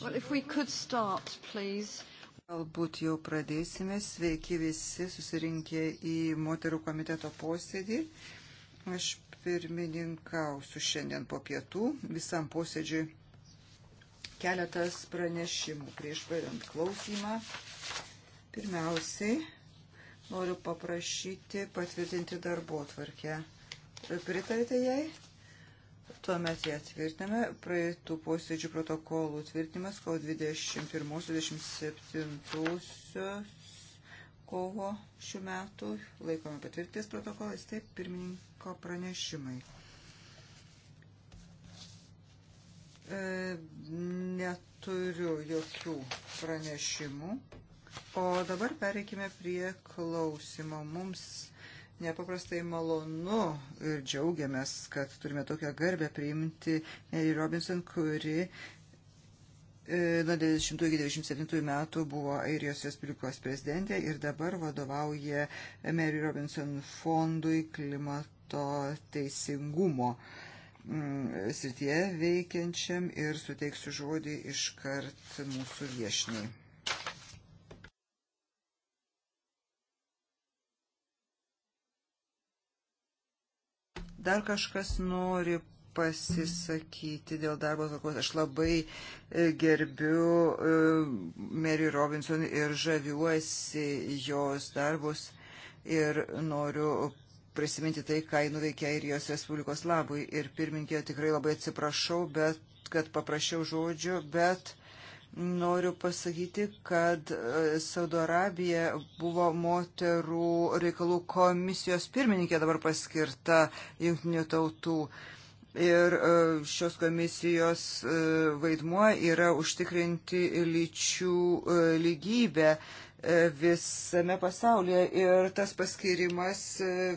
Well, if we could start, please. Galbūt jau pradėsime. Sveiki visi susirinkę į moterų komiteto posėdį. Aš pirmininkausiu šiandien po pietų visam posėdžiui keletas pranešimų prieš pradant klausimą. Pirmiausiai noriu paprašyti patvirtinti darbo tvarkę. Pritarite jai? Tuomet ją tvirtiname. Praeitų posėdžių protokolų tvirtinimas kovo 21-27 kovo šių metų. Laikome patvirtintais protokolais. Taip, pirmininko pranešimai. E, neturiu jokių pranešimų. O dabar pereikime prie klausimo. Mums nepaprastai malonu ir džiaugiamės, kad turime tokią garbę priimti Mary Robinson, kuri e, nuo 90 iki 97 metų buvo Airijos Respublikos prezidentė ir dabar vadovauja Mary Robinson fondui klimato teisingumo mm, srityje veikiančiam ir suteiksiu žodį iškart mūsų viešniai. Dar kažkas nori pasisakyti dėl darbo tvarkos. Aš labai e, gerbiu e, Mary Robinson ir žaviuosi jos darbus ir noriu prisiminti tai, ką jį nuveikė Airijos Respublikos labui. Ir pirminkė tikrai labai atsiprašau, bet kad paprašiau žodžio, bet Noriu pasakyti, kad e, Saudo Arabija buvo moterų reikalų komisijos pirmininkė dabar paskirta jungtinių tautų. Ir e, šios komisijos e, vaidmuo yra užtikrinti lyčių lygybę visame pasaulyje. Ir tas paskirimas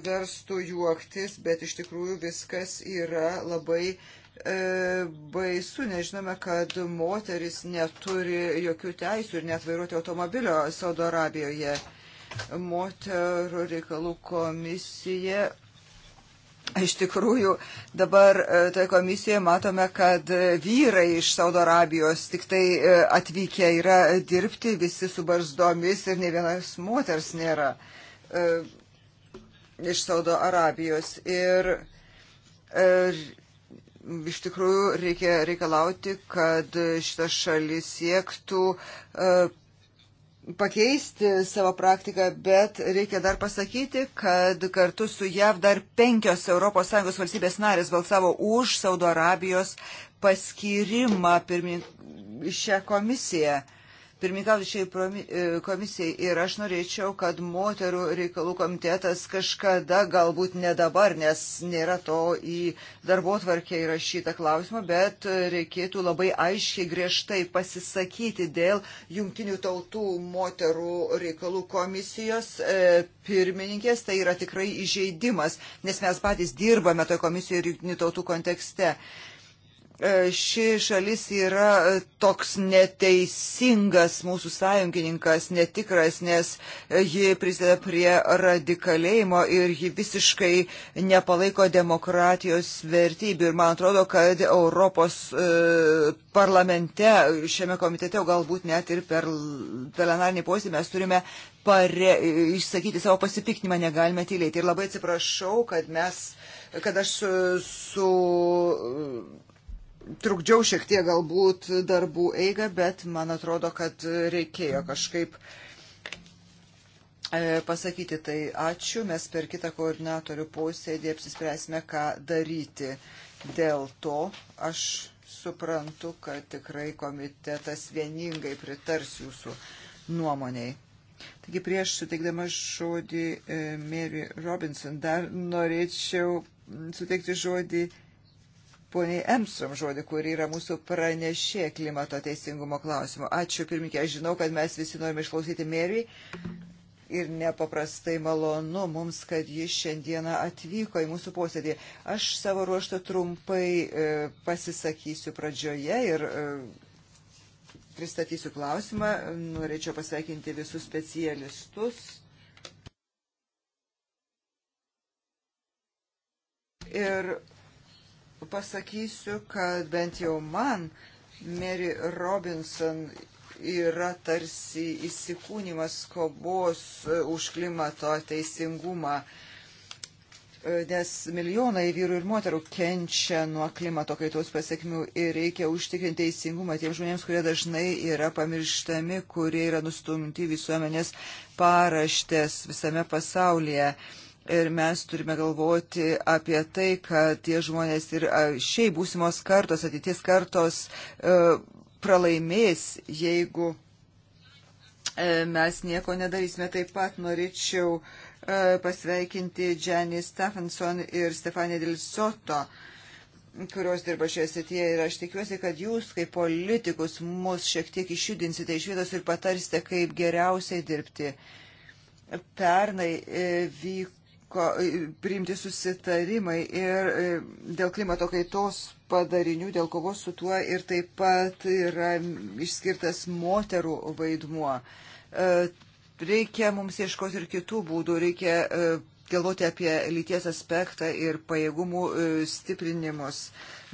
verstų juoktis, bet iš tikrųjų viskas yra labai E, baisu, nežinome, kad moteris neturi jokių teisų ir net vairuoti automobilio Saudo Arabijoje. Moterų reikalų komisija. Iš tikrųjų, dabar e, toje komisijoje matome, kad vyrai iš Saudo Arabijos tik tai e, atvykę yra dirbti, visi su barzdomis ir ne vienas moters nėra iš Saudo Arabijos. Ir iš tikrųjų reikia reikalauti, kad šita šalis siektų e, pakeisti savo praktiką, bet reikia dar pasakyti, kad kartu su JAV dar penkios ES valstybės narės balsavo už Saudo Arabijos paskirimą pirmin... šią komisiją pirmininkaujančiai e, komisijai ir aš norėčiau, kad moterų reikalų komitetas kažkada, galbūt ne dabar, nes nėra to į darbo tvarkę įrašytą klausimą, bet reikėtų labai aiškiai griežtai pasisakyti dėl jungtinių tautų moterų reikalų komisijos e, pirmininkės. Tai yra tikrai įžeidimas, nes mes patys dirbame toje komisijoje ir jungtinių tautų kontekste. E, ši šalis yra e, toks neteisingas mūsų sąjungininkas, netikras, nes e, ji prisideda prie radikalėjimo ir ji visiškai nepalaiko demokratijos vertybių. Ir man atrodo, kad Europos parlamente, šiame komitete, o galbūt net ir per plenarnį posėdį mes turime pare, išsakyti savo pasipiktinimą, negalime tylėti. Tai ir labai atsiprašau, kad mes kad aš su, su trukdžiau šiek tiek galbūt darbų eigą, bet man atrodo, kad reikėjo kažkaip e, pasakyti tai ačiū. Mes per kitą koordinatorių posėdį apsispręsime, ką daryti. Dėl to aš suprantu, kad tikrai komitetas vieningai pritars jūsų nuomoniai. Taigi prieš suteikdama žodį e, Mary Robinson dar norėčiau suteikti žodį poniai Emstrom žodį, kuri yra mūsų pranešė klimato teisingumo klausimu. Ačiū pirmininkė, aš žinau, kad mes visi norime išklausyti Mary ir nepaprastai malonu mums, kad jis šiandieną atvyko į mūsų posėdį. Aš savo ruoštą trumpai e, pasisakysiu pradžioje ir e, pristatysiu klausimą. Norėčiau pasveikinti visus specialistus. Ir pasakysiu, kad bent jau man Mary Robinson yra tarsi įsikūnymas kovos e, už klimato teisingumą, e, nes milijonai vyrų ir moterų kenčia nuo klimato kaitos pasiekmių ir reikia užtikrinti teisingumą tiems žmonėms, kurie dažnai yra pamirštami, kurie yra nustumti visuomenės paraštės visame pasaulyje. Uh, Ir mes turime galvoti apie tai, kad tie žmonės ir šiai būsimos kartos, ateities kartos e, pralaimės, jeigu e, mes nieko nedarysime. Taip pat norėčiau e, pasveikinti Jenny Stephenson ir Stefanė Dilsoto kurios dirba šioje srityje ir aš tikiuosi, kad jūs kaip politikus mus šiek tiek išjudinsite iš vietos ir patarsite, kaip geriausiai dirbti. Pernai vyko ko, e, priimti susitarimai ir e, dėl klimato kaitos padarinių, dėl kovos su tuo ir taip pat yra išskirtas moterų vaidmuo. E, reikia mums ieškoti ir kitų būdų, reikia galvoti apie lyties aspektą ir pajėgumų e, stiprinimus,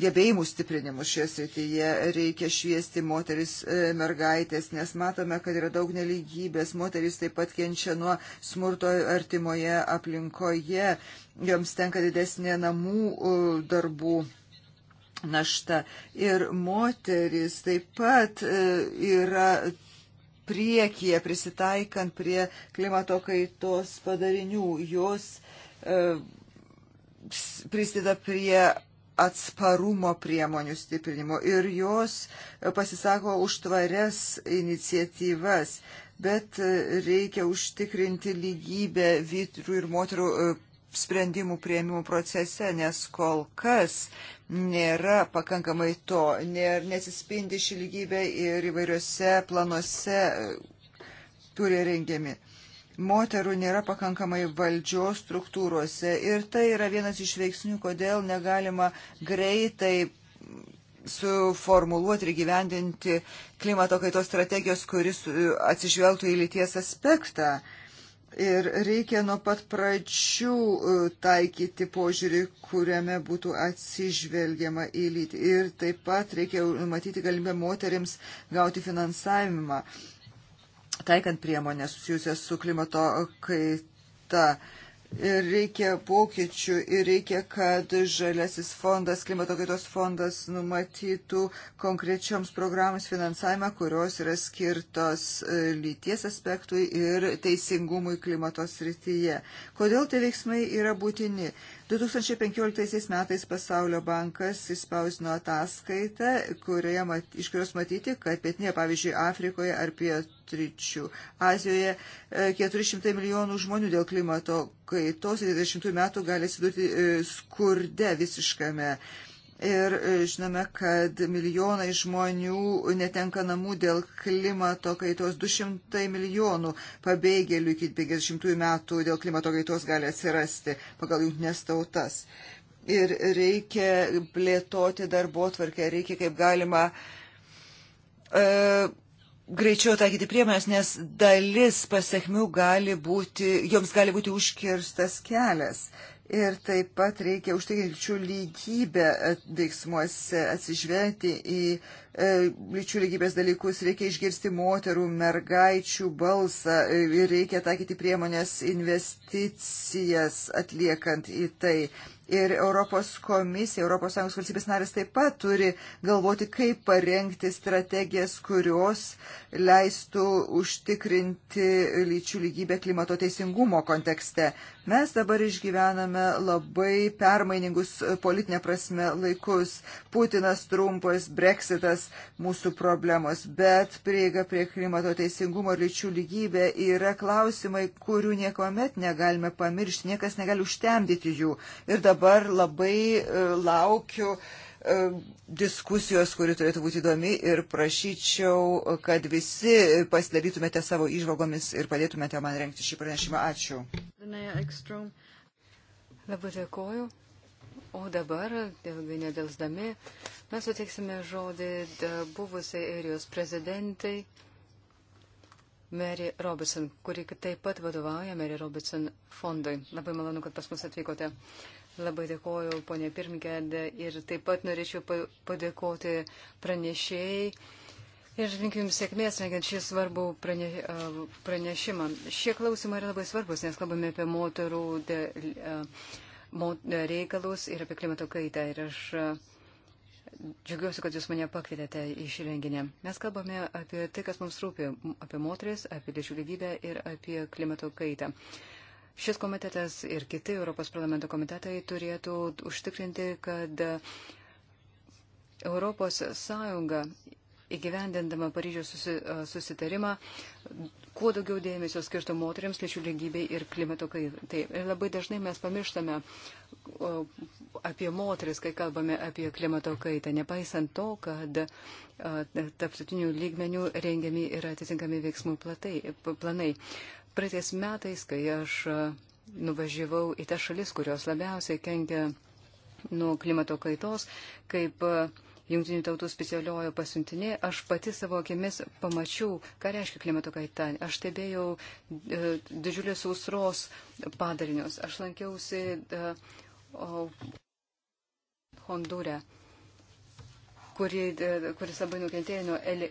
gebėjimų stiprinimus šioje srityje. Reikia šviesti moteris, e, mergaitės, nes matome, kad yra daug neligybės. Moteris taip pat kenčia nuo smurto artimoje aplinkoje. Joms tenka didesnė namų e, darbų našta. Ir moteris taip pat yra priekyje prisitaikant prie klimato kaitos padarinių. Jos e, prisideda prie atsparumo priemonių stiprinimo ir jos e, pasisako už tvarias iniciatyvas, bet e, reikia užtikrinti lygybę vyrų ir moterų sprendimų prieimimų procese, nes kol kas nėra pakankamai to, nėra, nesispindi ši lygybė ir įvairiuose planuose turi e, rengiami. Moterų nėra pakankamai valdžios struktūrose ir tai yra vienas iš veiksnių, kodėl negalima greitai suformuluoti ir gyvendinti klimato kaitos strategijos, kuris e, atsižvelgtų į lyties aspektą. Ir reikia nuo pat pradžių e, taikyti požiūrį, kuriame būtų atsižvelgiama į lytį. Ir taip pat reikia matyti galimybę moteriams gauti finansavimą, taikant priemonę susijusią su klimato kaita reikia pokyčių ir reikia, kad žaliasis fondas, klimato kaitos fondas numatytų konkrečioms programoms finansavimą, kurios yra skirtos e, lyties aspektui ir teisingumui klimatos rytyje. Kodėl tie veiksmai yra būtini? 2015 metais Pasaulio bankas įspausino ataskaitą, mat, iš kurios matyti, kad pietinė, pavyzdžiui, Afrikoje ar pietryčių Azijoje 400 e, milijonų žmonių dėl klimato kaitos 20 metų gali atsidurti e, skurde visiškame. E, Ir e, žinome, kad milijonai žmonių netenka namų dėl klimato kaitos. 200 milijonų pabėgėlių iki 50 metų dėl klimato kaitos gali atsirasti pagal jungtinės tautas. Ir reikia plėtoti darbo tvarkę, reikia kaip galima. E, greičiau taikyti priemonės, nes dalis pasiekmių gali būti, joms gali būti užkirstas kelias. Ir taip pat reikia užtikrinti lyčių lygybę e, veiksmuose, atsižvelgti į e, lyčių lygybės dalykus, reikia išgirsti moterų, mergaičių balsą e, ir reikia taikyti priemonės investicijas atliekant į tai. Ir Europos komisija, ES valstybės narės taip pat turi galvoti, kaip parengti strategijas, kurios leistų užtikrinti lyčių lygybę klimato teisingumo kontekste. Mes dabar išgyvename labai permainingus e, politinė prasme laikus. Putinas trumpas, breksitas mūsų problemos, bet prieiga prie klimato teisingumo ir lyčių lygybė yra klausimai, kurių niekuomet negalime pamiršti, niekas negali užtemdyti jų. Ir dabar labai e, laukiu. Uh, E, diskusijos, kuri turėtų būti įdomi ir prašyčiau, kad visi pasidalytumėte savo išvagomis ir padėtumėte man renkti šį pranešimą. Ačiū. Labai dėkoju. O dabar, ilgai nedelsdami, mes suteiksime žodį buvusiai Airijos prezidentai Mary Robertson, kuri taip pat vadovauja Mary Robertson fondui. Labai malonu, kad pas mus atvykote. Uh, Labai dėkoju, ponė Pirmikė, ir taip pat norėčiau padėkoti pranešėjai. Ir linkiu Jums sėkmės, rengiant šį svarbų prane, pranešimą. Šie klausimai yra labai svarbus, nes kalbame apie moterų de, mo, reikalus ir apie klimato kaitą. Ir aš džiugiuosi, kad Jūs mane pakvietėte į šį renginį. Mes kalbame apie tai, kas mums rūpi, apie moteris, apie lyčių lygybę ir apie klimato kaitą. Šis komitetas ir kiti Europos parlamento komitetai turėtų užtikrinti, kad Europos Sąjunga įgyvendindama Paryžiaus susitarimą, kuo daugiau dėmesio skirtų moteriams, lyčių lygybei ir klimato kaitai. Ir labai dažnai mes pamirštame apie moteris, kai kalbame apie klimato kaitą, nepaisant to, kad tarptautinių lygmenių rengiami yra atitinkami veiksmų platai, planai. Praeitais metais, kai aš e, nuvažiavau į tą šalis, kurios labiausiai kenkia nuo klimato kaitos, kaip e, Junktinių tautų specialiojo pasiuntinė, aš pati savo akimis pamačiau, ką reiškia klimato kaita. Aš stebėjau e, didžiulės sausros padarinius. Aš lankiausi Hondūre, kuri, kuris labai nukentėjo nuo El,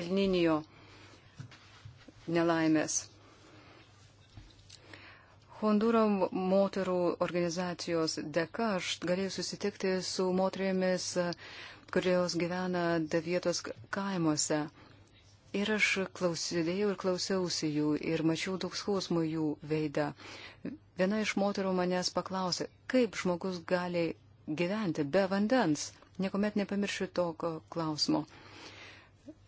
El Ninio nelaimės. Hondūro moterų organizacijos dėka aš galėjau susitikti su moterimis, kurios gyvena vietos kaimuose. Ir aš klausydėjau ir klausiausi jų ir mačiau daug skausmų jų veidą. Viena iš moterų manęs paklausė, kaip žmogus gali gyventi be vandens. Niekuomet nepamiršiu to klausimo.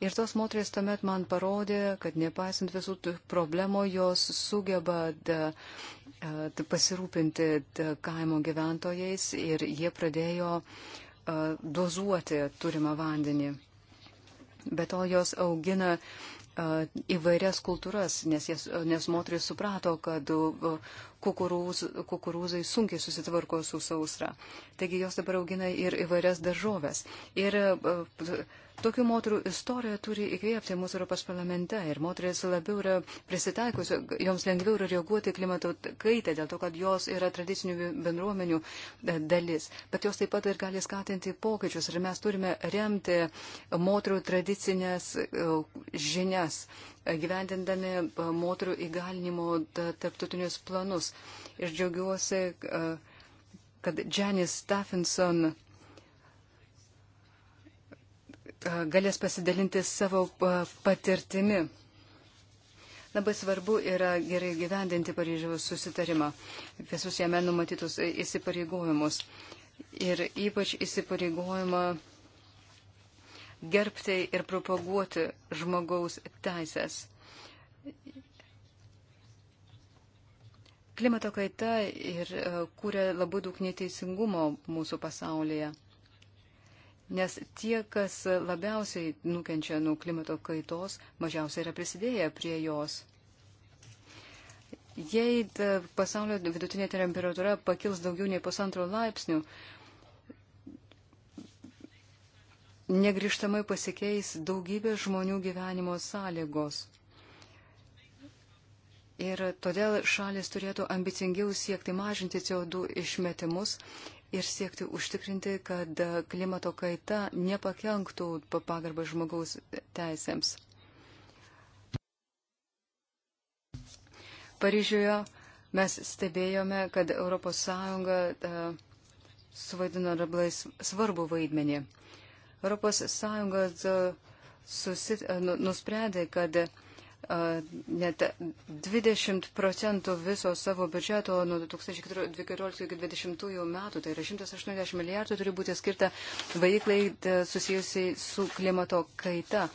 Ir tos moteris tuomet man parodė, kad nepaisant visų problemų, jos sugeba da, da, pasirūpinti da, kaimo gyventojais ir jie pradėjo a, dozuoti turimą vandenį. Be to jos augina a, įvairias kultūras, nes, jas, nes moteris suprato, kad a, kukurūz, kukurūzai sunkiai susitvarko su sausra. Taigi jos dabar augina ir įvairias daržovės. Ir, a, Tokių moterų istorija turi įkvėpti mūsų Europos parlamente ir moteris labiau yra prisitaikusi, joms lengviau yra reaguoti klimato kaitę dėl to, kad jos yra tradicinių bendruomenių e, dalis, bet jos taip pat ir gali skatinti pokyčius ir mes turime remti moterų tradicinės e, žinias, e, gyvendindami moterų įgalinimo tarptautinius planus. Ir džiaugiuosi, kad Janis Stephenson galės pasidalinti savo patirtimi. Labai svarbu yra gerai gyvendinti Paryžiaus susitarimą, visus jame numatytus įsipareigojimus ir ypač įsipareigojimą gerbti ir propaguoti žmogaus teisės. Klimato kaita ir kūrė labai daug neteisingumo mūsų pasaulyje. Nes tie, kas labiausiai nukenčia nuo klimato kaitos, mažiausiai yra prisidėję prie jos. Jei pasaulio vidutinė temperatūra pakils daugiau nei pusantro laipsnių, negrižtamai pasikeis daugybė žmonių gyvenimo sąlygos. Ir todėl šalis turėtų ambicingiau siekti mažinti CO2 išmetimus ir siekti užtikrinti, kad klimato kaita nepakenktų pagarbą žmogaus teisėms. Paryžiuje mes stebėjome, kad ES e, suvaidino labai svarbu vaidmenį. ES e, susit, e, nu- nusprendė, kad net 20 procentų viso savo biudžeto nuo 2014 iki 2020 metų, tai yra 180 milijardų, turi būti skirta veiklai e, susijusiai su klimato kaita.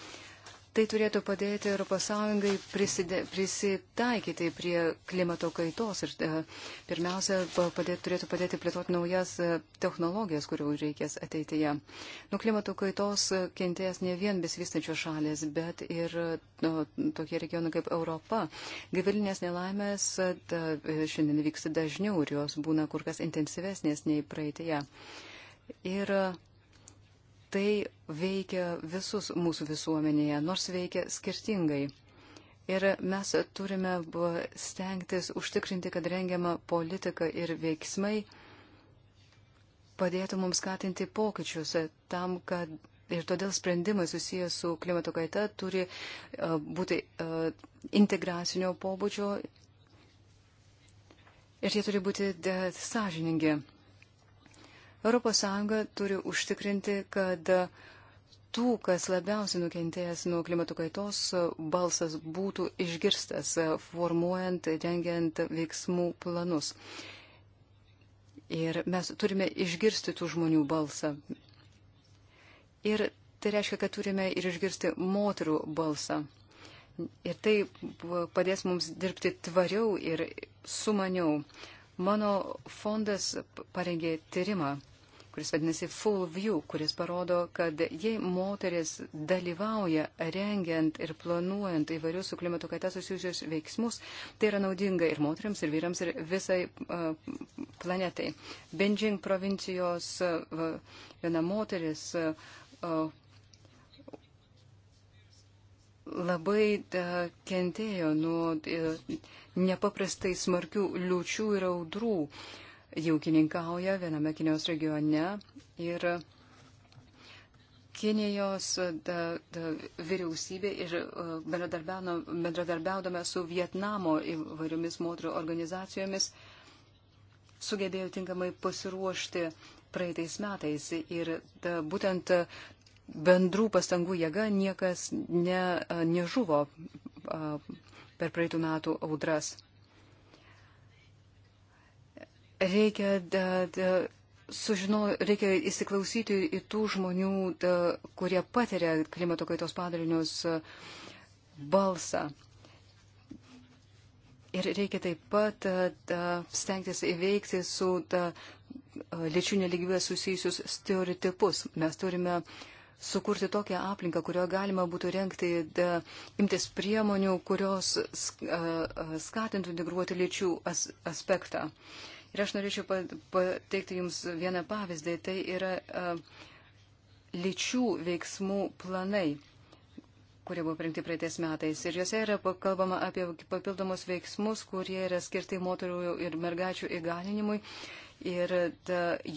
Tai turėtų padėti ES prisitaikyti prie klimato kaitos ir e, pirmiausia padėti, turėtų padėti plėtoti naujas e, technologijas, kurių reikės ateityje. Nuo klimato kaitos kentės ne vien besivystančios šalės, bet ir no, e, tokie regionai kaip Europa. Gyvilinės nelaimės ta, šiandien vyksta dažniau ir jos būna kur kas intensyvesnės nei praeitėje. Ir tai veikia visus mūsų visuomenėje, nors veikia skirtingai. Ir mes turime stengtis užtikrinti, kad rengiama politika ir veiksmai padėtų mums skatinti pokyčius tam, kad ir todėl sprendimai susijęs su klimato kaita turi būti integracinio pobūdžio ir jie turi būti sąžiningi. ES turi užtikrinti, kad tų, kas labiausiai nukentėjęs nuo klimato kaitos, balsas būtų išgirstas, formuojant, rengiant veiksmų planus. Ir mes turime išgirsti tų žmonių balsą. Ir tai reiškia, kad turime ir išgirsti moterų balsą. Ir tai padės mums dirbti tvariau ir sumaniau. Mano fondas parengė tyrimą kuris vadinasi Full View, kuris parodo, kad jei moteris dalyvauja rengiant ir planuojant įvairius su klimato kaita susijusius veiksmus, tai yra naudinga ir moteriams, ir vyrams, ir visai uh, planetai. Benjing provincijos uh, viena moteris uh, labai da, kentėjo nuo nepaprastai smarkių liučių ir audrų. Uh, jaukininkauja viename Kinijos regione ir Kinijos da, da, vyriausybė ir e, bendradarbiaudama su Vietnamo įvairiomis moterų organizacijomis sugebėjo tinkamai pasiruošti praeitais metais ir da, būtent bendrų pastangų jėga niekas ne, e, nežuvo e, per praeitų metų audras. Reikia, da, da, sužino, reikia įsiklausyti į tų žmonių, da, kurie patiria klimato kaitos padarinius balsą. Ir reikia taip pat da, stengtis įveikti su da, lyčių neligybė susijusius stereotipus. Mes turime sukurti tokią aplinką, kurioje galima būtų renkti, da, imtis priemonių, kurios sk, a, skatintų integruoti lyčių as, aspektą. Uh, Ir aš norėčiau pateikti Jums vieną pavyzdį. Tai yra lyčių veiksmų planai kurie buvo priimti praeitais metais. Ir juose yra kalbama apie papildomus veiksmus, kurie yra skirti moterų ir mergačių įgalinimui ir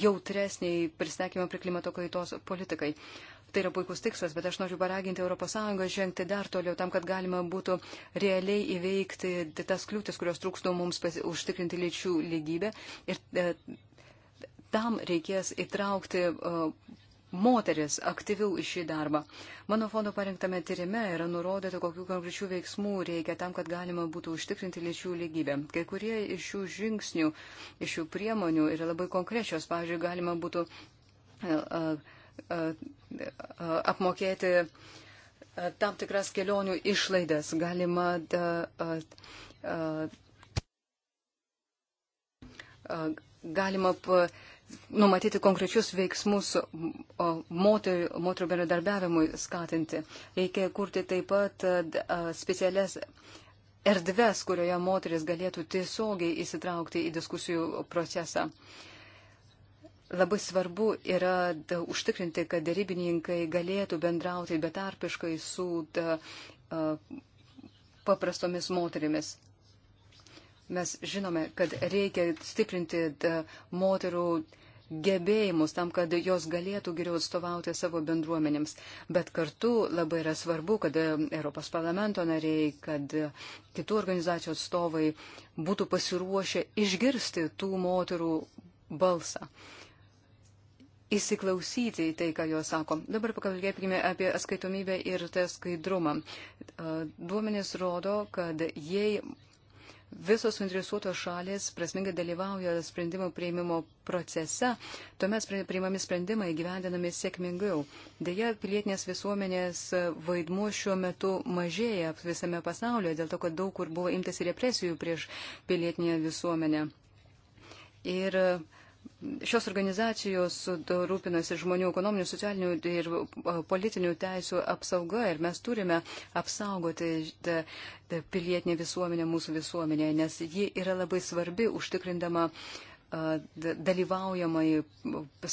jautresniai pristatymo prie klimato kaitos politikai. Uh, Tai yra puikus tikslas, bet aš noriu paraginti ES žengti dar toliau tam, kad galima būtų realiai įveikti tas kliūtis, kurios trūksta mums pasi, užtikrinti lyčių lygybę. Ir e, tam reikės įtraukti. E, Moteris aktyviau į šį darbą. Mano fondo parinktame tyrime yra nurodyta, kokiu konkrečių veiksmų reikia tam, kad galima būtų užtikrinti lyčių lygybę. Kai kurie iš šių žingsnių, iš šių priemonių yra labai konkrečios. Pavyzdžiui, galima būtų uh, uh, apmokėti e, tam tikras kelionių išlaidas. Galima e, e, galima numatyti konkrečius veiksmus moterų, moterų bendradarbiavimui skatinti. Reikia kurti taip pat specialias erdves, kurioje moteris galėtų tiesiogiai įsitraukti į diskusijų procesą. Uh, Labai svarbu yra da, užtikrinti, kad darybininkai galėtų bendrauti betarpiškai su da, paprastomis moterimis. Mes žinome, kad reikia stiprinti da, moterų gebėjimus tam, kad jos galėtų geriau atstovauti savo bendruomenėms. Bet kartu labai yra svarbu, kad Europos parlamento nariai, kad kitų organizacijų atstovai būtų pasiruošę išgirsti tų moterų balsą. Uh, įsiklausyti į tai, ką jos sako. Dabar pakalbėkime apie atskaitomybę ir tą skaidrumą. Duomenys rodo, kad jei visos suinteresuotos šalis prasmingai dalyvauja sprendimo prieimimo procese, tuomet priimami sprendimai gyvendinami sėkmingiau. Deja, pilietinės visuomenės vaidmuo šiuo metu mažėja visame pasaulyje, dėl to, kad daug kur buvo imtas represijų prieš pilietinę visuomenę. Ir uh, Šios organizacijos rūpinasi žmonių ekonominių, socialinių ir e, politinių teisų apsauga ir mes turime apsaugoti tą, e, tą e, pilietinę visuomenę, mūsų visuomenę, nes ji yra labai svarbi užtikrindama dalyvaujamai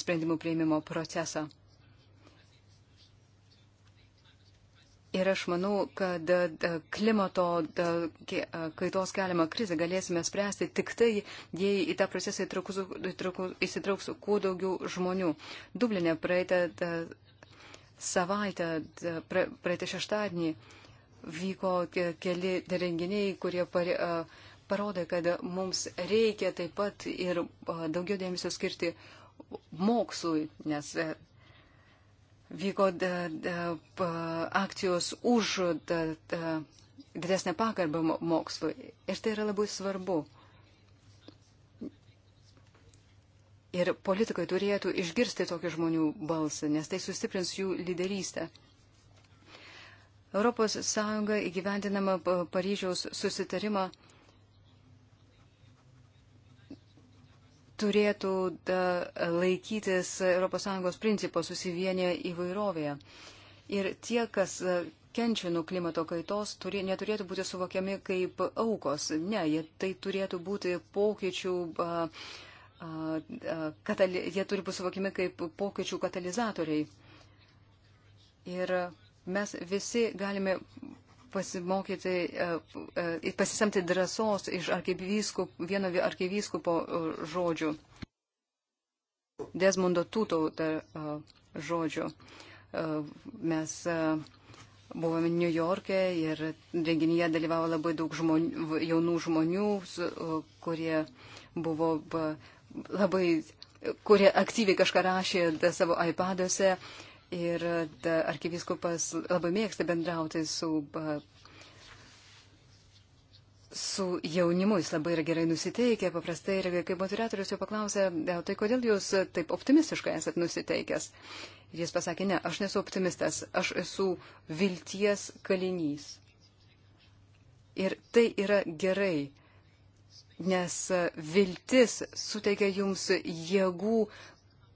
sprendimų prieimimo procesą. Ir aš manau, kad e, klimato e, e, kaitos keliamą krizę galėsime spręsti tik tai, jei į tą procesą įtraukus, įtraukus, įsitrauks kuo daugiau žmonių. Dublinė praeitą savaitę, praeitą šeštadienį vyko keli renginiai, kurie pari, parodė, kad mums reikia taip pat ir daugiau dėmesio skirti mokslui, nes vyko da, da, pa, akcijos už da, da, didesnę pagarbą mokslui. Ir tai yra labai svarbu. Ir politikai turėtų išgirsti tokių žmonių balsą, nes tai sustiprins jų lyderystę. Europos Sąjunga įgyvendinama Paryžiaus susitarimą turėtų da, laikytis ES principo susivienė įvairovėje. Ir tie, kas e, kenčia nuo klimato kaitos, turė, neturėtų būti suvokiami kaip aukos. Ne, jie, tai turėtų būti pokyčių. A, a, Katali, jie turi būti suvokiami kaip pokyčių katalizatoriai. Ir mes visi galime pasimokyti, e, e, pasisemti drąsos iš arkivyskup, vieno arkivyskupo e, žodžių, Desmondo Tuto žodžių. Mes buvome New York'e ir renginyje dalyvavo labai daug žmonių, jaunų žmonių, kurie buvo labai, kurie aktyviai kažką rašė savo iPaduose. Ir e, arkiviskupas labai mėgsta bendrauti su, e, su jaunimu, jis labai yra gerai nusiteikę, paprastai ir kaip moderatorius jo paklausė, e, tai kodėl jūs taip optimistiškai esat nusiteikęs? Ir jis pasakė, ne, aš nesu optimistas, aš esu vilties kalinys. Ir tai yra gerai, nes viltis suteikia jums jėgų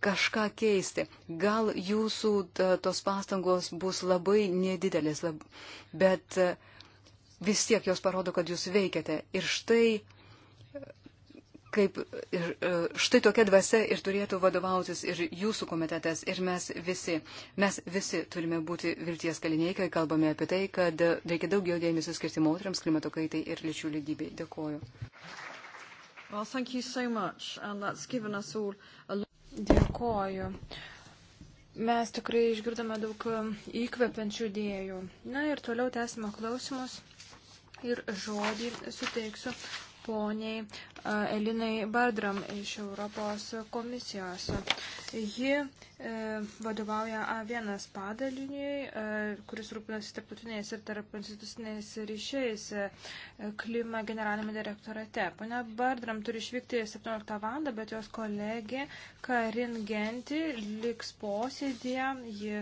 kažką keisti. Gal jūsų tos pastangos bus labai nedidelis, lab, bet e, vis tiek jos parodo, kad jūs veikiate. Ir štai, kaip, ir, e, štai tokia dvasia ir turėtų vadovautis ir jūsų komitetas, ir mes visi. Mes visi turime būti vilties kaliniai, kai kalbame apie tai, kad reikia daugiau dėmesio skirti moteriams, klimato kaitai ir lyčių lygybei. Dėkuoju. Well, thank you so much, and that's given us all a lot. Dėkoju. Mes tikrai išgirdome daug įkvepiančių idėjų. Na ir toliau tęsime klausimus ir žodį suteiksiu poniai Elinai Bardram iš Europos komisijos. Ji e, vadovauja A1 padaliniui, e, kuris rūpinasi tarptautiniais ir tarp instituciniais ryšiais e, klima generalinėme direktorate. Pane Bardram turi išvykti 17 val. bet jos kolegė Karin Genti liks posėdėje. Ji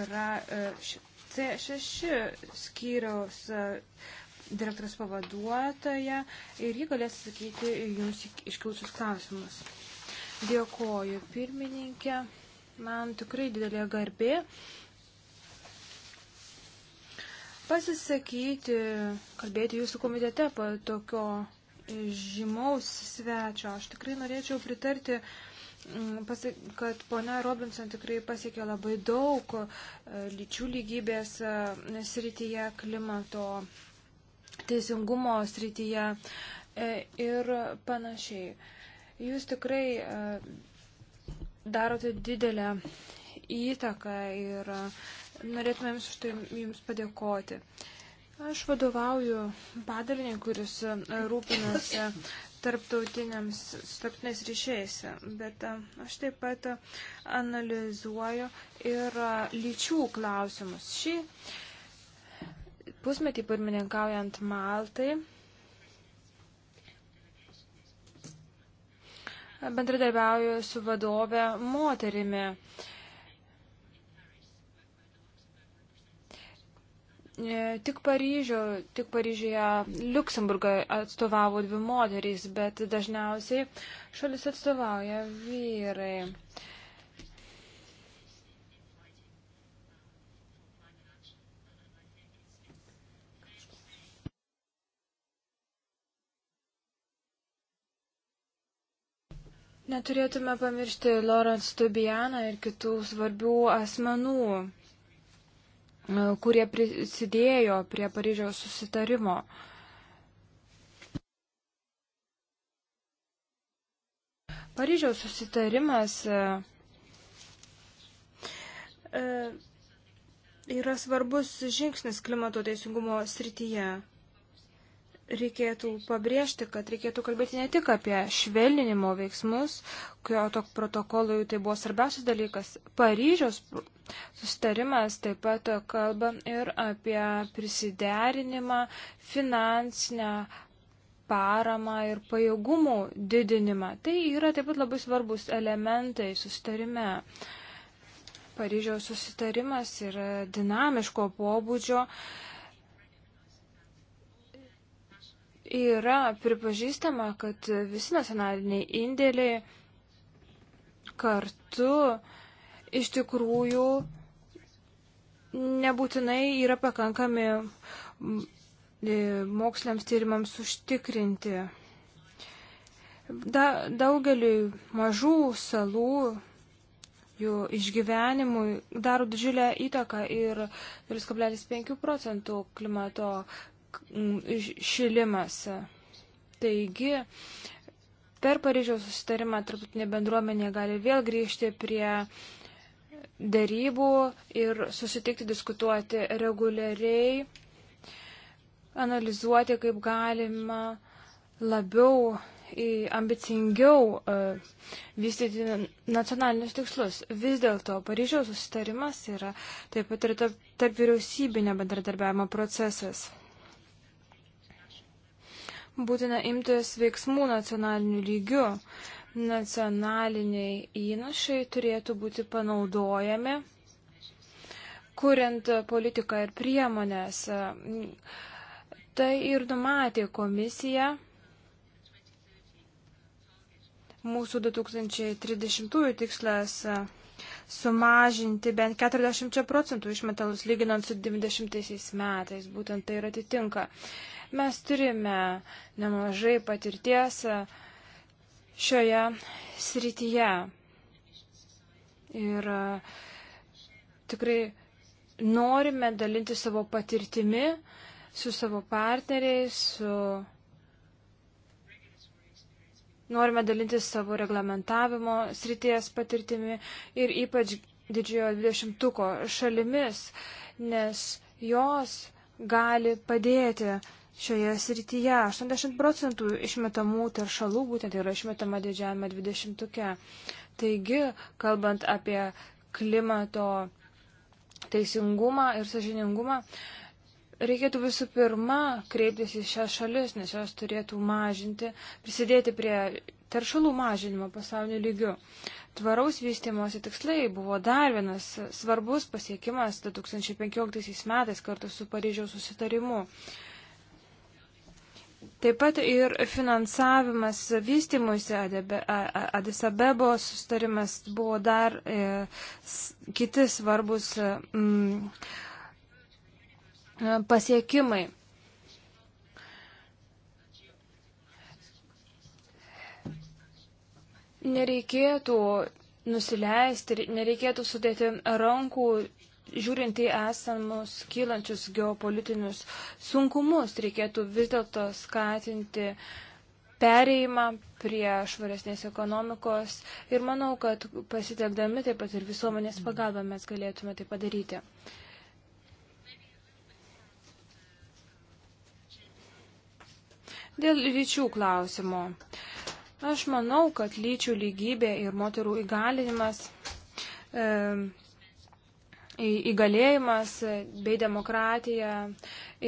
yra C6 skyriaus direktorius pavaduotoja ir ji galės atsakyti jums iškilusius klausimus. Dėkoju pirmininkė, man tikrai didelė garbė pasisakyti, kalbėti jūsų komitete po tokio žymaus svečio. Aš tikrai norėčiau pritarti mm, kad ponia Robinson tikrai pasiekė labai daug e, lyčių lygybės e, srityje klimato teisingumo srityje e, ir panašiai. Jūs tikrai e, darote didelę įtaką ir e, norėtume jums už tai jums padėkoti. Aš vadovauju padalinį, kuris rūpinasi tarptautiniams, tarptautiniais ryšiais, bet aš taip pat analizuoju ir lyčių klausimus. Šį pusmetį pirmininkaujant Maltai. Bendradarbiauju su vadove moterimi. E, tik, Paryžio, tik Paryžiuje Luksemburgą atstovavo dvi moterys, bet dažniausiai šalis atstovauja vyrai. Neturėtume pamiršti Laurent Stubianą ir kitų svarbių asmenų, e, kurie prisidėjo prie Paryžiaus susitarimo. Paryžiaus susitarimas e, e, yra svarbus žingsnis klimato teisingumo srityje reikėtų pabrėžti, kad reikėtų kalbėti ne tik apie švelninimo veiksmus, kurio protokolui tai buvo svarbiausias dalykas. Paryžiaus sustarimas taip pat kalba ir apie prisiderinimą, finansinę paramą ir pajėgumų didinimą. Tai yra taip pat labai svarbus elementai sustarime. Paryžiaus susitarimas yra dinamiško pobūdžio yra pripažįstama, kad visi nacionaliniai indėliai kartu iš tikrųjų nebūtinai yra pakankami e, moksliams tyrimams užtikrinti. Da, daugeliu mažų salų jų išgyvenimui daro didžiulę įtaką ir 0,5 procentų klimato šilimas. Taigi, per Paryžiaus susitarimą tarptautinė bendruomenė gali vėl grįžti prie dėrybų ir susitikti, diskutuoti reguliariai, analizuoti, kaip galima labiau ambicingiau e, vystyti nacionalinius tikslus. Vis dėlto Paryžiaus susitarimas yra taip pat ir tarp, tarp vyriausybinio bendradarbiavimo procesas būtina imtis veiksmų nacionaliniu lygiu. Nacionaliniai įnašai turėtų būti panaudojami, kuriant politiką ir priemonės. Tai ir numatė komisija mūsų 2030 tikslas sumažinti bent 40 procentų išmetalus lyginant su 20 metais. Būtent tai ir atitinka. Mes turime nemažai patirties e, šioje srityje. Ir e, tikrai norime dalinti savo patirtimi su savo partneriais, su Norime dalintis savo reglamentavimo srities patirtimi ir ypač didžiojo dvidešimtuko šalimis, nes jos gali padėti šioje srityje. 80 procentų išmetamų teršalų būtent yra išmetama didžiajame dvidešimtuke. Taigi, kalbant apie klimato teisingumą ir sažiningumą, uh, Reikėtų visų pirma kreiptis į šias šalis, nes jos turėtų mažinti, prisidėti prie teršalų mažinimo pasaulio lygiu. Tvaraus vystimosi tikslai buvo dar vienas svarbus pasiekimas 2015 metais kartu su Paryžiaus susitarimu. Taip pat ir finansavimas vystimuisi Adisabebos sustarimas buvo dar e, kiti svarbus mm, E, pasiekimai. Nereikėtų nusileisti, nereikėtų sudėti rankų, žiūrint į esamus kylančius geopolitinius sunkumus, reikėtų vis dėlto skatinti pereimą prie švaresnės ekonomikos ir manau, kad pasitekdami taip pat ir visuomenės pagalbą mes galėtume tai padaryti. Dėl lyčių klausimo. Aš manau, kad lyčių lygybė ir moterų įgalinimas, e, įgalėjimas bei demokratija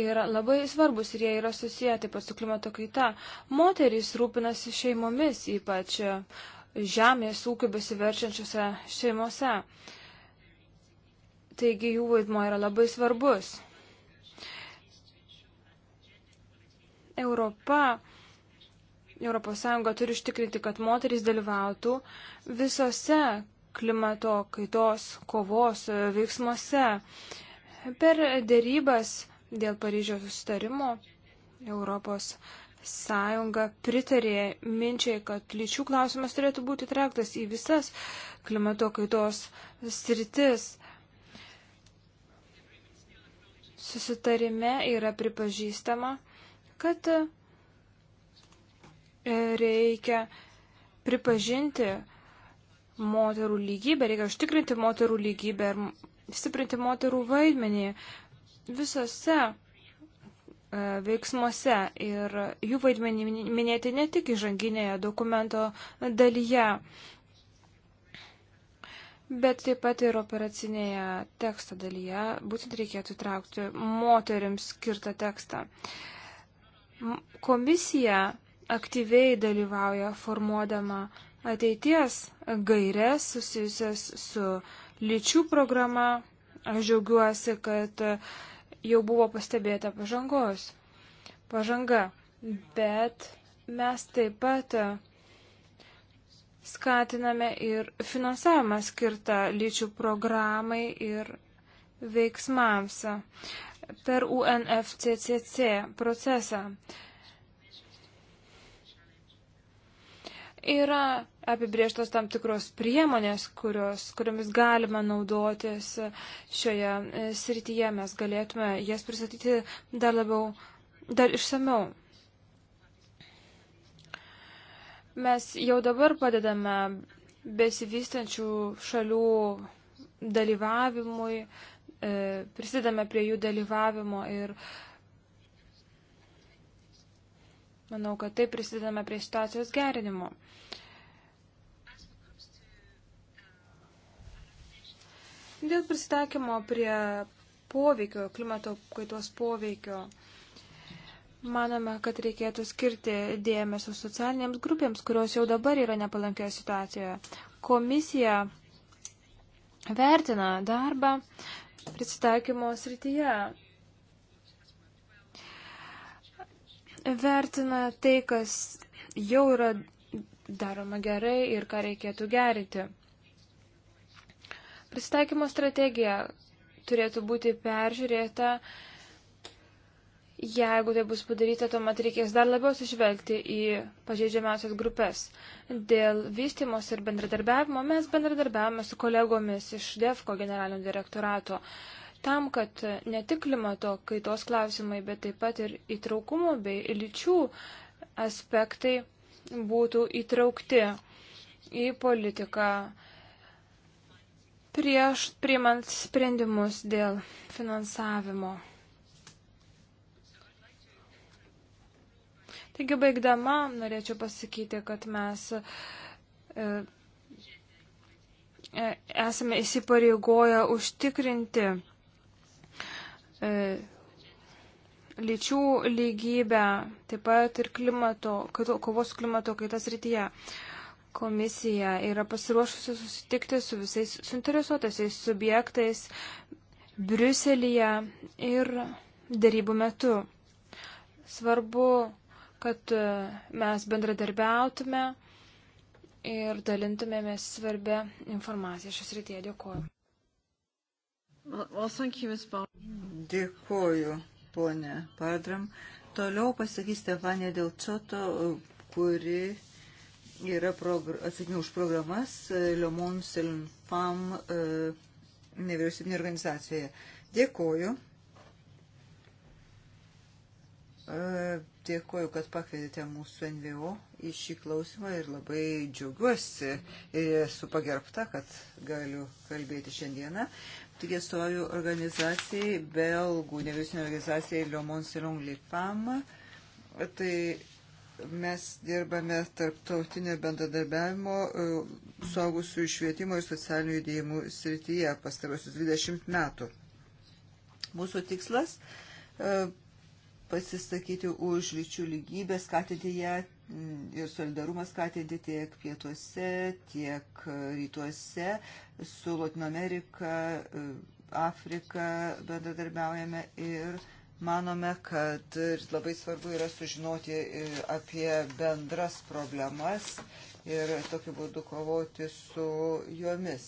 yra labai svarbus ir jie yra susiję taip pat su klimato kaita. Moterys rūpinasi šeimomis, ypač žemės ūkio besiverčiančiose šeimose. Taigi jų vaidmo yra labai svarbus. Europa, ES turi ištikrinti, kad moterys dalyvautų visose klimato kaitos kovos veiksmuose. Per dėrybas dėl Paryžiaus sustarimo Europos sąjunga pritarė minčiai, kad lyčių klausimas turėtų būti traktas į visas klimato kaitos sritis. Susitarime yra pripažįstama, kad e, reikia pripažinti moterų lygybę, reikia užtikrinti moterų lygybę ir stiprinti moterų vaidmenį visose e, veiksmuose ir jų vaidmenį minėti ne tik įžanginėje dokumento dalyje, bet taip pat ir operacinėje teksto dalyje būtent reikėtų traukti moterims skirtą tekstą. Uh, Komisija aktyviai dalyvauja formuodama ateities gairias susijusias su lyčių programa. Aš džiaugiuosi, kad jau buvo pastebėta pažangos. Pažanga. Bet mes taip pat skatiname ir finansavimą skirtą lyčių programai ir veiksmams per UNFCCC procesą. Yra apibrieštos tam tikros priemonės, kurios, kuriomis galima naudotis šioje e, srityje. Mes galėtume jas pristatyti dar labiau, dar išsameu. Mes jau dabar padedame besivystančių šalių dalyvavimui, uh, E, prisidame prie jų dalyvavimo ir manau, kad taip prisidame prie situacijos gerinimo. Dėl pristatymo prie poveikio, klimato kaitos poveikio, manome, kad reikėtų skirti dėmesio socialinėms grupėms, kurios jau dabar yra nepalankioje situacijoje. Komisija vertina darbą, prisitaikymo srityje. Vertina tai, kas jau yra daroma gerai ir ką reikėtų gerinti. Prisitaikymo strategija turėtų būti peržiūrėta Jeigu tai bus padaryta, tuomet reikės dar labiau sužvelgti į pažeidžiamiausias grupės. Dėl vystimos ir bendradarbiavimo mes bendradarbiavame su kolegomis iš DEFCO generalinio direktorato tam, kad ne tik klimato kaitos klausimai, bet taip pat ir įtraukumo bei lyčių aspektai būtų įtraukti į politiką prieš priimant sprendimus dėl finansavimo. Taigi baigdama norėčiau pasakyti, kad mes e, e, esame įsipareigoję užtikrinti e, lyčių lygybę, taip pat ir klimato, kovos klimato kaitas rytyje. Komisija yra pasiruošusi susitikti su visais suinteresuotaisiais subjektais Briuselyje ir darybų metu. Svarbu kad e, mes bendradarbiautume ir dalintumėmės svarbę informaciją šios rytėje. Dėkuoju. Dėkuoju, ponė Padram. Toliau pasakys Stefanija Delčioto, kuri yra atsakinga už programas e, Liomon Selfam e, nevyriausybinė organizacijoje. Dėkuoju. Dėkuoju, kad pakvietėte mūsų NVO į šį klausimą ir labai džiaugiuosi ir e, esu pagerbta, kad galiu kalbėti šiandieną. Tik atstovauju organizacijai, belgų nevyriausybinė organizacijai Le Mans Selon Lipam. Tai mes dirbame tarptautinio bendradarbiavimo e, suaugusių švietimo ir socialinių judėjimų srityje pastarosius 20 metų. Mūsų tikslas e, pasisakyti už lyčių lygybę, skatinti ją ir solidarumą skatinti tiek pietuose, tiek e, rytuose, su Latino Amerika, e, Afrika bendradarbiaujame ir manome, kad labai svarbu yra sužinoti e, apie bendras problemas ir tokiu būdu kovoti su jomis.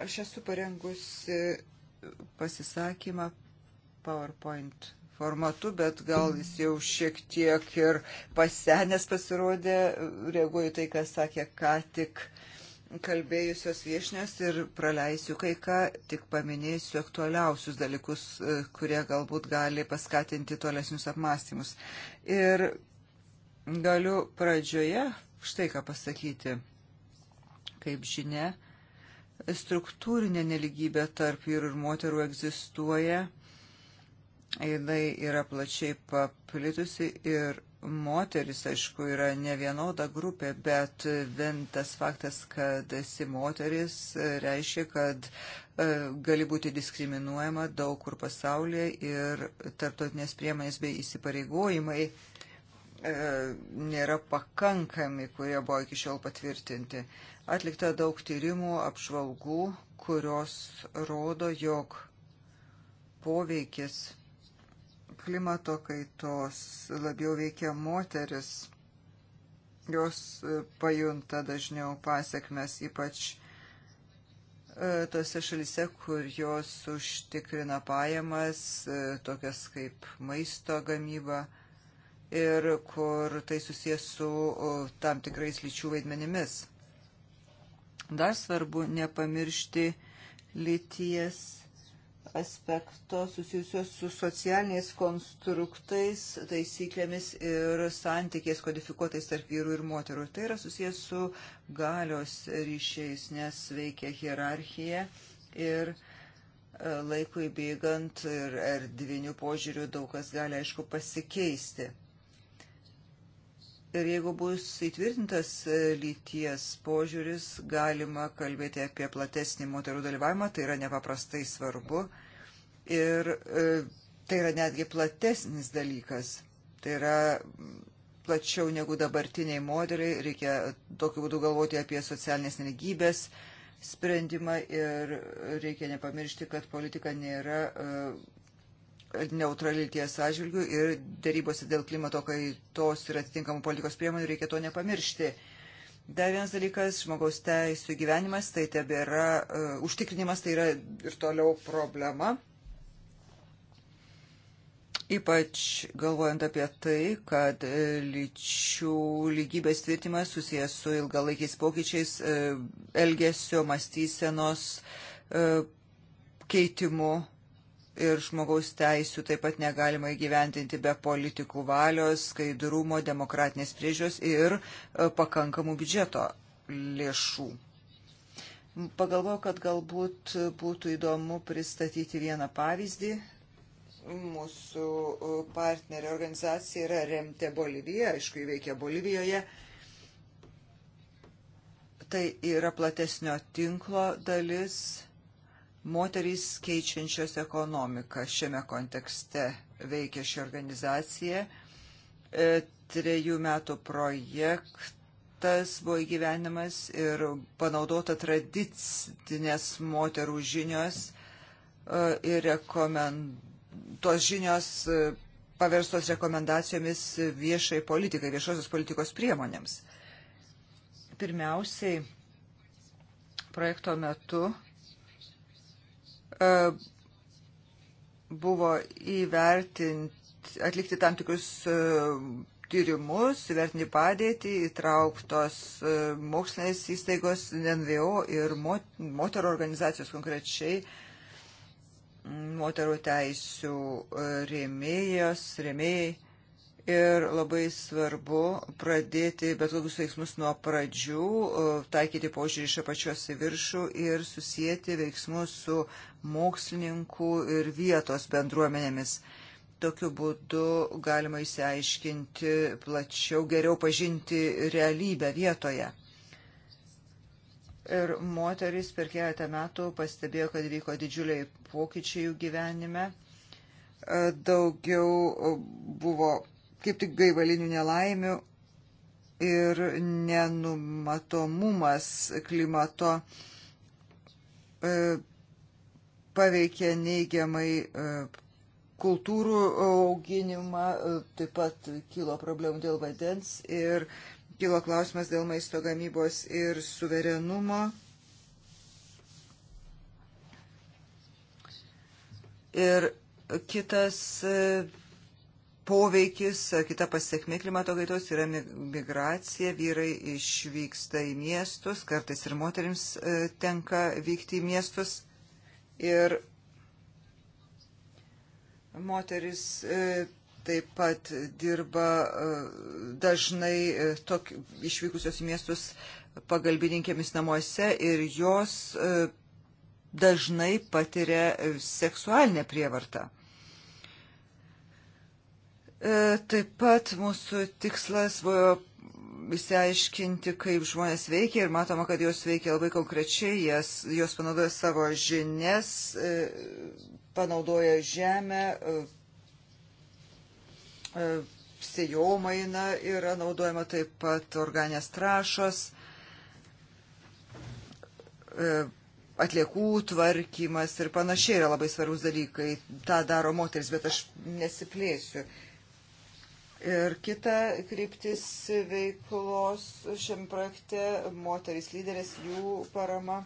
Aš esu parengusi pasisakymą PowerPoint formatu, bet gal jis jau šiek tiek ir pasenęs pasirodė, reaguoju tai, ką sakė ką tik kalbėjusios viešnės ir praleisiu kai ką, tik paminėsiu aktualiausius dalykus, e, kurie galbūt gali paskatinti tolesnius apmąstymus. Ir galiu pradžioje štai ką pasakyti. Kaip žinia, struktūrinė neligybė tarp vyrų ir moterų egzistuoja jinai yra plačiai paplitusi ir moteris, aišku, yra ne vienoda grupė, bet vien tas faktas, kad esi moteris, reiškia, kad e, gali būti diskriminuojama daug kur pasaulyje ir tarptautinės priemonės bei įsipareigojimai e, nėra pakankami, kurie buvo iki šiol patvirtinti. Atlikta daug tyrimų, apžvalgų, kurios rodo, jog poveikis klimato kaitos labiau veikia moteris. Jos e, pajunta dažniau pasiekmes, ypač e, tose šalise, kur jos užtikrina pajamas, e, tokias kaip maisto gamyba ir kur tai susijęs su tam tikrais lyčių vaidmenimis. Dar svarbu nepamiršti lyties aspekto susijusios su socialiniais konstruktais, taisyklėmis ir santykiais kodifikuotais tarp vyrų ir moterų. Tai yra susijęs su galios ryšiais, nes veikia hierarchija ir e, laikui bėgant ir erdvinių požiūrių daug kas gali, aišku, pasikeisti. Ir jeigu bus įtvirtintas e, lyties požiūris, galima kalbėti apie platesnį moterų dalyvavimą, tai yra nepaprastai svarbu. Ir e, tai yra netgi platesnis dalykas. Tai yra plačiau negu dabartiniai modeliai, reikia tokiu būdu galvoti apie socialinės nelygybės sprendimą ir reikia nepamiršti, kad politika nėra uh, neutralities atžvilgių ir darybose dėl klimato kaitos ir atitinkamų politikos priemonių reikia to nepamiršti. Dar vienas dalykas - žmogaus teisų gyvenimas, tai tebėra, uh, užtikrinimas tai yra ir toliau problema. Ypač galvojant apie tai, kad e, lyčių lygybės tvirtimas susijęs su ilgalaikiais pokyčiais, e, elgesio, mąstysenos keitimu ir žmogaus teisių taip pat negalima įgyventinti be politikų valios, skaidrumo, demokratinės priežios ir e, pakankamų biudžeto lėšų. Pagalvojau, kad galbūt būtų įdomu pristatyti vieną pavyzdį. Mūsų e, partnerė organizacija yra Remte Bolivija, aišku, įveikia Bolivijoje tai yra platesnio tinklo dalis moterys keičiančios ekonomiką. Šiame kontekste veikia ši organizacija. E, trejų metų projektas buvo įgyvenimas ir panaudota tradicinės moterų žinios e, ir rekomend... tos žinios e, paverstos rekomendacijomis viešai politikai, viešosios politikos priemonėms. Pirmiausiai, projekto metu E, buvo įvertinti, atlikti tam tikrus e, tyrimus, įvertinti padėtį, įtrauktos e, mokslinės įstaigos NVO ir moterų organizacijos konkrečiai moterų teisų rėmėjos, rėmėjai Ir labai svarbu pradėti bet kokius veiksmus nuo pradžių, taikyti požiūrį iš apačios į viršų ir susijęti veiksmus su mokslininkų ir vietos bendruomenėmis. Tokiu būdu galima įsiaiškinti plačiau, geriau pažinti realybę vietoje. Ir moteris per keletą metų pastebėjo, kad vyko didžiuliai pokyčiai jų gyvenime. Daugiau buvo kaip tik gaivalinių nelaimių ir nenumatomumas klimato e, paveikia neigiamai e, kultūrų auginimą, e, taip pat kilo problemų dėl vandens ir kilo klausimas dėl maisto gamybos ir suverenumo. Ir kitas poveikis, kita pasiekmė klimato kaitos yra migracija, vyrai išvyksta į miestus, kartais ir moteriams e, tenka vykti į miestus ir moteris e, taip pat dirba e, dažnai tok, išvykusios į miestus pagalbininkėmis namuose ir jos dažnai patiria seksualinę prievartą. E, taip pat mūsų tikslas buvo įsiaiškinti, kaip žmonės veikia ir matoma, kad jos veikia labai konkrečiai, jas, jos panaudoja savo žinias, e, panaudoja žemę, e, sėjomaina yra naudojama taip pat organės trašos, atliekų tvarkymas ir panašiai yra labai svarbus dalykai. Ta daro moteris, bet aš nesiplėsiu. Ir kita kryptis veiklos šiam projekte - moterys lyderės, jų parama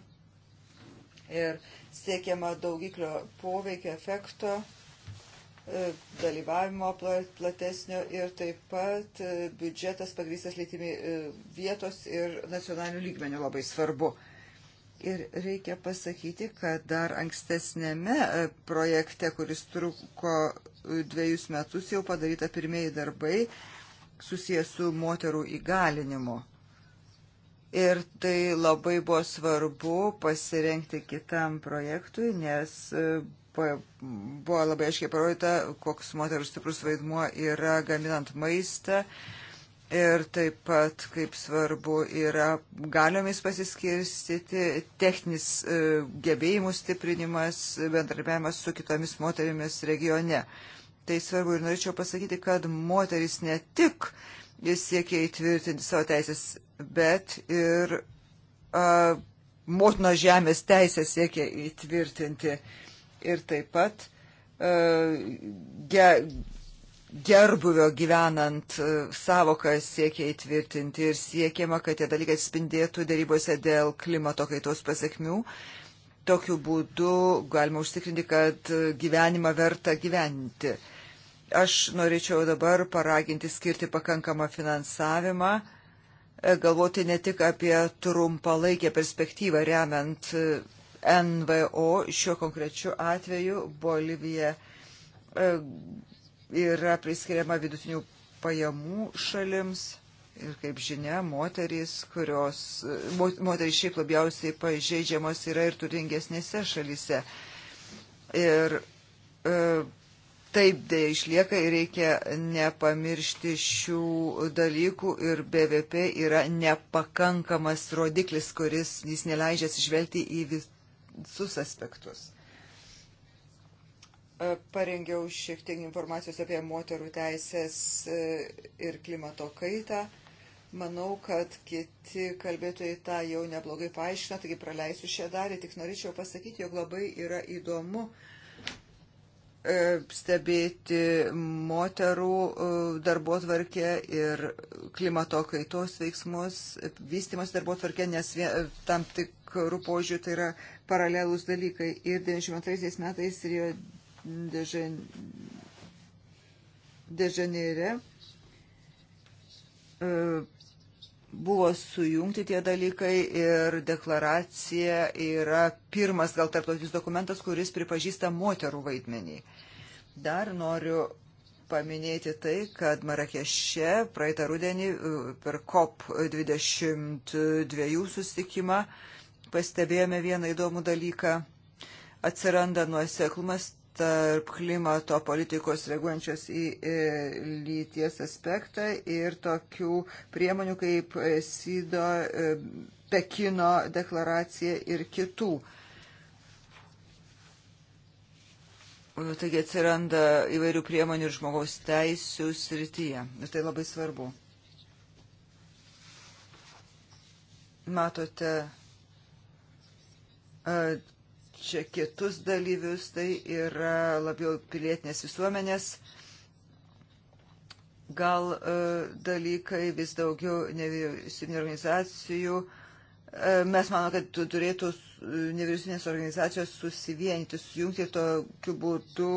ir siekiama daugiklio poveikio efekto e, dalyvavimo platesnio ir taip pat e, biudžetas pagrįstas lytimi e, vietos ir nacionalinių lygmenių labai svarbu. Ir reikia pasakyti, kad dar ankstesnėme e, projekte, kuris truko e, dviejus metus, jau padaryta pirmieji darbai susijęs su moterų įgalinimu. Ir tai labai buvo svarbu pasirenkti kitam projektui, nes e, buvo labai aiškiai parodyta, koks moterų stiprus vaidmuo yra gaminant maistą, uh, ir taip pat kaip svarbu yra galiomis pasiskirstyti, techninis e, gebėjimų stiprinimas, bendradarbiavimas su kitomis moterimis regione. Tai svarbu ir norėčiau pasakyti, kad moteris ne tik siekia įtvirtinti savo teisės, bet ir a, motino žemės teisę siekia įtvirtinti. Ir taip pat a, ge, gerbuvio gyvenant e, savoką siekia įtvirtinti ir siekiama, kad tie dalykai atspindėtų dėrybose dėl klimato kaitos pasiekmių. Tokiu būdu galima užtikrinti, kad gyvenimą verta gyventi. Aš norėčiau dabar paraginti skirti pakankamą finansavimą, e, galvoti ne tik apie trumpalaikę perspektyvą remiant e, NVO, šiuo konkrečiu atveju Bolivija yra priskiriama vidutinių pajamų šalims. Ir kaip žinia, moterys, kurios, moterys šiaip labiausiai pažeidžiamos yra ir turingesnėse šalyse. Ir e, taip dėja išlieka ir reikia nepamiršti šių dalykų ir BVP yra nepakankamas rodiklis, kuris jis neleidžia atsižvelgti į visus aspektus. E, parengiau šiek tiek informacijos apie moterų teisės e, ir klimato kaitą. Manau, kad kiti kalbėtojai tą jau neblogai paaiškina, taigi praleisiu šią dalį. Tik norėčiau pasakyti, jog labai yra įdomu e, stebėti moterų darbo tvarkę ir klimato kaitos veiksmus, vystimas darbo tvarkę, nes tam tikrų požiūrių tai yra paralelus dalykai. Ir 92 metais Rio Dežanėre e, buvo sujungti tie dalykai ir deklaracija yra pirmas gal tarptautinis dokumentas, kuris pripažįsta moterų vaidmenį. Dar noriu paminėti tai, kad Marakeše praeitą rudenį e, per COP22 susitikimą pastebėjome vieną įdomų dalyką. Atsiranda nuoseklumas tarp klimato politikos reaguojančios į e, lyties aspektą ir tokių priemonių kaip e, SIDO, e, Pekino deklaracija ir kitų. Taigi atsiranda įvairių priemonių ir žmogaus teisų srityje. Ir tai labai svarbu. Matote čia kitus dalyvius, tai yra labiau pilietinės visuomenės gal e, dalykai, vis daugiau nevyriausybinių organizacijų. E, mes manome, kad turėtų nevyriausybinės organizacijos susivienyti, sujungti ir tokiu būdu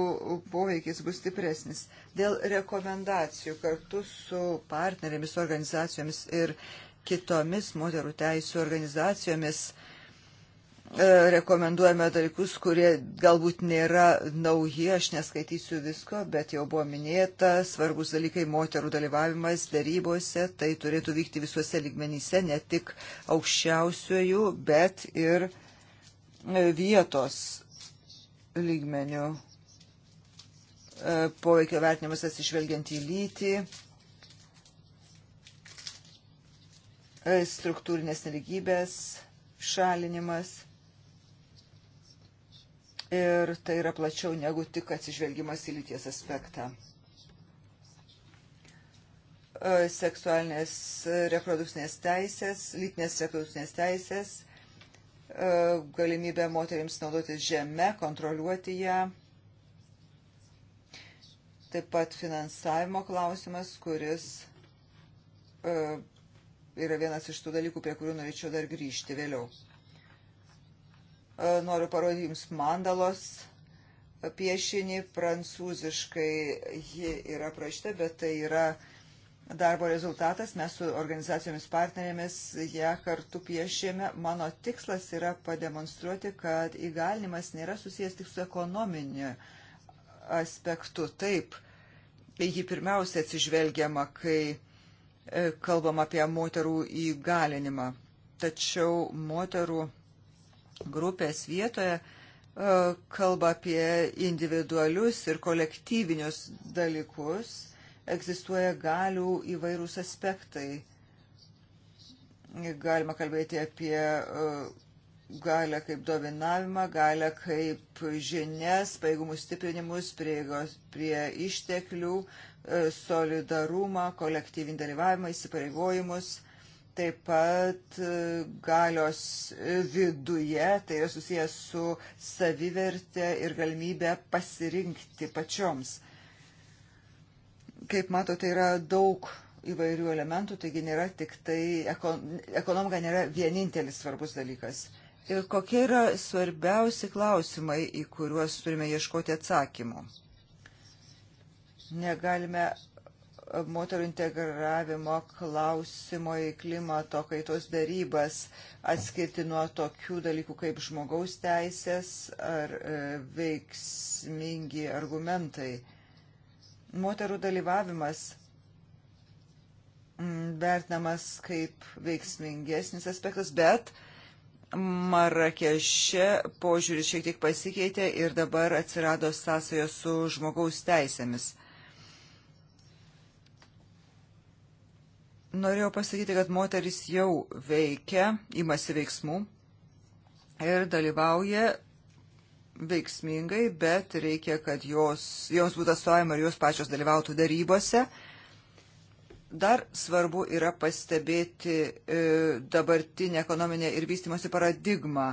poveikis bus stipresnis. Dėl rekomendacijų kartu su partnerėmis organizacijomis ir kitomis moterų teisų organizacijomis uh, E, rekomenduojame dalykus, kurie galbūt nėra nauji, aš neskaitysiu visko, bet jau buvo minėta, svarbus dalykai moterų dalyvavimas darybose, tai turėtų vykti visuose lygmenyse, ne tik aukščiausiojų, bet ir e, vietos lygmenių e, poveikio vertinimas atsižvelgiant į lytį, struktūrinės neligybės šalinimas ir tai yra plačiau negu tik atsižvelgimas į lyties aspektą. E, seksualinės reprodukcinės teisės, lytinės reprodukcinės teisės, e, galimybė moteriams naudoti žemę, kontroliuoti ją, taip pat finansavimo klausimas, kuris e, yra vienas iš tų dalykų, prie kurių norėčiau dar grįžti vėliau. E, noriu parodyti Jums mandalos piešinį prancūziškai. Ji yra prašta, bet tai yra darbo rezultatas. Mes su organizacijomis partnerėmis ją kartu piešėme. Mano tikslas yra pademonstruoti, kad įgalinimas nėra susijęs tik su ekonominiu aspektu. Taip, jį pirmiausia atsižvelgiama, kai e, kalbam apie moterų įgalinimą. Tačiau moterų grupės vietoje e, kalba apie individualius ir kolektyvinius dalykus. Egzistuoja galių įvairūs aspektai. Galima kalbėti apie e, galę kaip dominavimą, galę kaip žinias, paėgumų stiprinimus, prieigos prie išteklių, e, solidarumą, kolektyvinį dalyvavimą, įsipareigojimus taip pat e, galios viduje, tai yra susijęs su savivertė ir galimybė pasirinkti pačioms. Kaip matote, yra daug įvairių elementų, taigi nėra tik tai, ekonomika nėra vienintelis svarbus dalykas. Ir kokie yra svarbiausi klausimai, į kuriuos turime ieškoti atsakymų? Negalime moterų integravimo klausimo į klimato kaitos darybas atskirti nuo tokių dalykų kaip žmogaus teisės ar e, veiksmingi argumentai. Moterų dalyvavimas vertinamas kaip veiksmingesnis aspektas, bet Marakeše požiūris šiek tiek pasikeitė ir dabar atsirado sąsajos su žmogaus teisėmis. Norėjau pasakyti, kad moteris jau veikia, imasi veiksmų ir dalyvauja veiksmingai, bet reikia, kad jos, jos būtų atstovavimo ir jos pačios dalyvautų darybose. Dar svarbu yra pastebėti e, dabartinę ekonominę ir vystimosi paradigmą.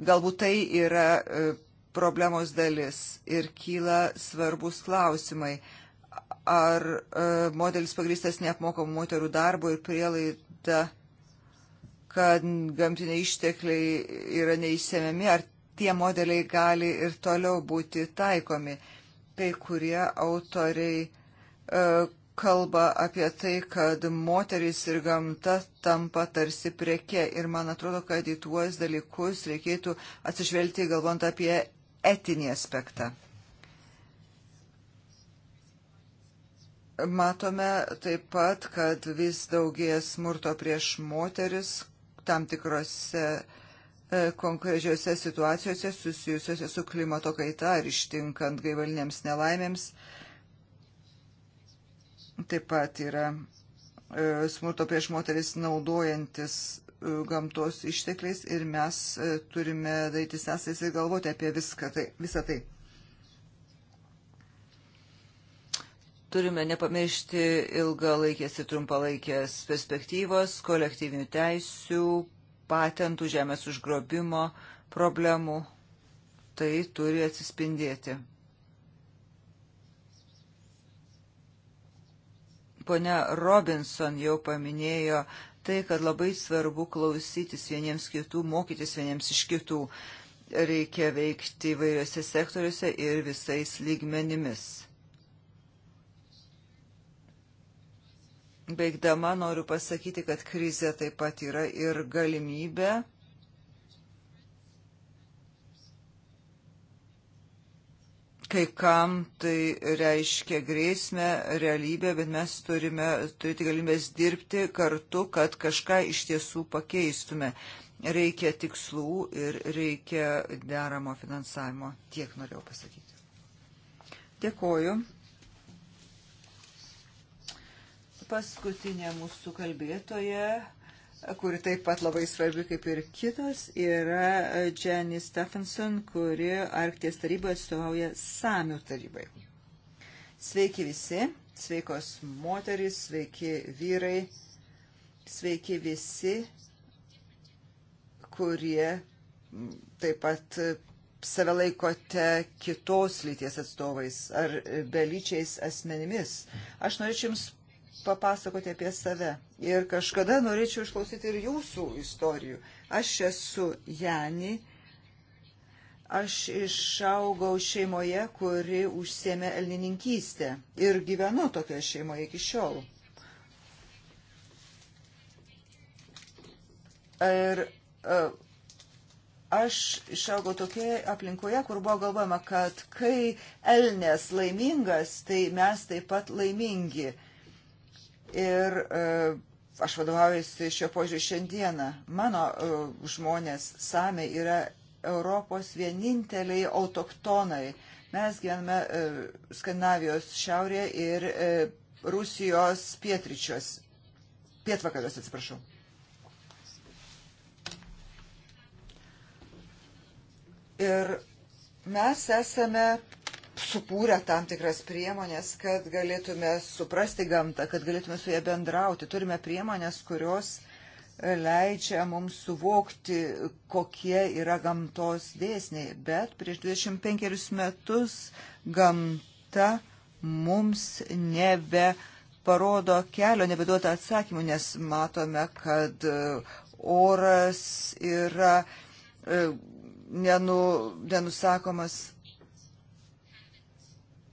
Galbūt tai yra e, problemos dalis ir kyla svarbus klausimai. E, ar e, modelis pagristas neapmokamų moterų darbo ir prielaida, kad gamtiniai ištekliai yra neįsiemiami, ar tie modeliai gali ir toliau būti taikomi. Kai kurie autoriai e, kalba apie tai, kad moteris ir gamta tampa tarsi prieke ir man atrodo, kad į tuos dalykus reikėtų atsižvelgti galvant apie etinį aspektą. Matome taip pat, kad vis daugėja smurto prieš moteris tam tikrose e, konkrečiose situacijose susijusiuose su klimato kaita ar ištinkant gaivalinėms nelaimėms. Taip pat yra e, smurto prieš moteris naudojantis e, gamtos ištekliais ir mes turime daryti sesais ir galvoti apie viską, tai, visą tai. Turime nepamiršti ilgalaikės ir trumpalaikės perspektyvos, kolektyvinių teisių, patentų, žemės užgrobimo problemų. Tai turi atsispindėti. Pone Robinson jau paminėjo tai, kad labai svarbu klausytis vieniems kitų, mokytis vieniems iš kitų. Reikia veikti įvairiose sektoriuose ir visais lygmenimis Baigdama noriu pasakyti, kad krizė taip pat yra ir galimybė. Kai kam tai reiškia grėsmę, realybę, bet mes turime turėti galimybės dirbti kartu, kad kažką iš tiesų pakeistume. Reikia tikslų ir reikia deramo finansavimo. Tiek norėjau pasakyti. Dėkoju. paskutinė mūsų kalbėtoja, kuri taip pat labai svarbi kaip ir kitos, yra Jenny Stephenson, kuri Arkties taryboje atstovauja Samių tarybai. Sveiki visi, sveikos moterys, sveiki vyrai, sveiki visi, kurie taip pat save laikote kitos lyties atstovais ar belyčiais asmenimis. Aš norėčiau Jums papasakoti apie save. Ir kažkada norėčiau išklausyti ir jūsų istorijų. Aš esu Jani. Aš išaugau šeimoje, kuri užsėmė elnininkystę ir gyvenu tokioje šeimoje iki šiol. Ir e, aš išaugau tokioje aplinkoje, kur buvo galvojama, kad kai elnės laimingas, tai mes taip pat laimingi ir e, aš vadovaujuosi šio požiūrį šiandieną. Mano e, žmonės, samiai, yra Europos vieninteliai autoktonai. Mes gyvename e, Skandinavijos šiaurėje ir Rusijos pietričios, pietvakarios, atsiprašau. Ir mes esame sukūrę tam tikras priemonės, kad galėtume suprasti gamtą, kad galėtume su ją bendrauti. Turime priemonės, kurios leidžia mums suvokti, kokie yra gamtos dėsniai. Bet prieš 25 metus gamta mums nebe parodo kelio, nebeduota atsakymų, nes matome, kad e, oras yra e, nenu, nenusakomas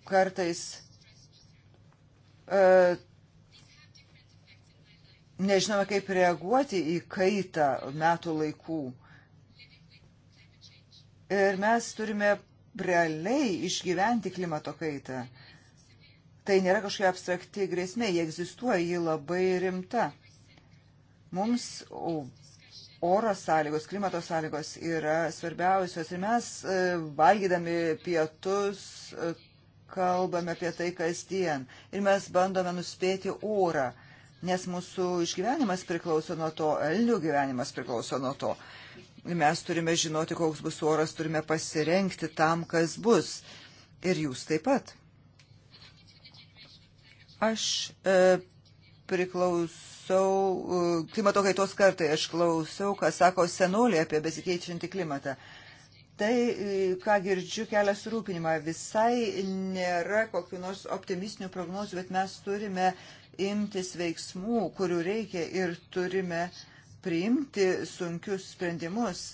kartais e, nežinome, kaip reaguoti į kaitą metų laikų. Ir mes turime realiai išgyventi klimato kaitą. Tai nėra kažkokia abstrakti grėsmė, jie egzistuoja, ji labai rimta. Mums oro sąlygos, klimato sąlygos yra svarbiausios ir mes e, valgydami pietus e, kalbame apie tai kasdien ir mes bandome nuspėti orą, nes mūsų išgyvenimas priklauso nuo to, elnių gyvenimas priklauso nuo to. Mes turime žinoti, koks bus oras, turime pasirenkti tam, kas bus. Ir jūs taip pat. Aš e, priklausau e, klimato kaitos kartai, aš klausiau, ką sako senoliai apie besikeičiantį klimatą. E, Tai, e, ką girdžiu, kelia surūpinimą. Visai nėra kokiu nors optimistinių prognozių, bet mes turime imtis veiksmų, kurių reikia ir turime priimti sunkius sprendimus.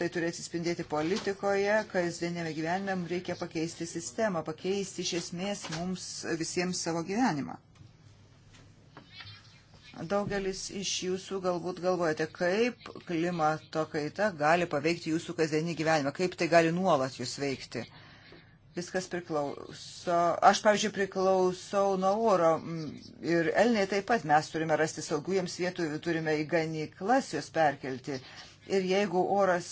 Tai turės įspindėti politikoje, kasdienėme gyvenime reikia pakeisti sistemą, pakeisti iš esmės mums visiems savo gyvenimą. Daugelis iš jūsų galbūt galvojate, kaip klimato kaita gali paveikti jūsų kasdienį gyvenimą, kaip tai gali nuolat jūs veikti. Viskas priklauso. Aš, pavyzdžiui, priklausau nuo oro ir Elniai taip pat mes turime rasti saugų jiems vietų, turime į ganyklas juos perkelti. Ir jeigu oras,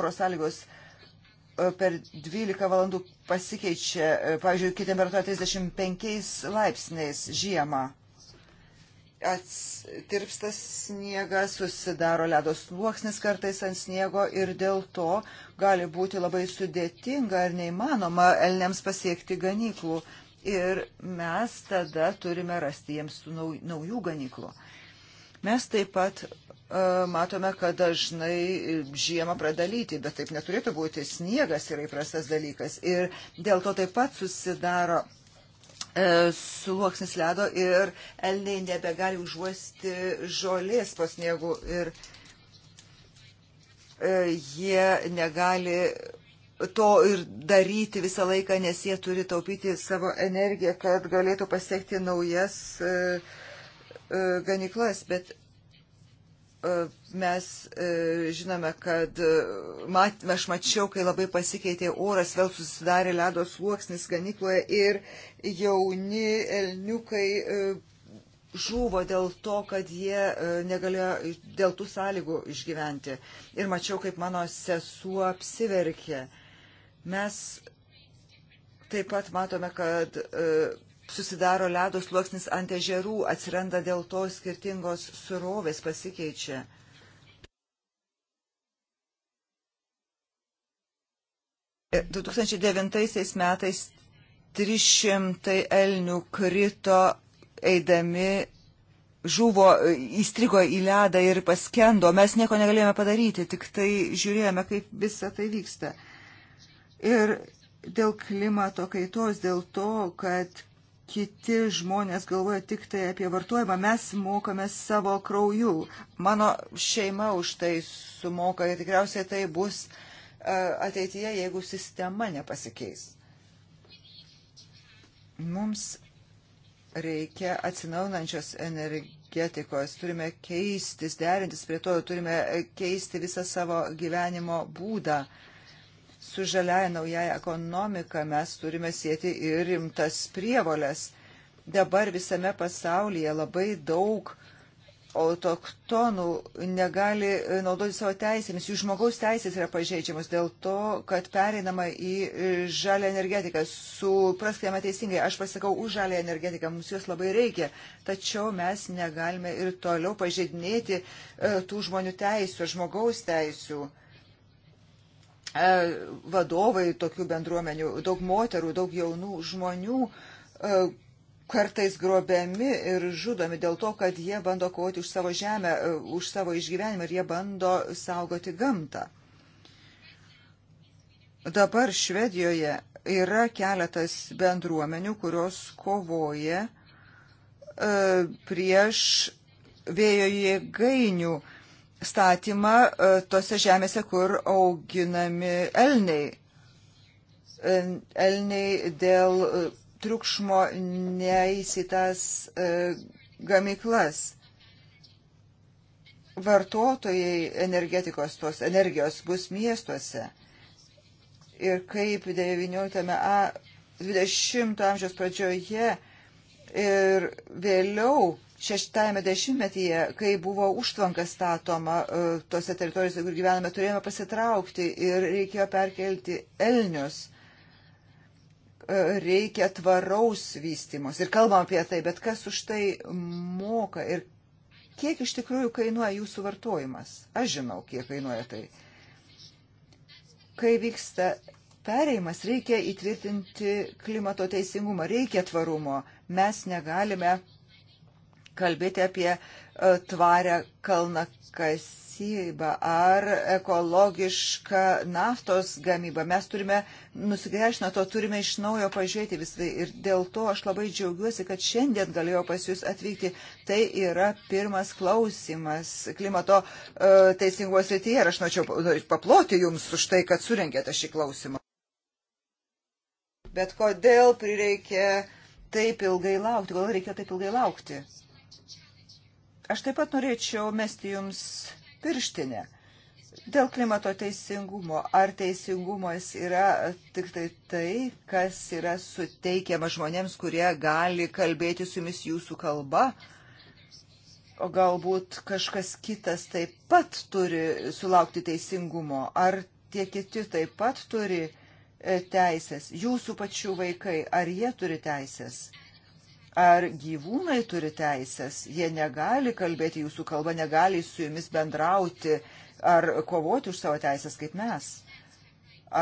oro sąlygos e, per 12 valandų pasikeičia, e, pavyzdžiui, iki temperatūra 35 laipsniais žiemą, tirpstas sniegas, susidaro ledos sluoksnis kartais ant sniego ir dėl to gali būti labai sudėtinga ir neįmanoma elniams pasiekti ganyklų. Ir mes tada turime rasti jiems naujų ganyklų. Mes taip pat e, matome, kad dažnai žiemą pradalyti, bet taip neturėtų būti. Sniegas yra įprastas dalykas ir dėl to taip pat susidaro E, sluoksnis ledo ir elniai nebegali užuosti žolės po sniegu ir e, jie negali to ir daryti visą laiką, nes jie turi taupyti savo energiją, kad galėtų pasiekti naujas e, ganiklas, bet E, mes e, žinome, kad e, mat, aš mačiau, kai labai pasikeitė oras, vėl susidarė ledo sluoksnis ganykloje ir jauni elniukai žuvo dėl to, kad jie negalėjo dėl tų sąlygų išgyventi. Ir mačiau, kaip mano sesuo apsiverkė. Mes taip pat matome, kad susidaro ledos sluoksnis ant ežerų, atsiranda dėl to skirtingos surovės pasikeičia. E, ir 2009 metais 300 elnių krito eidami, žuvo, e, įstrigo į ledą ir paskendo. Mes nieko negalėjome padaryti, tik tai žiūrėjome, kaip visa tai vyksta. Ir dėl klimato kaitos, dėl to, kad kiti žmonės galvoja tik tai apie vartojimą, mes mokame savo krauju. Mano šeima už tai sumoka ir tikriausiai tai bus e, ateityje, jeigu sistema nepasikeis. Mums reikia atsinaunančios energetikos, turime keistis, derintis prie to, turime keisti visą savo gyvenimo būdą. Uh, su žaliaja naujaja ekonomika mes turime sėti ir rimtas prievolės. Dabar visame pasaulyje labai daug autoktonų negali naudoti savo teisėmis. Jų žmogaus teisės yra pažeidžiamos dėl to, kad pereinama į žalę energetiką. Supraskime teisingai, aš pasakau už žalę energetiką, mums jos labai reikia. Tačiau mes negalime ir toliau pažeidinėti e, tų žmonių teisų, žmogaus teisų. E, vadovai tokių bendruomenių, daug moterų, daug jaunų žmonių e, kartais grobiami ir žudomi dėl to, kad jie bando kovoti už savo žemę, e, už savo išgyvenimą ir jie bando saugoti gamtą. Dabar Švedijoje yra keletas bendruomenių, kurios kovoja prieš vėjo jėgainių statymą e, tose žemėse, kur auginami elniai. E, elniai dėl e, triukšmo neįsitas gamyklas. Vartotojai energetikos tos energijos bus miestuose. Ir kaip 19 a, 20 amžiaus pradžioje ir vėliau šeštajame dešimtmetyje, kai buvo užtvanka statoma e, tose teritorijose, kur gyvename, turėjome pasitraukti ir reikėjo perkelti elnius. E, reikia tvaraus vystimos ir kalbam apie tai, bet kas už tai moka ir kiek iš tikrųjų kainuoja jūsų vartojimas. Aš žinau, kiek kainuoja tai. Kai vyksta pereimas, reikia įtvirtinti klimato teisingumą, reikia tvarumo. Mes negalime kalbėti apie e, tvarę kalnakasybą ar ekologišką naftos gamybą. Mes turime nusigręžti nuo to, turime iš naujo pažiūrėti visai. Ir dėl to aš labai džiaugiuosi, kad šiandien galėjau pas Jūs atvykti. Tai yra pirmas klausimas klimato uh, teisingumo srityje ir aš norėčiau paploti Jums už tai, kad surengėte šį klausimą. Bet kodėl prireikė taip ilgai laukti? Kodėl reikėjo taip ilgai laukti? Aš taip pat norėčiau mesti jums pirštinę. Dėl klimato teisingumo, ar teisingumas yra tik tai tai, kas yra suteikiama žmonėms, kurie gali kalbėti su jumis jūsų kalba, o galbūt kažkas kitas taip pat turi sulaukti teisingumo, ar tie kiti taip pat turi e, teisės, jūsų pačių vaikai, ar jie turi teisės. Ar gyvūnai turi teisės? Jie negali kalbėti jūsų kalbą, negali su jumis bendrauti ar kovoti už savo teisės kaip mes.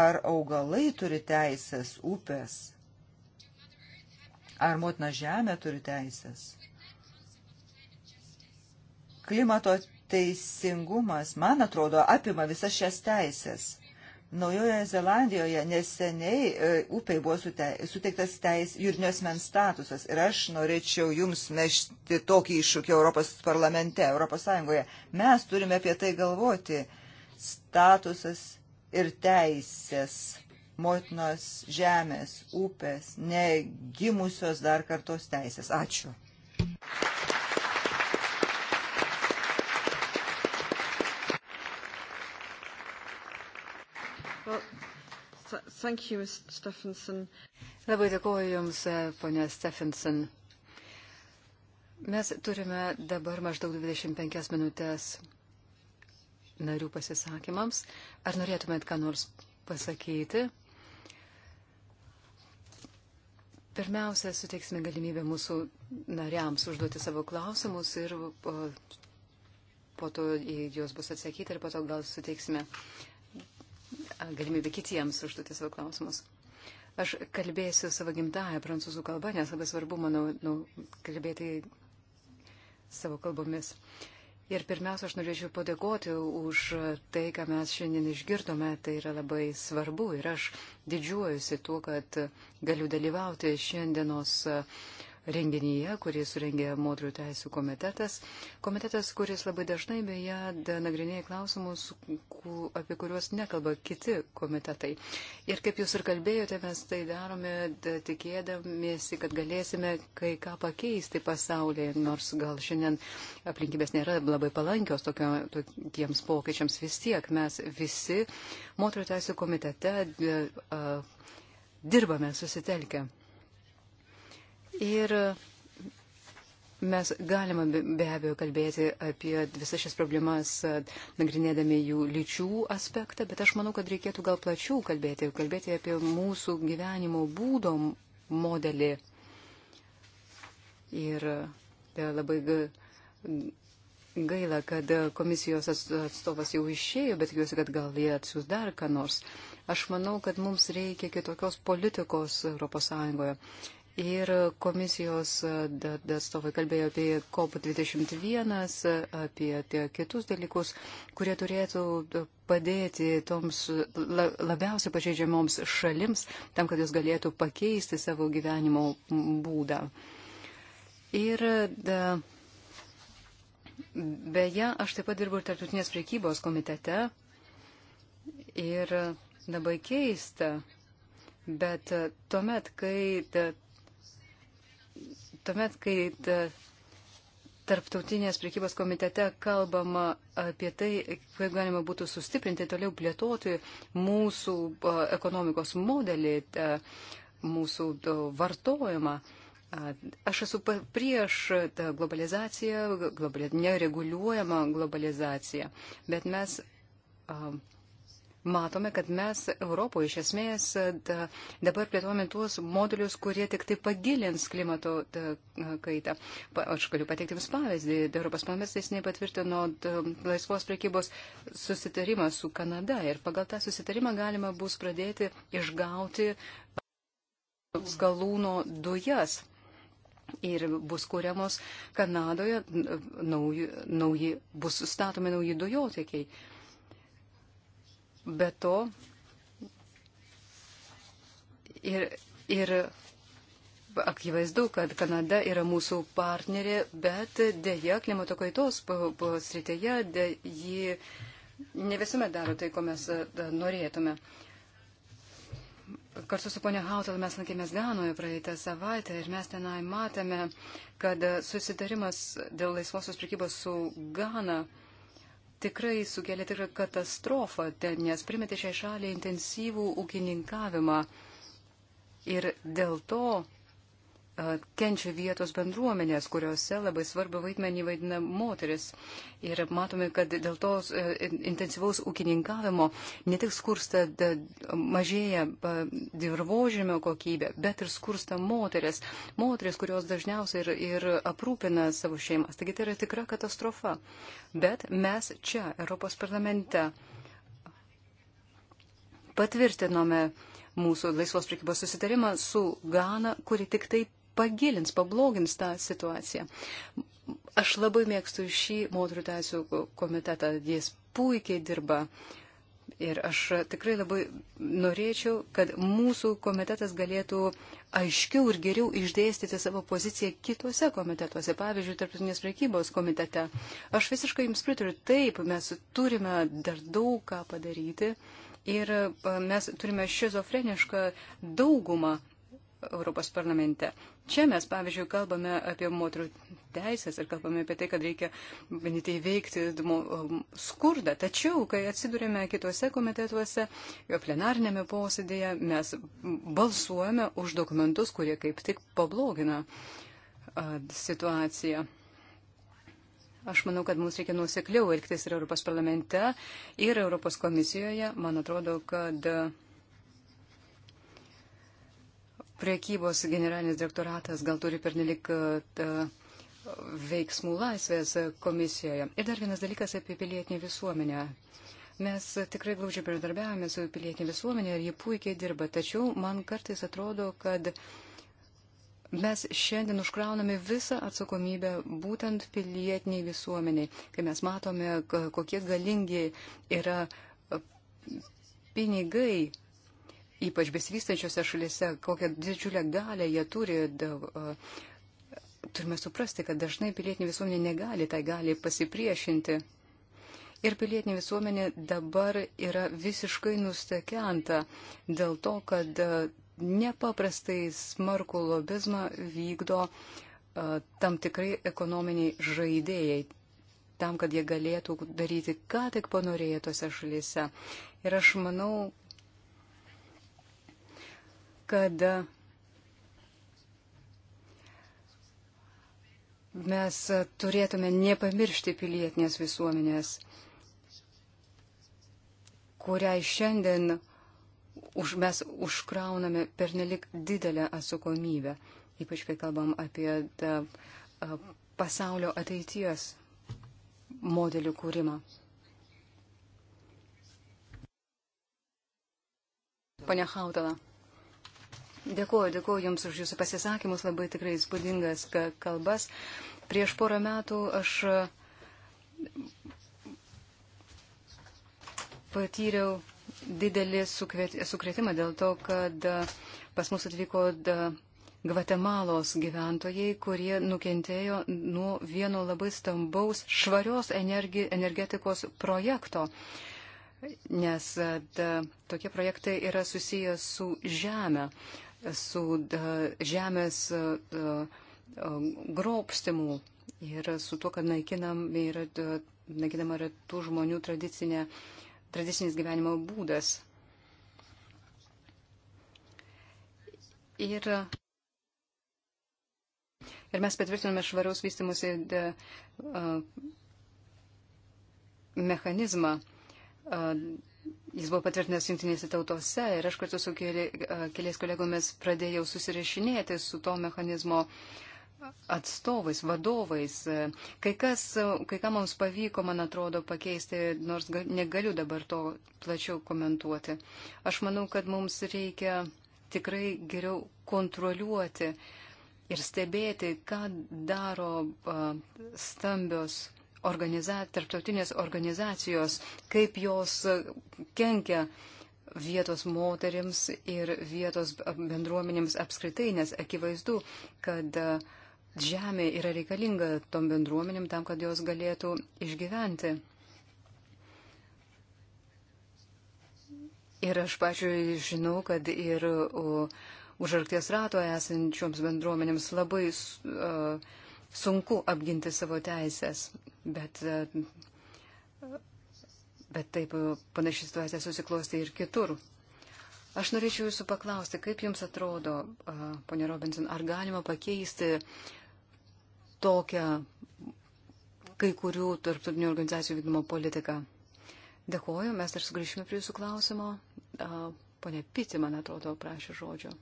Ar augalai turi teisės, upės? Ar motina žemė turi teisės? Klimato teisingumas, man atrodo, apima visas šias teisės. Naujojoje Zelandijoje neseniai e, upiai buvo suteiktas teis jūrinio asmens statusas ir aš norėčiau jums mešti tokį iššūkį Europos parlamente, Europos Sąjungoje. Mes turime apie tai galvoti. Statusas ir teisės motinos žemės, upės, negimusios dar kartos teisės. Ačiū. Thank you, Mr. Stephenson. Labai dėkuoju Jums, e, ponė Stephenson. Mes turime dabar maždaug 25 minutės narių pasisakymams. Ar norėtumėt ką nors pasakyti? Pirmiausia, suteiksime galimybę mūsų nariams užduoti savo klausimus ir po, po to, jei juos bus atsakyti, ir po to gal suteiksime uh, galimybę kitiems užduoti savo klausimus. Aš kalbėsiu savo gimtają prancūzų kalbą, nes labai svarbu, manau, nu, kalbėti savo kalbomis. Ir pirmiausia, aš norėčiau padėkoti už tai, ką mes šiandien išgirdome. Tai yra labai svarbu ir aš didžiuojusi tuo, kad galiu dalyvauti šiandienos uh, renginyje, kurį surengė moterų teisų komitetas. Komitetas, kuris labai dažnai beje nagrinėja klausimus, apie kuriuos nekalba kiti komitetai. Ir kaip jūs ir kalbėjote, mes tai darome tikėdamiesi, kad galėsime kai ką pakeisti pasaulyje, nors gal šiandien aplinkybės nėra labai palankios tokio, tokiems pokyčiams. Vis tiek mes visi moterų teisų komitete dirbame susitelkę. Ir mes galime be abejo kalbėti apie visas šias problemas, nagrinėdami jų lyčių aspektą, bet aš manau, kad reikėtų gal plačiau kalbėti, kalbėti apie mūsų gyvenimo būdo modelį. Ir e, labai gaila, kad komisijos atstovas jau išėjo, bet tikiuosi, kad gal jie atsiūs dar ką nors. Aš manau, kad mums reikia kitokios politikos ES. Ir komisijos e, atstovai kalbėjo apie COP21, apie, apie kitus dalykus, kurie turėtų padėti toms labiausiai pažeidžiamoms šalims, tam, kad jos galėtų pakeisti savo gyvenimo būdą. Ir da, beje, aš taip pat dirbu ir tarptautinės priekybos komitete. Ir labai keista, Bet tuomet, kai tuomet, kai ta, e, tarptautinės priekybos komitete kalbama apie tai, kaip galima būtų sustiprinti, toliau plėtoti mūsų e, ekonomikos modelį, e, mūsų vartojimą. Aš esu prieš tą globalizaciją, nereguliuojamą globalizaciją, bet mes matome, kad mes Europoje iš esmės e, da, dabar plėtojame tuos modulius, kurie tik tai pagilins klimato da, kaitą. Pa, aš galiu pateikti Jums pavyzdį. Europos parlamentas nesiniai patvirtino da, laisvos prekybos susitarimą su Kanada ir pagal tą susitarimą galima bus pradėti išgauti skalūno dujas. Ir bus kuriamos Kanadoje, nauji, nauji, bus statomi nauji dujotiekiai. Uh, Be to, ir, ir akivaizdu, kad Kanada yra mūsų partnerė, bet dėja klimato kaitos srityje ji ne visuomet daro tai, ko mes e, norėtume. Kartu su ponia Hautel mes lankėmės Ganoje praeitą savaitę ir mes tenai matėme, kad susitarimas dėl laisvosios prekybos su Gana uh, tikrai sukelia tikrą katastrofą, nes primetė šiai šaliai intensyvų ūkininkavimą. Ir dėl to kenčia vietos bendruomenės, kuriuose labai svarbu vaidmenį vaidina moteris. Ir matome, kad dėl tos e, intensyvaus ūkininkavimo ne tik skursta mažėja dirbožėmio kokybė, bet ir skursta moteris. Moteris, kurios dažniausiai ir, ir aprūpina savo šeimas. Taigi tai yra tikra katastrofa. Bet mes čia, Europos parlamente, patvirtinome mūsų laisvos prekybos susitarimą su Gana, kuri tik taip pagilins, pablogins tą situaciją. Aš labai mėgstu šį moterų teisų komitetą, jis puikiai dirba. Ir aš tikrai labai norėčiau, kad mūsų komitetas galėtų aiškiau ir geriau išdėstyti savo poziciją kitose komitetuose, pavyzdžiui, Tarptautinės priekybos komitete. Aš visiškai jums pritariu, taip, mes turime dar daug ką padaryti ir e, mes turime šizofrenišką daugumą Europos parlamente. Čia mes, pavyzdžiui, kalbame apie moterų teisės ir kalbame apie tai, kad reikia bandyti įveikti um, skurdą. Tačiau, kai atsidurime kitose komitetuose, jo plenarnėme posėdėje, mes balsuojame už dokumentus, kurie kaip tik pablogina situaciją. Aš manau, kad mums reikia nusikliau elgtis ir Europos parlamente, ir Europos komisijoje. Man atrodo, kad priekybos generalinis direktoratas gal turi pernelik e, veiksmų laisvės komisijoje. Ir dar vienas dalykas apie pilietinį visuomenę. Mes tikrai glaudžiai bendradarbiavame su pilietinė visuomenė ir ji puikiai dirba, tačiau man kartais atrodo, kad mes šiandien užkrauname visą atsakomybę būtent pilietiniai visuomeniai, kai mes matome, kokie galingi yra pinigai ypač besivystančiose šalise, kokią didžiulę galę jie turi. Daug, turime suprasti, kad dažnai pilietinė visuomenė negali, tai gali pasipriešinti. Ir pilietinė visuomenė dabar yra visiškai nustekianta dėl to, kad nepaprastai smarkų lobizmą vykdo tam tikrai ekonominiai žaidėjai, tam, kad jie galėtų daryti, ką tik panorėtose šalyse. Ir aš manau, kad mes turėtume nepamiršti pilietinės visuomenės, kuriai šiandien už, mes užkrauname pernelik didelę atsakomybę, ypač kai kalbam apie da, pasaulio ateities modelių kūrimą. Pane Hautala. Dėkuoju, dėkuoju Jums už Jūsų pasisakymus, labai tikrai įspūdingas kalbas. Prieš porą metų aš e, patyriau didelį sukretimą dėl to, kad e, pas mus atvyko e, Gvatemalos gyventojai, kurie nukentėjo nuo vieno labai stambaus švarios energi, energetikos projekto. Nes da, tokie projektai yra susijęs su žemė su žemės grobstimu ir su tuo, kad naikinama yra, naikinama yra tų žmonių tradicinė, tradicinis gyvenimo būdas. Ir, ir mes patvirtiname švaraus vystimusi mechanizmą. A, Jis buvo patvirtinęs jungtinėse tautose ir aš kartu su keli, keliais kolegomis pradėjau susirašinėti su to mechanizmo atstovais, vadovais. Kai, kas, kai ką mums pavyko, man atrodo, pakeisti, nors negaliu dabar to plačiau komentuoti. Aš manau, kad mums reikia tikrai geriau kontroliuoti ir stebėti, ką daro stambios organiza tarptautinės organizacijos, kaip jos kenkia vietos moterims ir vietos bendruomenėms apskritai, nes akivaizdu, kad e, žemė yra reikalinga tom bendruomenėm tam, kad jos galėtų išgyventi. Ir aš pačiu žinau, kad ir o, už arkties rato esančioms bendruomenėms labai uh, sunku apginti savo teisės, bet, bet taip panaši situacija susiklosti ir kitur. Aš norėčiau jūsų paklausti, kaip jums atrodo, ponė Robinson, ar galima pakeisti tokią kai kurių tarptautinių organizacijų vykdymo politiką. Dėkuoju, mes dar sugrįšime prie jūsų klausimo. Pone Piti, man atrodo, prašė žodžio.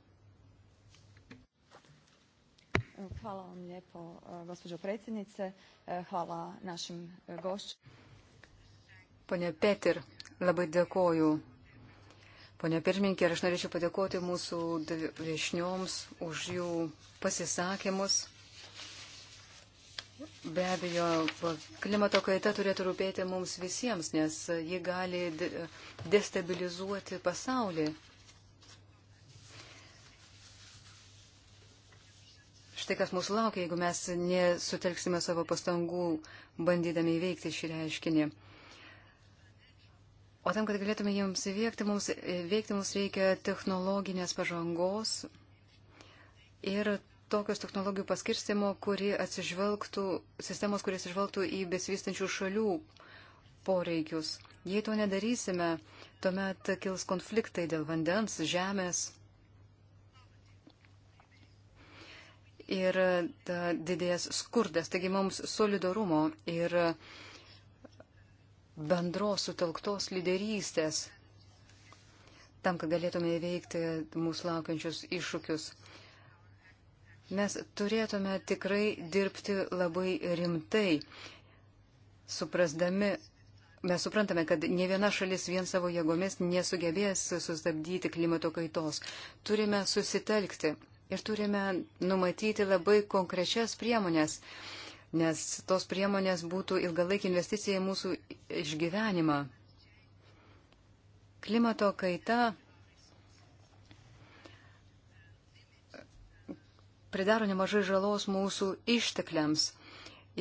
Hvala vam lijepo, e, gospođo predsjednice. E, hvala našim e, goščiam. Pone Petir, labai dėkoju. Pone pirmininkė, aš norėčiau padėkoti mūsų viešnioms už jų pasisakymus. Be abejo, klimato kaita turėtų rūpėti mums visiems, nes ji gali destabilizuoti pasaulį. Štai kas mūsų laukia, jeigu mes nesutelksime savo pastangų, bandydami įveikti šį reiškinį. O tam, kad galėtume jiems įveikti, mums, veikti mums reikia technologinės pažangos ir tokios technologijų paskirstimo, kuri atsižvelgtų, sistemos, kuris atsižvelgtų į besivystančių šalių poreikius. Jei to nedarysime, tuomet kils konfliktai dėl vandens, žemės ir e, didės skurdas. Taigi mums solidarumo ir bendros sutelktos lyderystės tam, kad galėtume įveikti mūsų laukiančius iššūkius. Mes turėtume tikrai dirbti labai rimtai, suprasdami, mes suprantame, kad ne viena šalis vien savo jėgomis nesugebės sustabdyti klimato kaitos. Turime susitelkti ir turime numatyti labai konkrečias priemonės, nes tos priemonės būtų ilgalaikį investiciją į mūsų išgyvenimą. Klimato kaita pridaro nemažai žalos mūsų ištekliams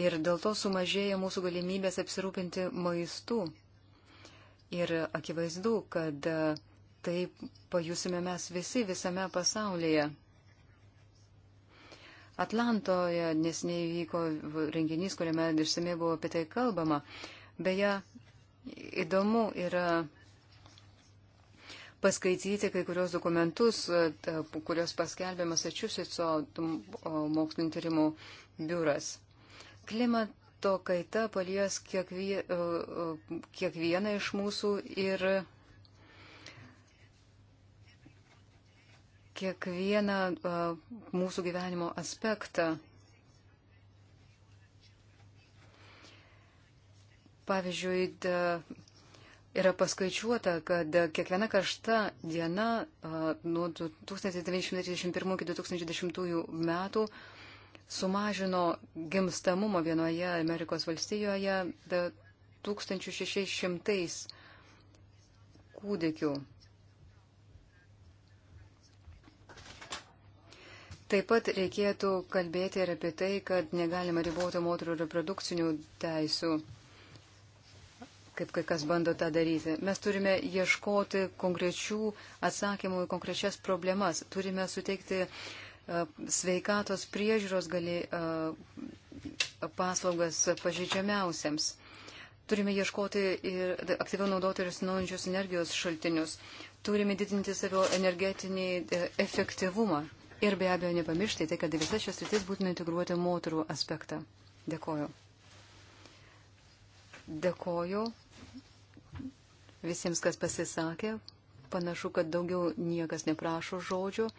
ir dėl to sumažėja mūsų galimybės apsirūpinti maistu. Ir akivaizdu, kad tai pajusime mes visi visame pasaulyje. Atlantoje nesiniai vyko renginys, kuriame išsamei buvo apie tai kalbama. Beje, įdomu yra paskaityti kai kurios dokumentus, e, kurios paskelbė Massachusetts'o mokslinio tyrimų biuras. Klimato kaita palies e, e, kiekvieną iš mūsų ir kiekvieną mūsų gyvenimo aspektą. Pavyzdžiui, yra paskaičiuota, kad kiekviena karšta diena nuo 1931 iki 2010 metų sumažino gimstamumą vienoje Amerikos valstijoje 1600 kūdikių. Taip pat reikėtų kalbėti ir apie tai, kad negalima riboti moterų reprodukcinių teisų, kaip kai kas bando tą daryti. Mes turime ieškoti konkrečių atsakymų į konkrečias problemas. Turime suteikti e, sveikatos priežiūros gali e, paslaugas pažydžiamiausiams. Turime ieškoti ir aktyviau naudoti ir sinaujančius energijos šaltinius. Turime didinti savo energetinį e, efektyvumą. Ir be abejo nepamiršti tai, kad visas šios rytis būtina integruoti moterų aspektą. Dėkoju. Dėkoju visiems, kas pasisakė. Panašu, kad daugiau niekas neprašo žodžių.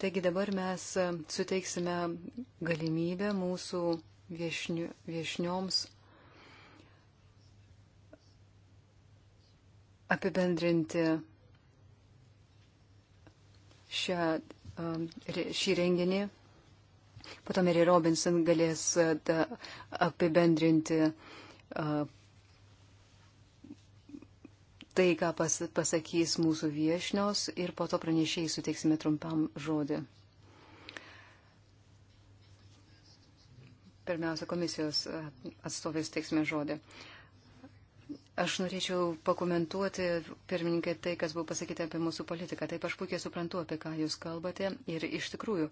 Taigi dabar mes suteiksime galimybę mūsų viešniu, viešnioms apibendrinti šią Um, šį renginį. Pato Mary Robinson galės uh, apibendrinti uh, tai, ką pas, pasakys mūsų viešnios ir po to pranešėjai suteiksime trumpam žodį. Pirmiausia, komisijos uh, atstovės teiksime žodį. Uh, Aš norėčiau pakomentuoti, pirmininkai, tai, kas buvo pasakyta apie mūsų politiką. Taip, aš puikiai suprantu, apie ką jūs kalbate. Ir iš tikrųjų,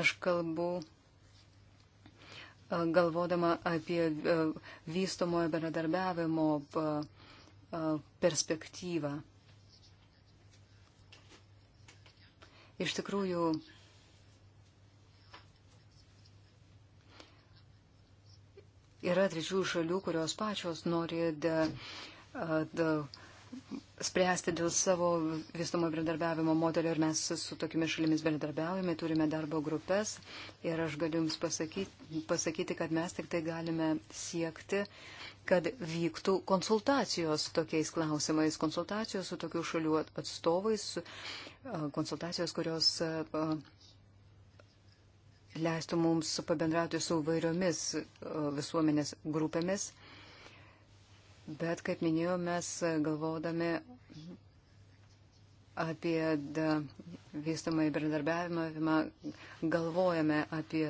aš kalbu galvodama apie vystomojo bendradarbiavimo perspektyvą. Iš tikrųjų, Yra trečių šalių, kurios pačios nori da, da, spręsti dėl savo vystomo bendradarbiavimo modelio ir mes su tokiamis šalimis bendradarbiaujame, turime darbo grupės ir aš galiu Jums pasakyti, pasakyti, kad mes tik tai galime siekti, kad vyktų konsultacijos tokiais klausimais, konsultacijos su tokių šalių atstovais, konsultacijos, kurios. Uh, leistų mums pabendrauti su vairiomis e, visuomenės grupėmis. Bet, kaip minėjau, mes galvodami apie vystamą įbendradarbiavimą, galvojame apie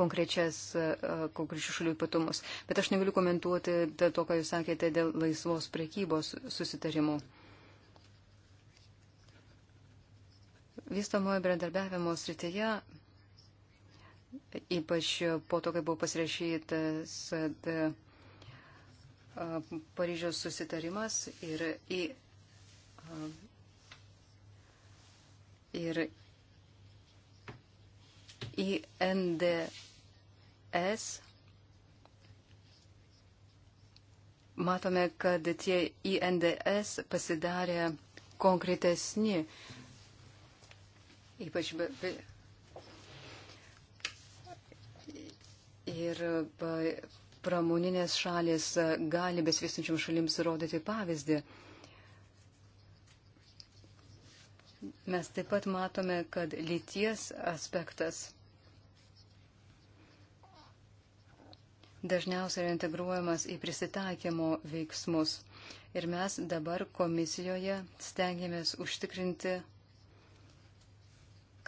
konkrečias, e, konkrečių šalių ypatumus. Bet aš negaliu komentuoti to, ką jūs sakėte dėl laisvos prekybos susitarimų. vystamojo bendradarbiavimo srityje, ypač po to, kai buvo pasirašytas Paryžiaus susitarimas ir, į, ir į NDS matome, kad tie INDS pasidarė konkretesni Ypač be, be, ir be, pramoninės šalis gali besvystančiam šalims rodyti pavyzdį. Mes taip pat matome, kad lyties aspektas dažniausiai yra integruojamas į prisitaikymo veiksmus. Ir mes dabar komisijoje stengiamės užtikrinti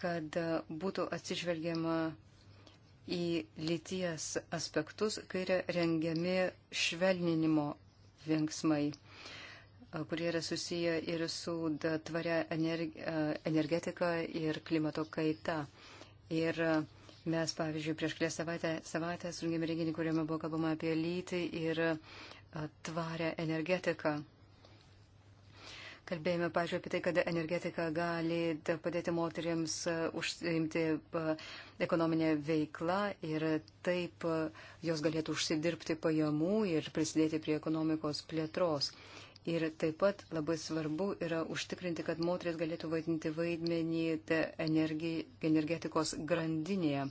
kad būtų atsižvelgiama į lyties aspektus, kai yra rengiami švelninimo veiksmai, kurie yra susiję ir su tvaria energetika ir klimato kaita. Ir mes, pavyzdžiui, prieš kelias savaitę, savaitę surinkėme renginį, kuriame buvo kalbama apie lytį ir tvarę energetiką. Kalbėjome, pažiūrėjau, apie tai, kad energetika gali padėti moteriams e, užsiimti e, ekonominę veiklą ir taip e, jos galėtų užsidirbti pajamų ir prisidėti prie ekonomikos plėtros. Ir taip pat labai svarbu yra užtikrinti, kad moteris galėtų vaidinti vaidmenį energi, energetikos grandinėje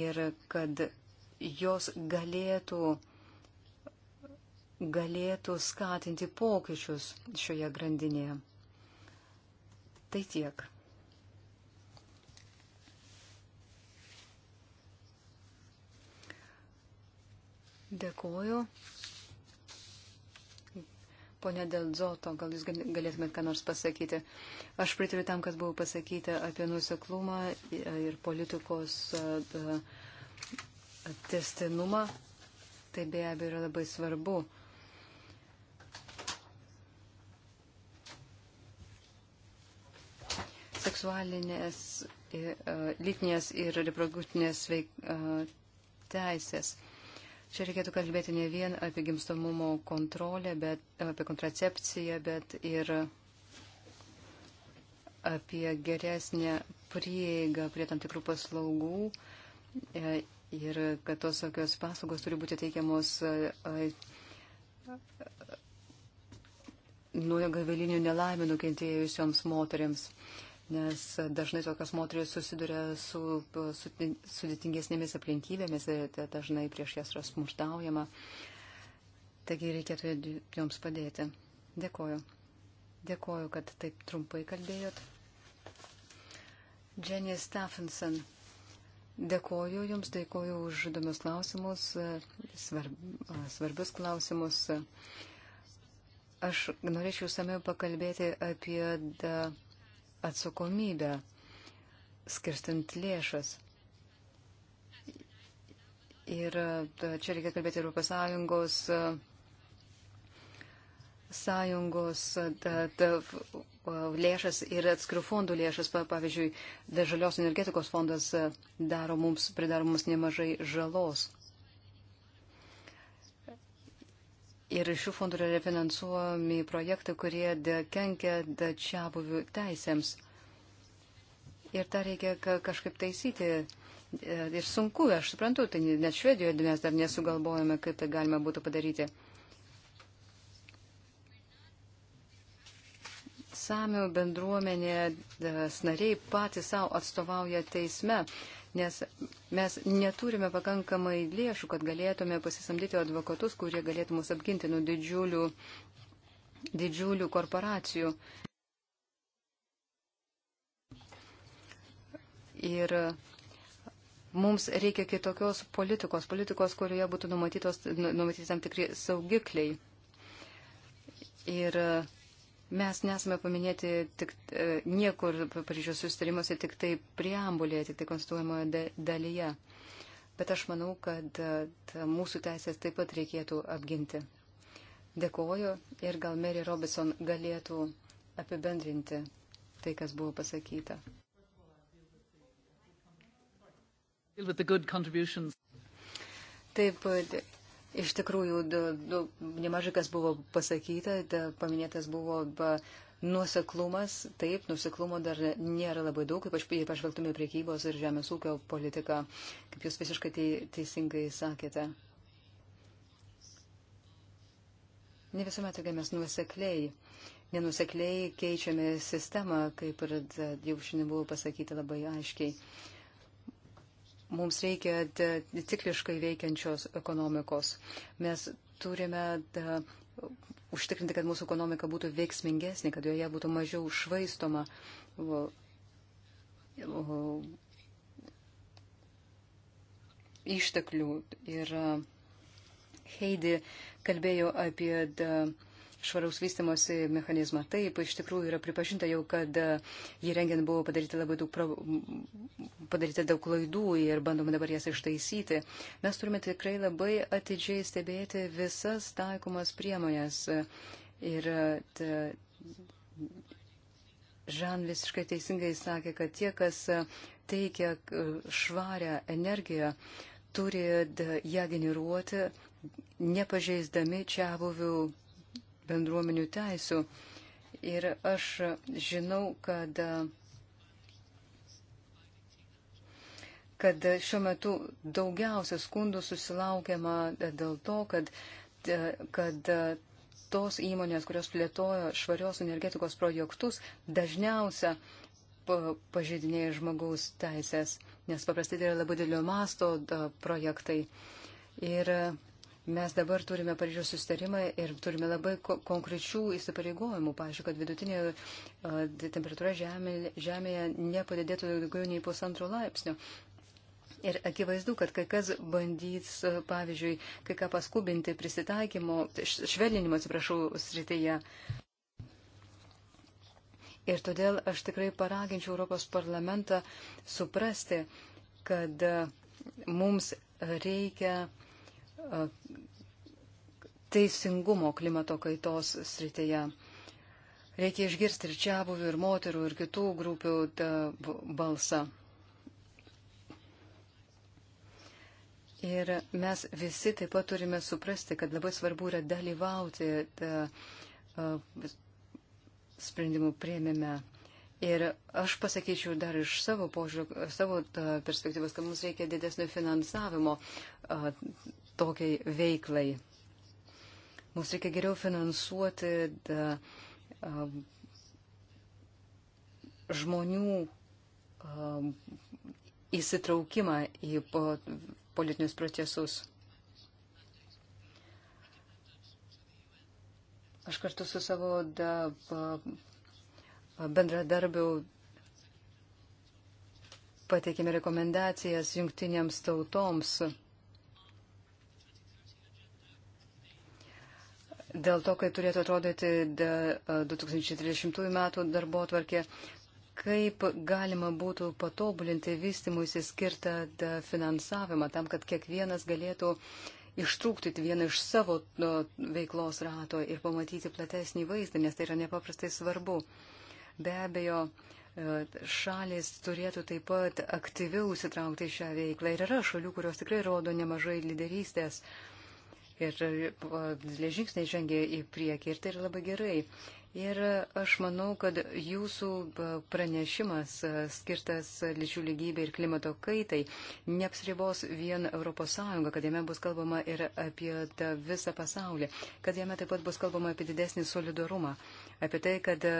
ir kad jos galėtų uh, galėtų skatinti pokyčius šioje grandinėje. Tai tiek. Dėkuoju. Pone Delzoto, gal jūs galėtumėt ką nors pasakyti? Aš pritariu tam, kas buvo pasakyta apie nuseklumą ir politikos e, e, testinumą. Tai be abejo yra labai svarbu. seksualinės, e, lytinės ir reproduktinės e, teisės. Čia reikėtų kalbėti ne vien apie gimstamumo kontrolę, bet apie kontracepciją, bet ir apie geresnę prieigą prie tam tikrų paslaugų e, ir kad tos tokios paslaugos turi būti teikiamos nuo gavelinių nelaimių nukentėjusioms moteriams nes dažnai tokios moteris susiduria su, su sudėtingesnėmis aplinkybėmis ir tai dažnai prieš jas yra smurtaujama. Taigi reikėtų joms padėti. Dėkoju. Dėkoju, kad taip trumpai kalbėjot. Jenny Stephenson. Dėkoju Jums, dėkoju už įdomius klausimus, svarb, svarbius klausimus. Aš norėčiau samiau pakalbėti apie da, atsakomybę, skirstant lėšas. Ir e, čia reikia kalbėti Europos Sąjungos, e, sąjungos da, e, da, lėšas ir atskirų fondų lėšas. Pavyzdžiui, žalios energetikos fondas daro mums, pridaro mums nemažai žalos. Ir šių fondų yra refinansuojami projektai, kurie kenkia čia buvių teisėms. Ir tą reikia kažkaip taisyti. E, ir sunku, aš suprantu, tai net Švedijoje mes dar nesugalvojame, kaip tai galima būtų padaryti. Samių bendruomenė nariai patys savo atstovauja teisme nes mes neturime pakankamai lėšų, kad galėtume pasisamdyti advokatus, kurie galėtų mus apginti nuo didžiulių, didžiulių korporacijų. Ir mums reikia kitokios politikos, politikos, kurioje būtų numatytos, numatytos tam tikri saugikliai. Ir uh, Mes nesame paminėti tik, e, niekur Paryžiaus sustarimuose, tik tai preambulėje, tik tai konstituojamoje dalyje. Bet aš manau, kad e, mūsų teisės taip pat reikėtų apginti. Dėkoju ir gal Mary Robinson galėtų apibendrinti tai, kas buvo pasakyta. Taip, Iš tikrųjų, du, du, nemažai kas buvo pasakyta, da, paminėtas buvo ba, nuseklumas, taip, nuseklumo dar nėra labai daug, ypač jei pažvelgtume priekybos ir žemės ūkio politiką, kaip jūs visiškai tei, teisingai sakėte. Ne visuomet tokia mes nusekliai, nenusekliai keičiame sistemą, kaip ir jau šiandien buvo pasakyta labai aiškiai. Uh, Mums reikia cikliškai veikiančios ekonomikos. Mes turime da, užtikrinti, kad mūsų ekonomika būtų veiksmingesnė, kad joje būtų mažiau švaistoma. O, o, išteklių ir Heidi kalbėjo apie da, uh, švaraus vystimosi mechanizmą. Taip, iš tikrųjų yra pripažinta jau, kad e, jį rengiant buvo padaryta labai daug, pra... padaryta daug klaidų ir bandoma dabar jas ištaisyti. Mes turime tikrai labai atidžiai stebėti visas taikomas priemonės. Ir e, ta, Žan visiškai teisingai sakė, kad tie, kas e, teikia švarę energiją, turi ją generuoti, nepažeisdami čia buvių bendruomenių teisų. Ir aš žinau, kad, kad šiuo metu daugiausia skundų susilaukiama dėl to, kad, kad tos įmonės, kurios plėtojo švarios energetikos projektus, dažniausia pažeidinėja žmogaus teisės, nes paprastai tai yra labai didelio masto projektai. Ir Mes dabar turime Paryžiaus sustarimą ir turime labai konkrečių įsipareigojimų. Pavyzdžiui, kad vidutinė temperatūra žemė, žemėje nepadidėtų daugiau nei pusantro laipsnio. Ir akivaizdu, kad kai kas bandys, pavyzdžiui, kai ką paskubinti prisitaikymo, švelninimo, atsiprašau, srityje. Ir todėl aš tikrai paraginčiau Europos parlamentą suprasti, kad mums reikia uh, teisingumo klimato kaitos srityje. Reikia išgirsti ir čia buvių, ir moterų, ir kitų grupių balsą. Ir mes visi taip pat turime suprasti, kad labai svarbu yra dalyvauti ta, uh, sprendimų prieimime. Ir aš pasakyčiau dar iš savo, požiūrį, savo perspektyvos, kad mums reikia didesnio finansavimo uh, tokiai veiklai. Mums reikia geriau finansuoti da, a, žmonių a, įsitraukimą į po, politinius procesus. Aš kartu su savo da, bendradarbiau pateikėme rekomendacijas jungtinėms tautoms dėl to, kaip turėtų atrodyti 2030 e, metų darbo atvarkė, kaip galima būtų patobulinti vystimuisi skirtą finansavimą tam, kad kiekvienas galėtų ištrūkti vieną iš savo e, veiklos rato ir pamatyti platesnį vaizdą, nes tai yra nepaprastai svarbu. Be abejo, e, šalis turėtų taip pat aktyviau įsitraukti į šią veiklą. Ir yra šalių, kurios tikrai rodo nemažai lyderystės. Uh, ir e, dideliai žingsniai žengia į priekį ir tai yra labai gerai. Ir aš manau, kad jūsų e, pranešimas e, skirtas lyčių lygybė ir klimato kaitai neapsribos vien ES, kad jame bus kalbama ir apie visą pasaulį, kad jame taip pat bus kalbama apie didesnį solidarumą, apie tai, kad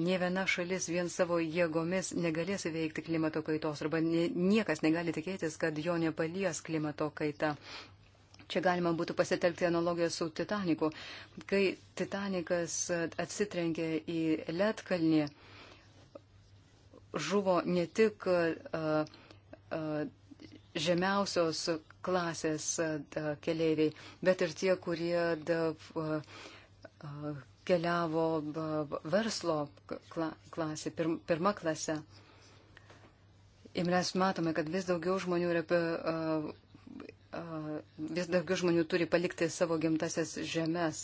Ne viena šalis vien savo jėgomis negalės įveikti klimato kaitos arba niekas negali tikėtis, kad jo nepalies klimato kaita. Čia galima būtų pasitelkti analogiją su Titaniku. Kai Titanikas atsitrenkė į Lietkalnį, žuvo ne tik uh, uh, žemiausios klasės uh, keleiviai, bet ir tie, kurie uh, uh, keliavo uh, verslo kla klasė, pirm pirma klase. Ir mes matome, kad vis daugiau žmonių yra vis daugiau žmonių turi palikti savo gimtasias žemės,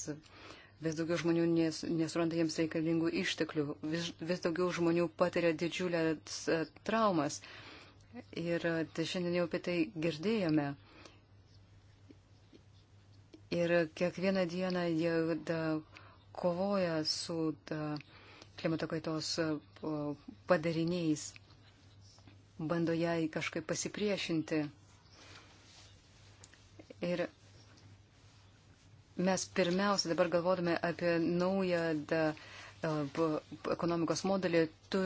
vis daugiau žmonių nes, nesuranda jiems reikalingų išteklių, vis, vis daugiau žmonių patiria didžiulės traumas. Ir tai šiandien jau apie tai girdėjome. Ir kiekvieną dieną jie da, kovoja su da, klimato kaitos padariniais, bando jai kažkaip pasipriešinti. Ir mes pirmiausia dabar galvodami apie naują da, ekonomikos modelį, tu,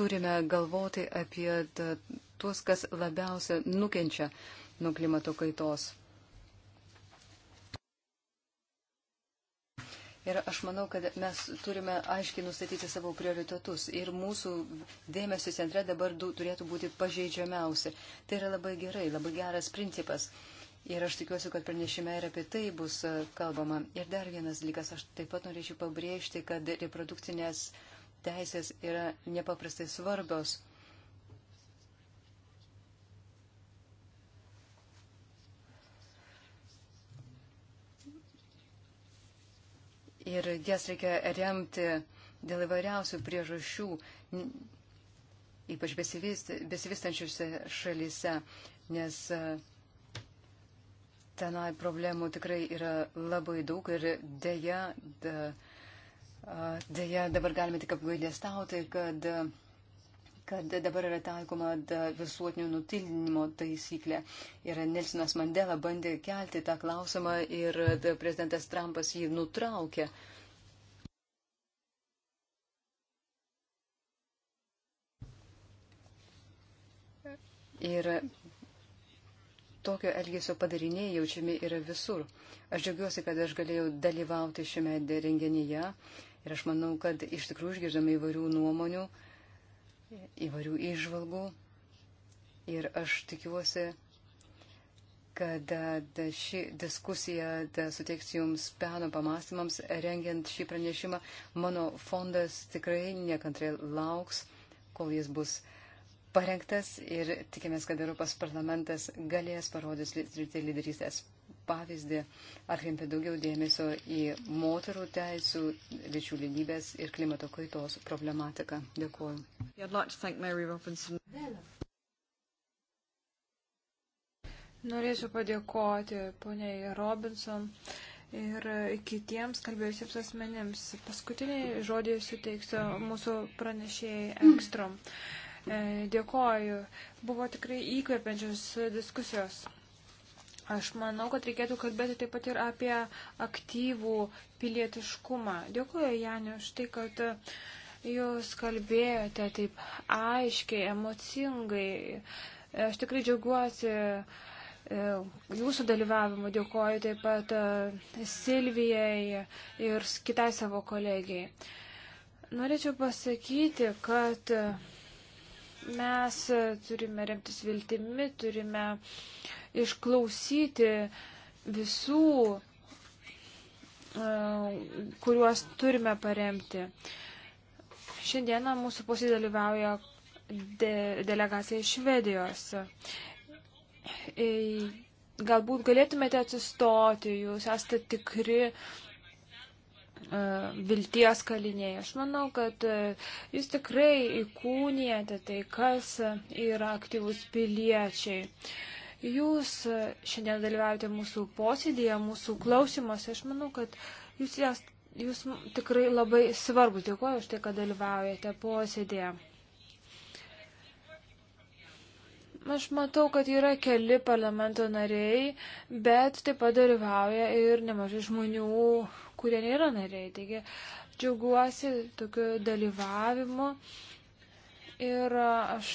turime galvoti apie da, tuos, kas labiausia nukenčia nuo klimato kaitos. Ir aš manau, kad mes turime aiškiai nustatyti savo prioritetus. Ir mūsų dėmesio centre dabar du turėtų būti pažeidžiamiausi. Tai yra labai gerai, labai geras principas. Uh, Ir aš tikiuosi, kad pranešime ir apie tai bus e, kalbama. Ir dar vienas dalykas, aš taip pat norėčiau pabrėžti, kad reprodukcinės teisės yra nepaprastai svarbios. Ir jas reikia remti dėl įvairiausių priežasčių, ypač besivystančiuose šalyse, nes uh, tenai problemų tikrai yra labai daug ir dėja, dėja dabar galime tik apgailėstauti, kad kad dabar yra taikoma visuotinio nutilinimo taisyklė. Ir Nelsonas Mandela bandė kelti tą klausimą ir prezidentas Trumpas jį nutraukė. Ir tokio elgesio padariniai jaučiami yra visur. Aš džiaugiuosi, kad aš galėjau dalyvauti šiame renginyje ir aš manau, kad iš tikrųjų išgirdome įvairių nuomonių, įvairių išvalgų ir aš tikiuosi, kad ši diskusija suteiks jums peno pamastymams, rengiant šį pranešimą. Mano fondas tikrai nekantrai lauks, kol jis bus uh, parengtas ir tikimės, kad Europos parlamentas galės parodys lyderystės pavyzdį, atkreipia daugiau dėmesio į moterų teisų, lyčių lygybės ir klimato kaitos problematiką. Dėkuoju. Like Norėčiau padėkoti poniai Robinson ir kitiems kalbėjusiems asmenims. Paskutinį žodį suteiksiu mūsų pranešėjai Engstrom. Mm. E, dėkoju. Buvo tikrai įkvepiančios diskusijos. Aš manau, kad reikėtų kalbėti taip pat ir apie aktyvų pilietiškumą. Dėkuoju, Janė, už tai, kad jūs kalbėjote taip aiškiai, emocingai. Aš tikrai džiaugiuosi e, jūsų dalyvavimu, dėkoju taip pat e, Silvijai ir kitai savo kolegijai. Norėčiau pasakyti, kad Mes e, turime remtis viltimi, turime išklausyti visų, e, kuriuos turime paremti. Šiandieną mūsų posidalyvauja de, delegacija iš Švedijos. Galbūt galėtumėte atsistoti, jūs esate tikri, E, vilties kaliniai. Aš manau, kad e, jūs tikrai įkūnijate tai, kas yra aktyvus piliečiai. Jūs šiandien dalyvaujate mūsų posėdėje, mūsų klausimuose. Aš manau, kad jūs, jas, jūs tikrai labai svarbus. Dėkuoju už tai, kad dalyvaujate posėdėje. Aš matau, kad yra keli parlamento nariai, bet taip pat dalyvauja ir nemažai žmonių kurie nėra nariai. Taigi džiaugiuosi tokiu dalyvavimu ir aš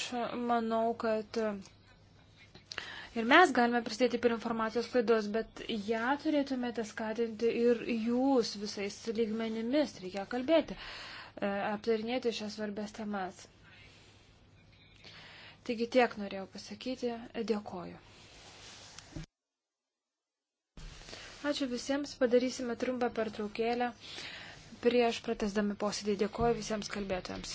manau, kad ir mes galime prisidėti prie informacijos klaidos, bet ją turėtumėte skatinti ir jūs visais lygmenimis, reikia kalbėti, aptarinėti šias svarbės temas. Taigi tiek norėjau pasakyti, dėkoju. Ačiū visiems, padarysime trumpą pertraukėlę prieš pratesdami posėdį. Dėkuoju visiems kalbėtojams.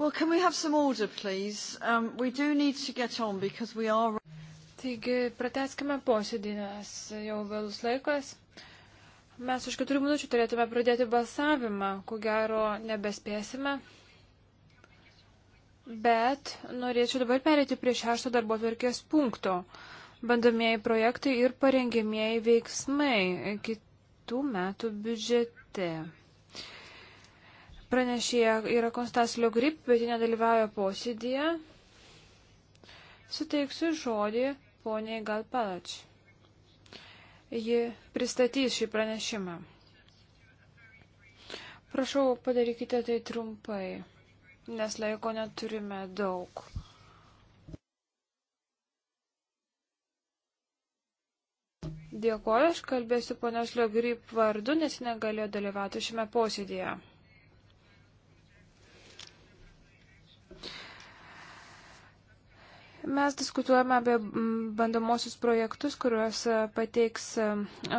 Well, can we have some order, please? Um, we do need to get on because we are. Taigi, prateskime posėdį, nes jau vėlus laikas. Mes už keturių minučių turėtume pradėti balsavimą, ko gero nebespėsime. Bet norėčiau dabar perėti prie šešto darbo tvarkės punkto. Bandomieji projektai ir parengėmieji veiksmai kitų metų biudžete. Pranešėja yra Konstaslio Grip, bet ji nedalyvauja posėdėje. Suteiksiu žodį poniai Galpalač. Ji pristatys šį pranešimą. Prašau, padarykite tai trumpai, nes laiko neturime daug. Dėkoju, aš kalbėsiu ponios Liogrip vardu, nes negalėjo dalyvauti šiame posėdėje. Mes diskutuojame apie bandomosius projektus, kuriuos e, pateiks e,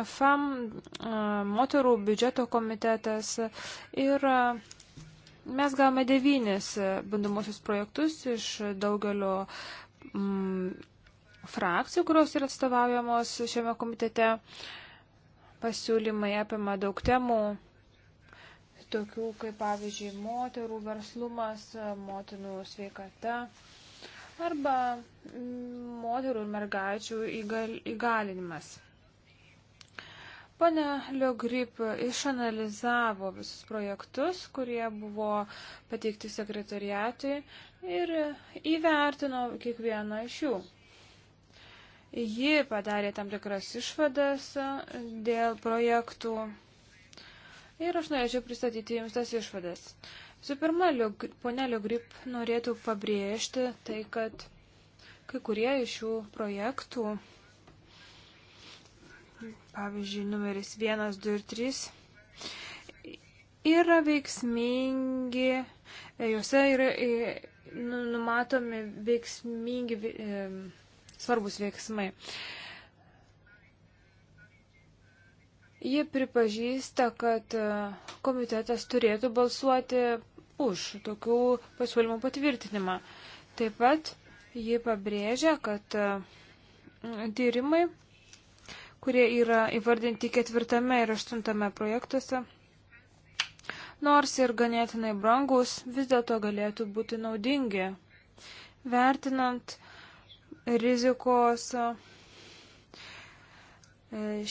FAM, e, moterų biudžeto komitetas ir mes gavome devynis bandomosius projektus iš daugelio mm, frakcijų, kurios yra atstovaujamos šiame komitete. Pasiūlymai apima daug temų, tokių kaip pavyzdžiui moterų verslumas, motinų sveikata arba mm, moterų ir mergaičių įgal, įgalinimas. Pane Liogrip išanalizavo visus projektus, kurie buvo pateikti sekretariatui ir įvertino kiekvieną iš jų. Ji padarė tam tikras išvadas dėl projektų ir aš norėčiau pristatyti jums tas išvadas. Visų pirma, ponelio Grip norėtų pabrėžti tai, kad kai kurie iš šių projektų, pavyzdžiui, numeris 1, 2 ir 3, yra veiksmingi, juose yra nu, numatomi veiksmingi e, svarbus veiksmai. Jie pripažįsta, kad e, komitetas turėtų balsuoti už tokių pasiūlymų patvirtinimą. Taip pat ji pabrėžia, kad mm, tyrimai, kurie yra įvardinti ketvirtame ir aštuntame projektuose, nors ir ganėtinai brangus, vis dėlto galėtų būti naudingi, vertinant rizikos e,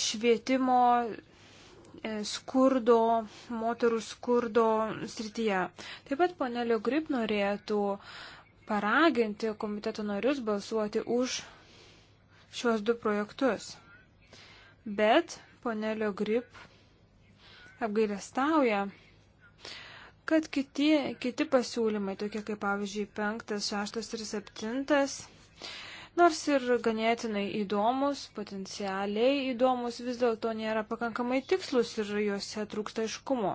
švietimo E, skurdo, moterų skurdo srityje. Taip pat ponelio Grip norėtų paraginti komiteto narius balsuoti už šios du projektus. Bet ponelio Grip apgailestauja, kad kiti, kiti pasiūlymai, tokie kaip pavyzdžiui 5, 6 ir 7, nors ir ganėtinai įdomus, potencialiai įdomus, vis dėlto nėra pakankamai tikslus ir juose trūksta iškumo.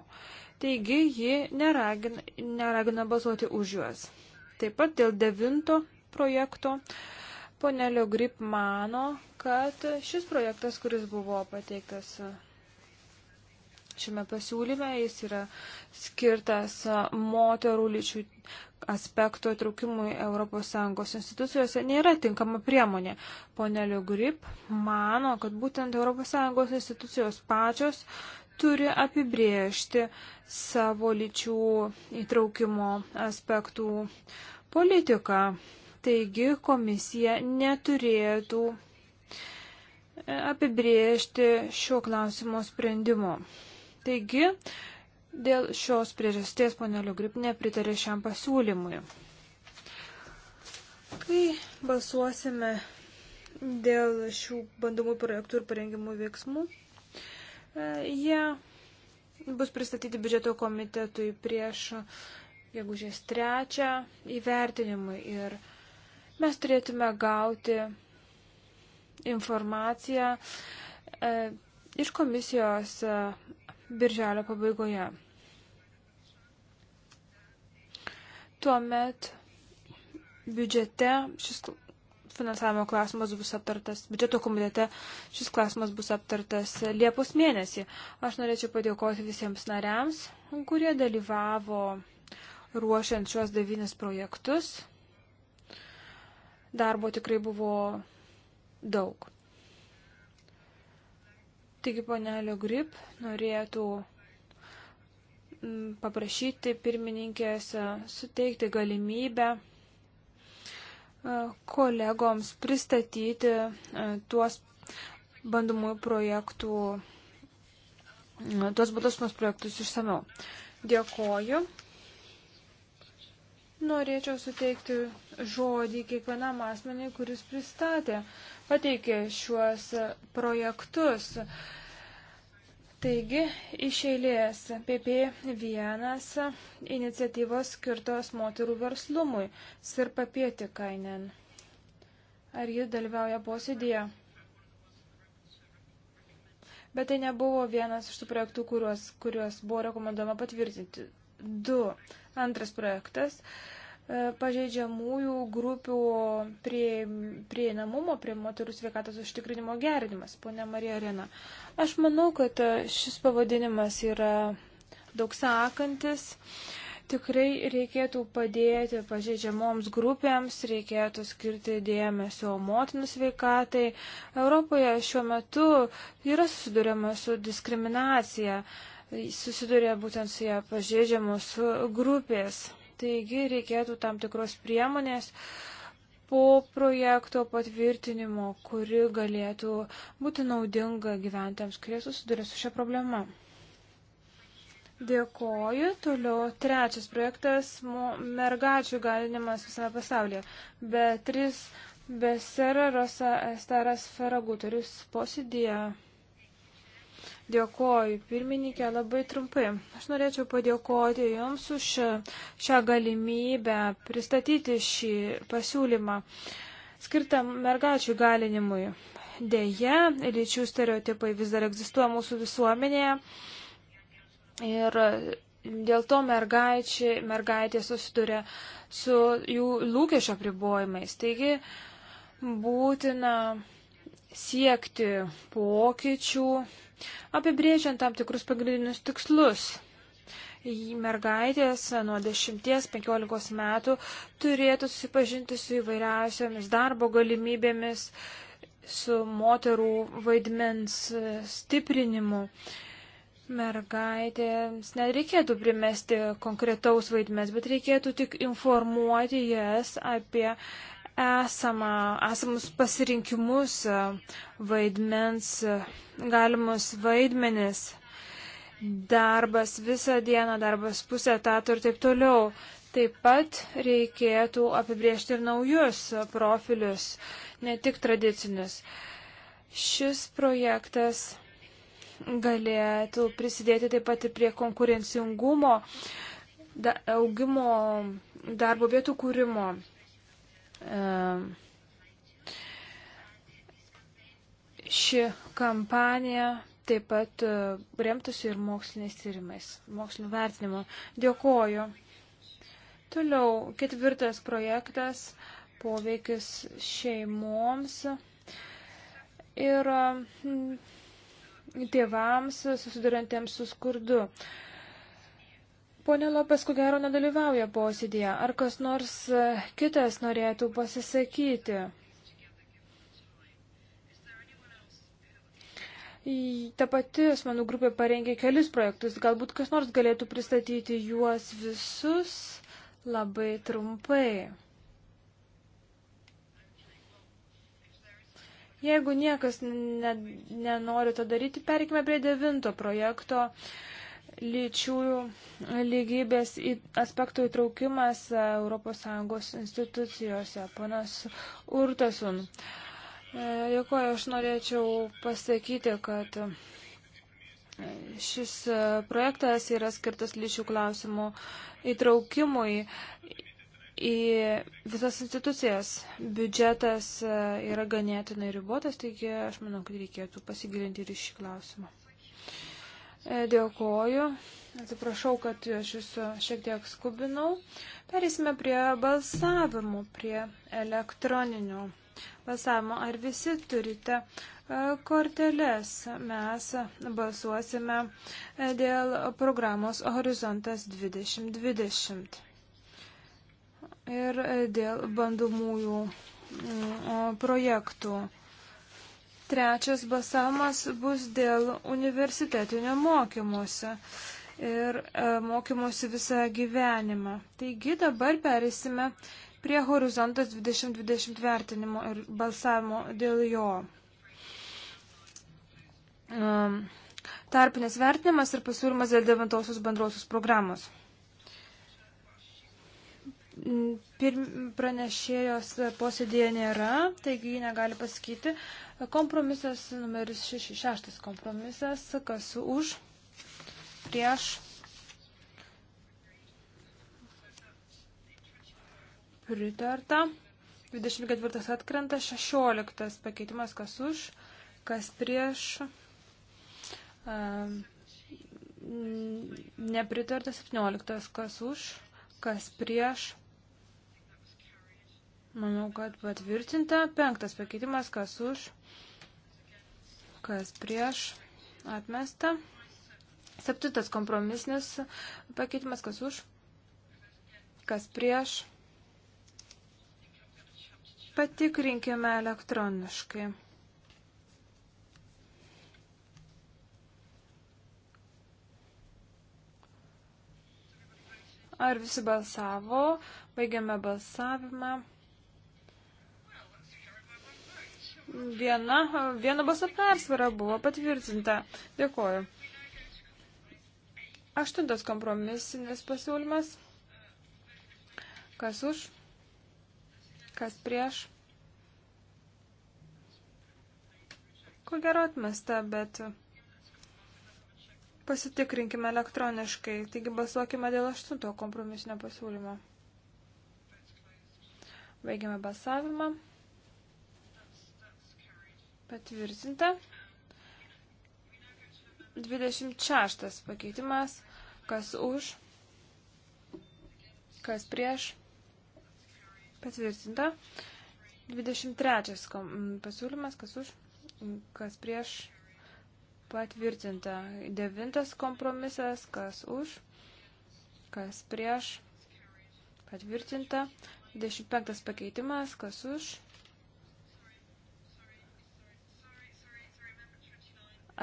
Taigi ji neragina, neragina balsuoti už juos. Taip pat dėl devinto projekto ponelio Grip mano, kad šis projektas, kuris buvo pateiktas šiame pasiūlyme, jis yra skirtas moterų lyčių aspekto įtraukimui ES institucijose nėra tinkama priemonė. Pone Liugrip mano, kad būtent ES institucijos pačios turi apibriežti savo lyčių įtraukimo aspektų politiką. Taigi komisija neturėtų apibriežti šio klausimo sprendimo. Taigi, Dėl šios priežasties ponelio Grip nepritarė šiam pasiūlymui. Kai balsuosime dėl šių bandomų projektų ir parengimų veiksmų, e, jie bus pristatyti biudžeto komitetui prieš gegužės trečią įvertinimui ir mes turėtume gauti informaciją e, iš komisijos e, birželio pabaigoje. tuomet biudžete šis finansavimo klausimas bus aptartas, biudžeto komitete šis klausimas bus aptartas Liepos mėnesį. Aš norėčiau padėkoti visiems nariams, kurie dalyvavo ruošiant šios devynis projektus. Darbo tikrai buvo daug. Taigi, ponelio Grip norėtų paprašyti pirmininkės e, suteikti galimybę e, kolegoms pristatyti e, tuos bandomųjų projektų, tuos būtus projektus išsameu. Dėkoju. Norėčiau suteikti žodį kiekvienam asmeniai, kuris pristatė, pateikė šiuos projektus. Uh, Taigi, iš eilės PP1 iniciatyvos skirtos moterų verslumui, Sirpa Pietikainen. Ar ji dalyvauja posėdėje? Bet tai nebuvo vienas iš tų projektų, kuriuos, kuriuos buvo rekomenduojama patvirtinti. Du. Antras projektas. Uh, E, pažeidžiamųjų grupių prie, prieinamumo prie moterų sveikatos užtikrinimo gerinimas, ponė Marija Arena. Aš manau, kad šis pavadinimas yra daug sakantis. Tikrai reikėtų padėti pažeidžiamoms grupėms, reikėtų skirti dėmesio motinų sveikatai. Europoje šiuo metu yra susidurima su diskriminacija, susiduria būtent su ją pažeidžiamos grupės Taigi reikėtų tam tikros priemonės po projekto patvirtinimo, kuri galėtų būti naudinga gyventėms, kurie susiduria su šia problema. Dėkoju. Toliau trečias projektas - mergačių galinimas visame pasaulyje. Beatriz Besera Rosa Estaras Feragutorius posėdėje. Dėkoju, pirmininkė, labai trumpai. Aš norėčiau padėkoti Jums už šią galimybę pristatyti šį pasiūlymą skirtą mergačių galinimui. Deja, lyčių stereotipai vis dar egzistuoja mūsų visuomenėje ir dėl to mergaitė susiduria su jų lūkesčio pribojimais. Taigi būtina siekti pokyčių apibrėžiant tam tikrus pagrindinius tikslus. Mergaitės nuo 10-15 metų turėtų susipažinti su įvairiausiamis darbo galimybėmis, su moterų vaidmens stiprinimu. Mergaitėms nereikėtų primesti konkretaus vaidmens, bet reikėtų tik informuoti jas apie esama, esamus pasirinkimus, vaidmens, galimus vaidmenis, darbas visą dieną, darbas pusę etato ir taip toliau. Taip pat reikėtų apibriežti ir naujus profilius, ne tik tradicinius. Šis projektas galėtų prisidėti taip pat ir prie konkurencingumo, da, augimo, darbo vietų kūrimo. Ehm, ši kampanija taip pat e, remtųsi ir moksliniais tyrimais, mokslinio vertinimu. Dėkoju. Toliau ketvirtas projektas - poveikis šeimoms ir tėvams susidurantiems su skurdu. Uh, Pone Lopes, ko gero, nedalyvauja posėdėje. Ar kas nors e, kitas norėtų pasisakyti? Ta pati asmenų grupė parengė kelis projektus. Galbūt kas nors galėtų pristatyti juos visus labai trumpai. Jeigu niekas ne, nenori to daryti, perkime prie devinto projekto. Uh, lyčių e, lygybės aspektų įtraukimas ES institucijose. Panas Urtasun, e, dėkuoju, aš norėčiau pasakyti, kad e, šis projektas yra skirtas lyčių klausimų įtraukimui į visas institucijas. Biudžetas yra ganėtinai ribotas, taigi aš manau, kad reikėtų pasigilinti ir į šį klausimą. E, dėkoju. Atsiprašau, kad aš jūs šiek tiek skubinau. Perėsime prie balsavimų, prie elektroninių balsavimo. Ar visi turite e, korteles? Mes balsuosime e, dėl programos Horizontas 2020 ir dėl bandomųjų projektų. Trečias balsavimas bus dėl universitetinio mokymuose ir e, mokymuose visą gyvenimą. Taigi dabar perėsime prie horizontas 2020 vertinimo ir balsavimo dėl jo. Um, tarpinės vertinimas ir pasiūlymas dėl devintosios bendrosios programos. Mm, pranešėjos posėdėje nėra, taigi ji negali pasakyti. Kompromisas numeris 6, šeštas kompromisas, kas už, prieš, pritarta, 24 atkrenta, 16 pakeitimas, kas už, kas prieš, nepritarta, 17 kas už, kas prieš, Manau, kad patvirtinta. Penktas pakeitimas, kas už, kas prieš, atmesta. Septintas kompromisnis pakeitimas, kas už, kas prieš. Patikrinkime elektroniškai. Ar visi balsavo? Baigiame balsavimą. viena, viena balso persvara buvo patvirtinta. Dėkoju. Aštuntas kompromisinis pasiūlymas. Kas už? Kas prieš? Ko gero atmesta, bet pasitikrinkime elektroniškai. Taigi balsuokime dėl aštunto kompromisinio pasiūlymo. Baigiame balsavimą. Patvirtinta. 26 pakeitimas. Kas už? Kas prieš? Patvirtinta. 23 pasiūlymas. Kas už? Kas prieš? Patvirtinta. 9 kompromisas. Kas už? Kas prieš? Patvirtinta. 25 pakeitimas. Kas už?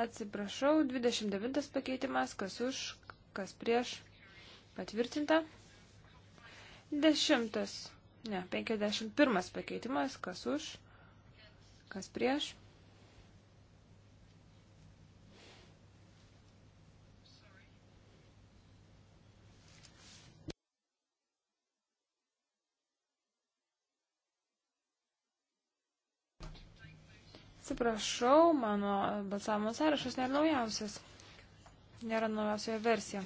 Atsiprašau, 29 pakeitimas, kas už, kas prieš, patvirtinta. 10, ne, 51 pakeitimas, kas už, kas prieš, Atsiprašau, mano balsavimo sąrašas nėra naujausias. Nėra naujausioje versija.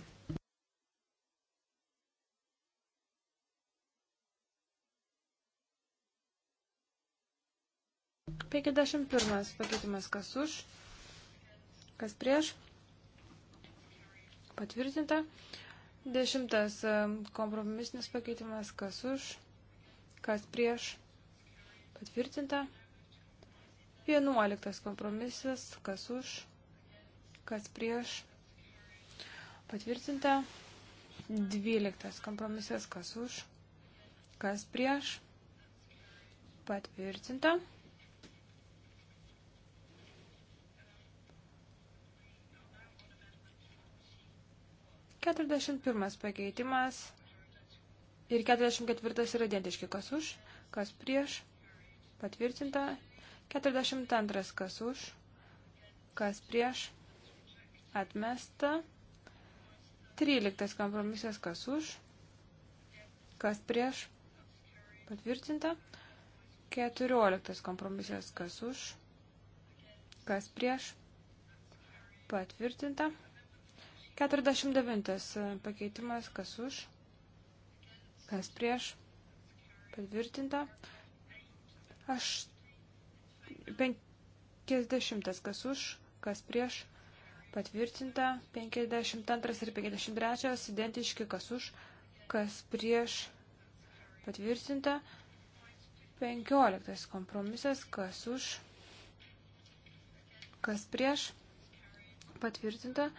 Penkiasdešimt pirmas pakeitimas kas už, kas prieš. Patvirtinta. Dešimtas e, kompromisinis pakeitimas kas už, kas prieš. Patvirtinta. 11 kompromisas, kas už, kas prieš, patvirtinta. 12 kompromisas, kas už, kas prieš, patvirtinta. Keturiasdešimt pirmas pakeitimas ir keturiasdešimt ketvirtas yra identiški, kas už, kas prieš, patvirtinta 42 kas už, kas prieš, atmesta. 13 kompromisas kas už, kas prieš, patvirtinta. 14 kompromisas kas už, kas prieš, patvirtinta. 49 pakeitimas kas už, kas prieš, patvirtinta. 8 50 kas už, kas prieš, patvirtinta. 52 ir 53 identiški kas už, kas prieš, patvirtinta. 15 kompromisas kas už, kas prieš, patvirtinta.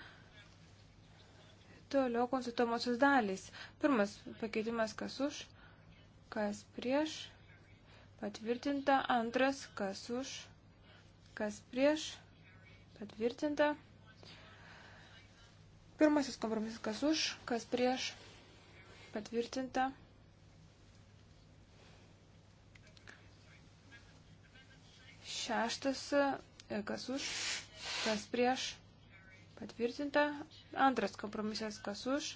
Toliau konsultuomosios dalys. Pirmas pakeitimas kas už, kas prieš, Patvirtinta antras, kas už, kas prieš. Patvirtinta. Pirmasis kompromisas, kas už, kas prieš. Patvirtinta. Šeštas, e, kas už, kas prieš. Patvirtinta. Antras kompromisas, kas už,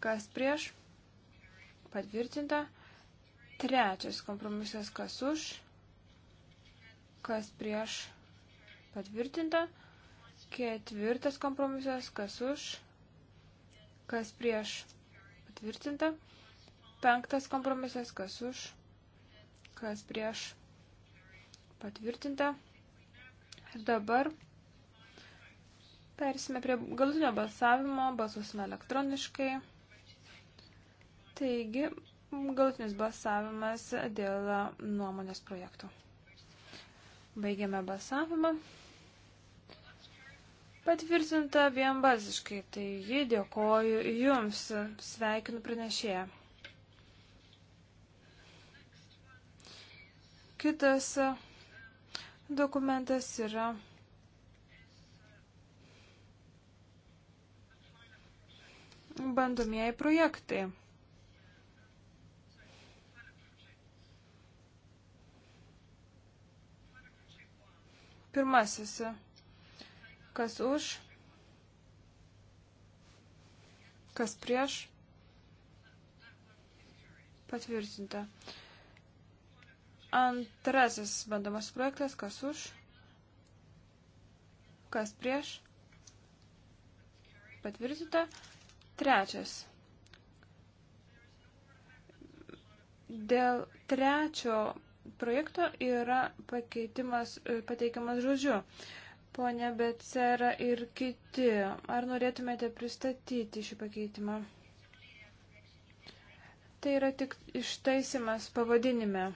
kas prieš. Patvirtinta. Trečias kompromisas, kas už, kas prieš patvirtinta. Ketvirtas kompromisas, kas už, kas prieš patvirtinta. Penktas kompromisas, kas už, kas prieš patvirtinta. Ir dabar persime prie galutinio balsavimo, balsuosime elektroniškai. Taigi, galutinis balsavimas dėl nuomonės projektų. Baigiame balsavimą. Patvirtinta vienbalsiškai, tai jį dėkoju Jums, sveikinu pranešėją. Kitas dokumentas yra bandomieji projektai. Pirmasis. Kas už? Kas prieš? Patvirtinta. Antrasis bandomas projektas. Kas už? Kas prieš? Patvirtinta. Trečias. Dėl trečio projekto yra pakeitimas e, pateikiamas žodžiu. Pone Becera ir kiti, ar norėtumėte pristatyti šį pakeitimą? Tai yra tik ištaisimas pavadinime.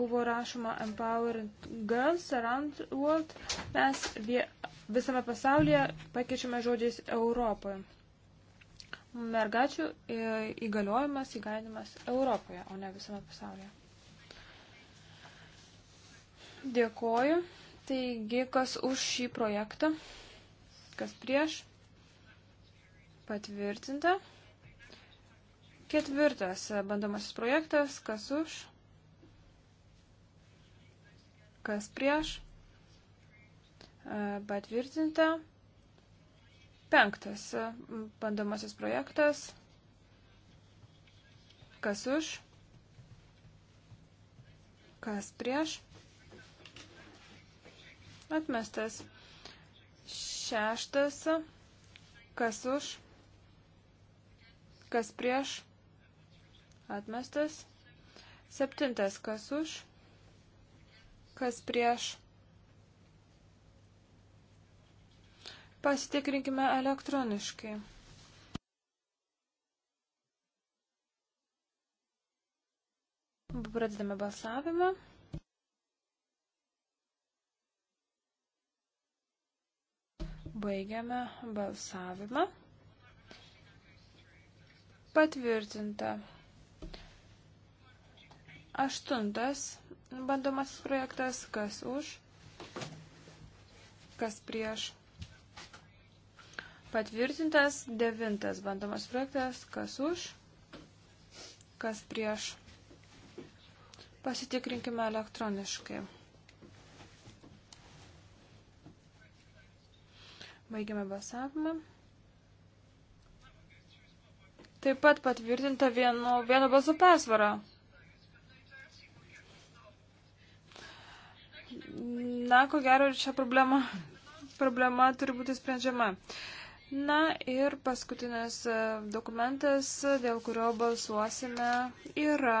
Buvo rašoma Empowered Girls Around World. Mes vie, visame pasaulyje pakeičiame žodžiais Europoje mergačių e, įgaliojimas įgalinimas Europoje, o ne visame pasaulyje. Dėkoju. Taigi, kas už šį projektą, kas prieš, patvirtinta. Ketvirtas bandomasis projektas, kas už, kas prieš, patvirtinta. Penktas bandomasis projektas, kas už, kas prieš, Atmestas. Šeštas. Kas už? Kas prieš? Atmestas. Septintas. Kas už? Kas prieš? Pasitikrinkime elektroniškai. Pradedame balsavimą. Baigiame balsavimą. Patvirtinta. Aštuntas bandomasis projektas, kas už, kas prieš. Patvirtintas devintas bandomas projektas, kas už, kas prieš. Pasitikrinkime elektroniškai. Baigiame balsavimą. Taip pat patvirtinta vienu, vienu balsu persvara. Na, ko gero, šią problemą problema turi būti sprendžiama. Na ir paskutinis e, dokumentas, dėl kurio balsuosime, yra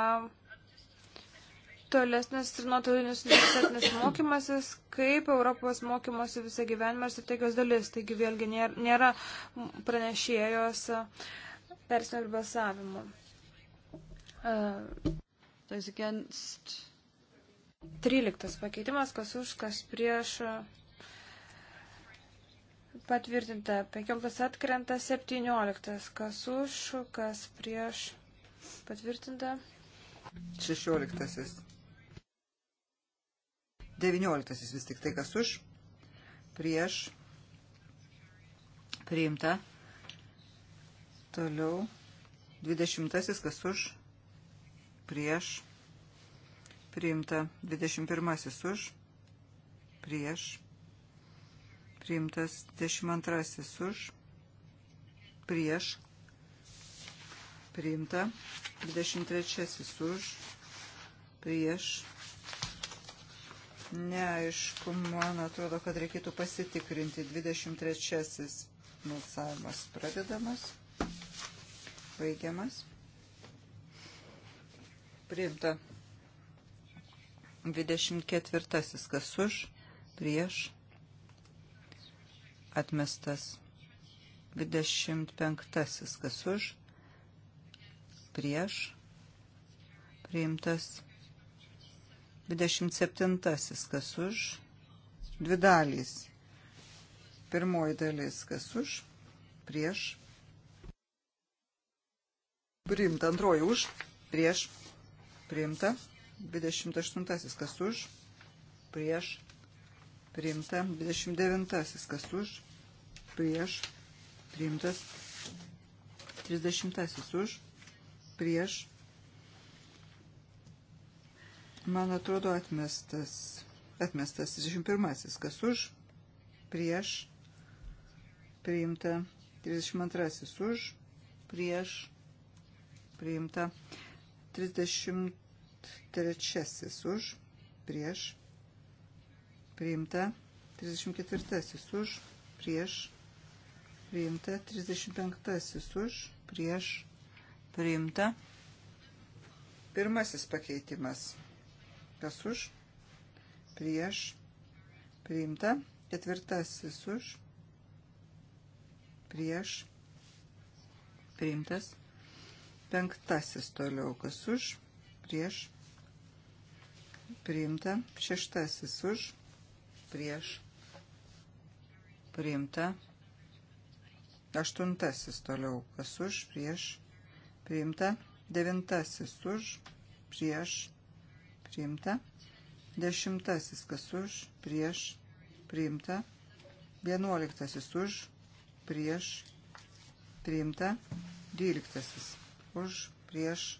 tolesnis ir nuotolinis universitetinis mokymasis kaip Europos mokymosi visą gyvenimą ir strategijos dalis. Taigi vėlgi nėra pranešėjos persinio ir balsavimo. Tryliktas uh, pakeitimas, kas už, kas prieš patvirtinta. Penkioliktas atkrenta, septynioliktas, kas už, kas prieš patvirtinta. Šešioliktasis 19 vis tik tai kas už, prieš, priimta. Toliau 20 kas už, prieš, priimta. 21 už, prieš, priimtas. 22 už, prieš, priimta. 23 už, prieš, priimta Neaišku, man atrodo, kad reikėtų pasitikrinti. 23-asis balsavimas pradedamas, baigiamas. Priimta. 24-asis kas už, prieš, atmestas. 25-asis kas už, prieš, priimtas. 27. Kas už? Dvi dalys. Pirmoji dalis. Kas už? Prieš. Priimta. Antroji už. Prieš. Priimta. 28. Kas už? Prieš. Priimta. 29. Kas už? Prieš. Priimtas. 30. Už. Prieš Man atrodo atmestas. Atmestas 31. Kas už? Prieš. Priimta. 32. Už. Prieš. Priimta. 33. Už. Prieš. Priimta. 34. Už. Prieš. Priimta. 35. Už. Prieš. Priimta. Pirmasis pakeitimas Kas už? Prieš. Priimta. Ketvirtasis už. Prieš. Priimtas. Penktasis toliau. Kas už? Prieš. Priimta. Šeštasis už. Prieš. Priimta. Aštuntasis toliau. Kas už? Prieš. Priimta. Devintasis už. Prieš. Prieš priimta. Dešimtasis kas už, prieš, priimta. Vienuoliktasis už, prieš, priimta. Dvyliktasis už, prieš,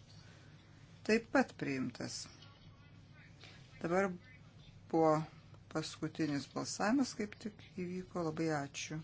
taip pat priimtas. Dabar buvo paskutinis balsavimas, kaip tik įvyko, labai ačiū.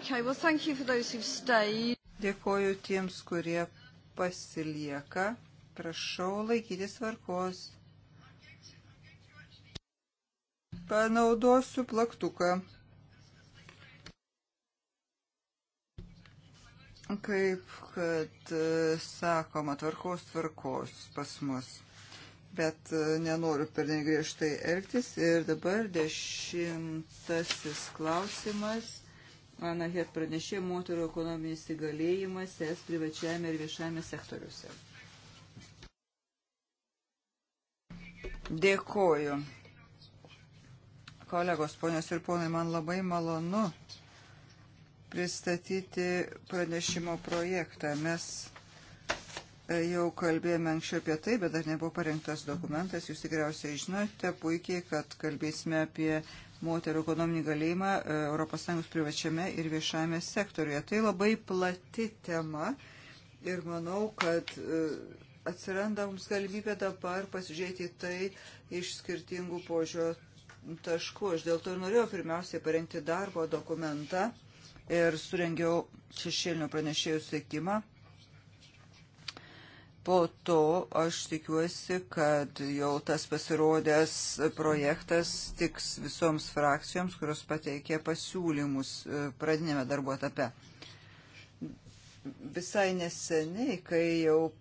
Okay, well, thank you for those who've stayed. Dėkoju tiems, kurie pasilieka. Prašau laikytis varkos. Panaudosiu plaktuką. Kaip, kad e, sakoma, tvarkos tvarkos pas mus bet e, nenoriu per negriežtai elgtis. Ir dabar dešimtasis klausimas. Anahet pranešė moterų ekonominis įgalėjimas es privačiame ir viešame sektoriuose. Dėkoju. Kolegos, ponios ir ponai, man labai malonu pristatyti pranešimo projektą. Mes e, jau kalbėjome anksčiau apie tai, bet dar nebuvo parengtas dokumentas. Jūs tikriausiai žinote puikiai, kad kalbėsime apie moterų ekonominį galėjimą ES privačiame ir viešame sektoriuje. Tai labai plati tema ir manau, kad e, atsiranda mums galimybė dabar pasižiūrėti tai iš skirtingų požio taškų. Aš dėl to ir norėjau pirmiausiai parengti darbo dokumentą ir surengiau šešėlinio pranešėjų sėkimą. Po to aš tikiuosi, kad jau tas pasirodęs projektas tiks visoms frakcijoms, kurios pateikė pasiūlymus e, pradinėme darbo etape. Visai neseniai, kai jau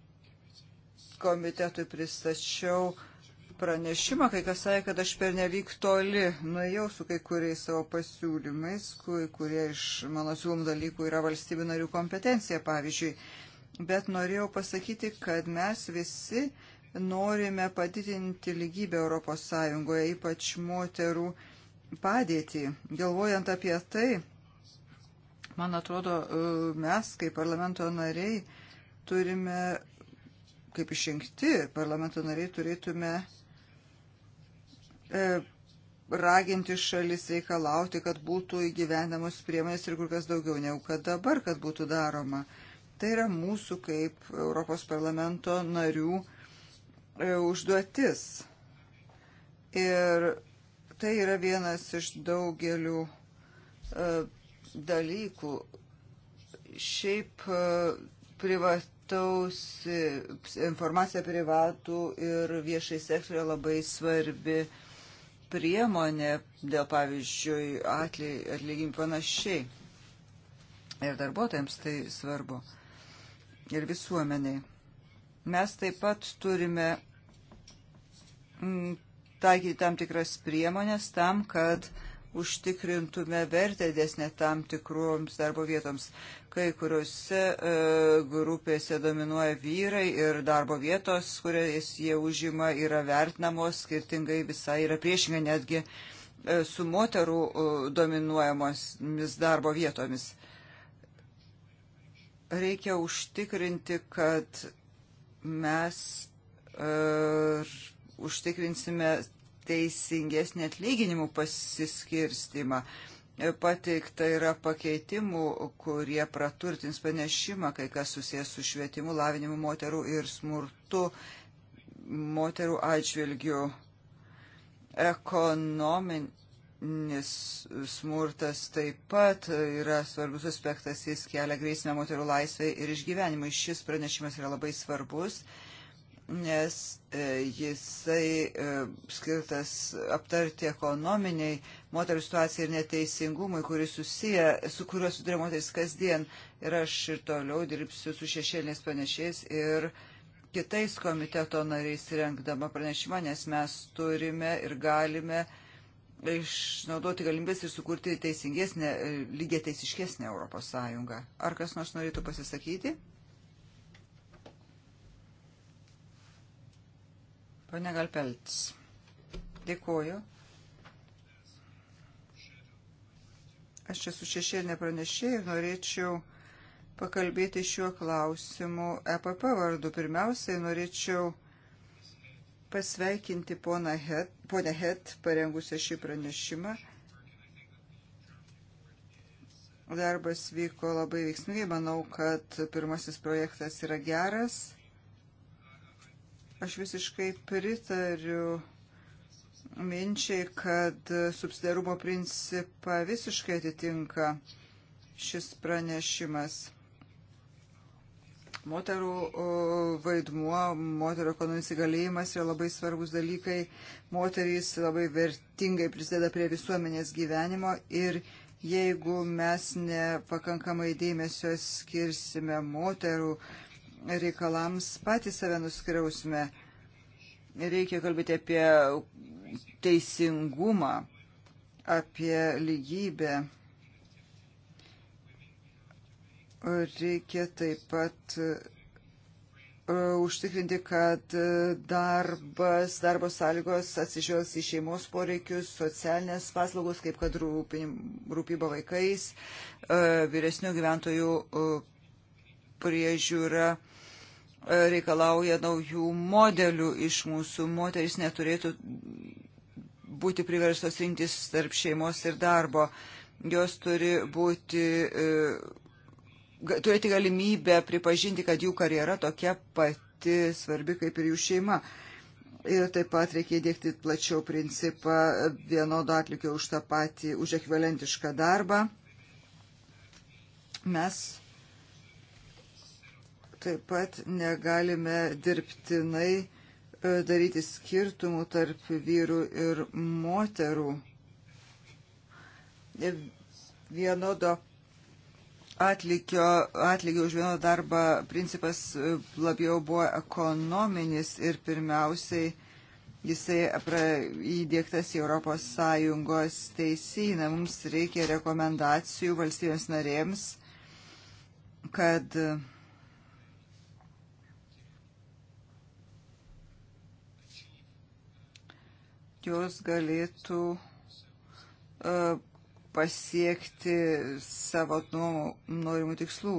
komitetui pristačiau pranešimą, kai kas sakė, kad aš pernelyg toli nuėjau su kai kuriais savo pasiūlymais, kurie iš mano siūlom dalykų yra valstybių narių kompetencija, pavyzdžiui bet norėjau pasakyti, kad mes visi norime padidinti lygybę Europos Sąjungoje, ypač moterų padėtį. Galvojant apie tai, man atrodo, e, mes kaip parlamento nariai turime, kaip išrinkti parlamento nariai, turėtume e, raginti šalis reikalauti, kad būtų įgyvendamos priemonės ir kur kas daugiau negu kad dabar, kad būtų daroma. E, Tai yra mūsų kaip Europos parlamento narių e, užduotis. Ir tai yra vienas iš daugelių e, dalykų. Šiaip e, privataus, informacija privatų ir viešai sektorio labai svarbi priemonė dėl, pavyzdžiui, atlyginimų panašiai. Ir darbuotojams tai svarbu. Uh, ir visuomeniai. Mes taip pat turime mm, taikyti tam tikras priemonės tam, kad užtikrintume vertę dėsnę tam tikroms darbo vietoms. Kai kuriuose e, grupėse dominuoja vyrai ir darbo vietos, kurias jie užima, yra vertinamos skirtingai visai, yra priešingai netgi e, su moterų e, dominuojamomis darbo vietomis. E, reikia užtikrinti, kad mes uh, užtikrinsime teisingesnį atlyginimų pasiskirstimą. E, pateikta yra pakeitimų, kurie praturtins panešimą, kai kas susijęs su švietimu, lavinimu moterų ir smurtu moterų atžvilgių. Ekonomin, nes smurtas taip pat yra svarbus aspektas, jis kelia grėsmę moterų laisvai ir išgyvenimui. Šis pranešimas yra labai svarbus, nes e, jisai e, skirtas aptarti ekonominiai moterų situacijai ir neteisingumui, kuri susiję, su kuriuo suduria moteris kasdien. Ir aš ir toliau dirbsiu su šešėlės panešiais ir kitais komiteto nariais rengdama pranešimą, nes mes turime ir galime uh, išnaudoti galimybės ir sukurti teisingesnę, e, lygiai teisiškesnę Europos Sąjungą. Ar kas nors norėtų pasisakyti? Pane Galpelts, dėkoju. Aš esu šešėlinė pranešė ir norėčiau pakalbėti šiuo klausimu EPP vardu. Pirmiausiai norėčiau pasveikinti ponę Het, Het parengusią šį pranešimą. Darbas vyko labai veiksmingai. Manau, kad pirmasis projektas yra geras. Aš visiškai pritariu minčiai, kad subsidarumo principą visiškai atitinka šis pranešimas. Moterų vaidmuo, moterų ekonominis įgalėjimas yra labai svarbus dalykai. Moterys labai vertingai prisideda prie visuomenės gyvenimo ir jeigu mes nepakankamai dėmesio skirsime moterų reikalams, patys save nuskriausime. Reikia kalbėti apie teisingumą, apie lygybę Reikia taip pat e, užtikrinti, kad darbas, darbo sąlygos atsižvelgs į šeimos poreikius, socialinės paslaugos, kaip kad rūpyba vaikais, e, vyresnių gyventojų e, priežiūra reikalauja naujų modelių iš mūsų. Moteris neturėtų būti priverstos rinktis tarp šeimos ir darbo. Jos turi būti turėti galimybę pripažinti, kad jų karjera tokia pati svarbi kaip ir jų šeima. Ir taip pat reikia įdėkti plačiau principą vienodo atlikio už tą patį, už ekvivalentišką darbą. Mes taip pat negalime dirbtinai e, daryti skirtumų tarp vyrų ir moterų. E, vienodo atlygio, atlygio už vieno darbą principas e, labiau buvo ekonominis ir pirmiausiai jisai įdėktas į ES teisyną. Mums reikia rekomendacijų valstybėms narėms, kad e, jos galėtų uh, pasiekti savo norimų tikslų.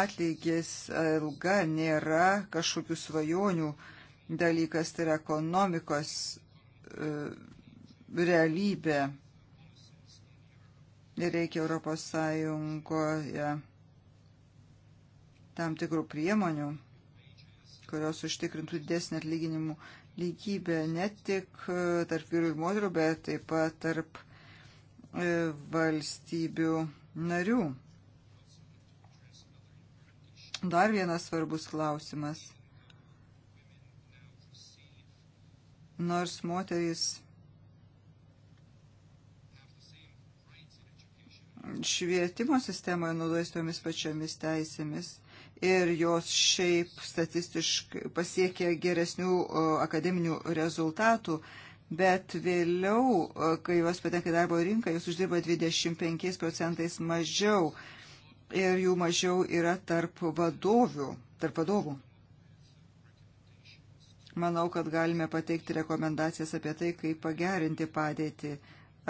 Atlygis ilga nėra kažkokių svajonių dalykas, tai yra ekonomikos e, realybė. Ir reikia Europos Sąjungoje tam tikrų priemonių, kurios užtikrintų didesnį atlyginimų lygybę ne tik e, tarp vyrų ir moterų, bet taip pat tarp E, valstybių narių. Dar vienas svarbus klausimas. Nors moterys švietimo sistemoje naudojasi tomis pačiomis teisėmis ir jos šiaip statistiškai pasiekia geresnių akademinių rezultatų, bet vėliau, e, kai jos patenka į darbo rinką, jūs uždirba 25 procentais mažiau ir jų mažiau yra tarp vadovių, tarp vadovų. Manau, kad galime pateikti rekomendacijas apie tai, kaip pagerinti padėtį.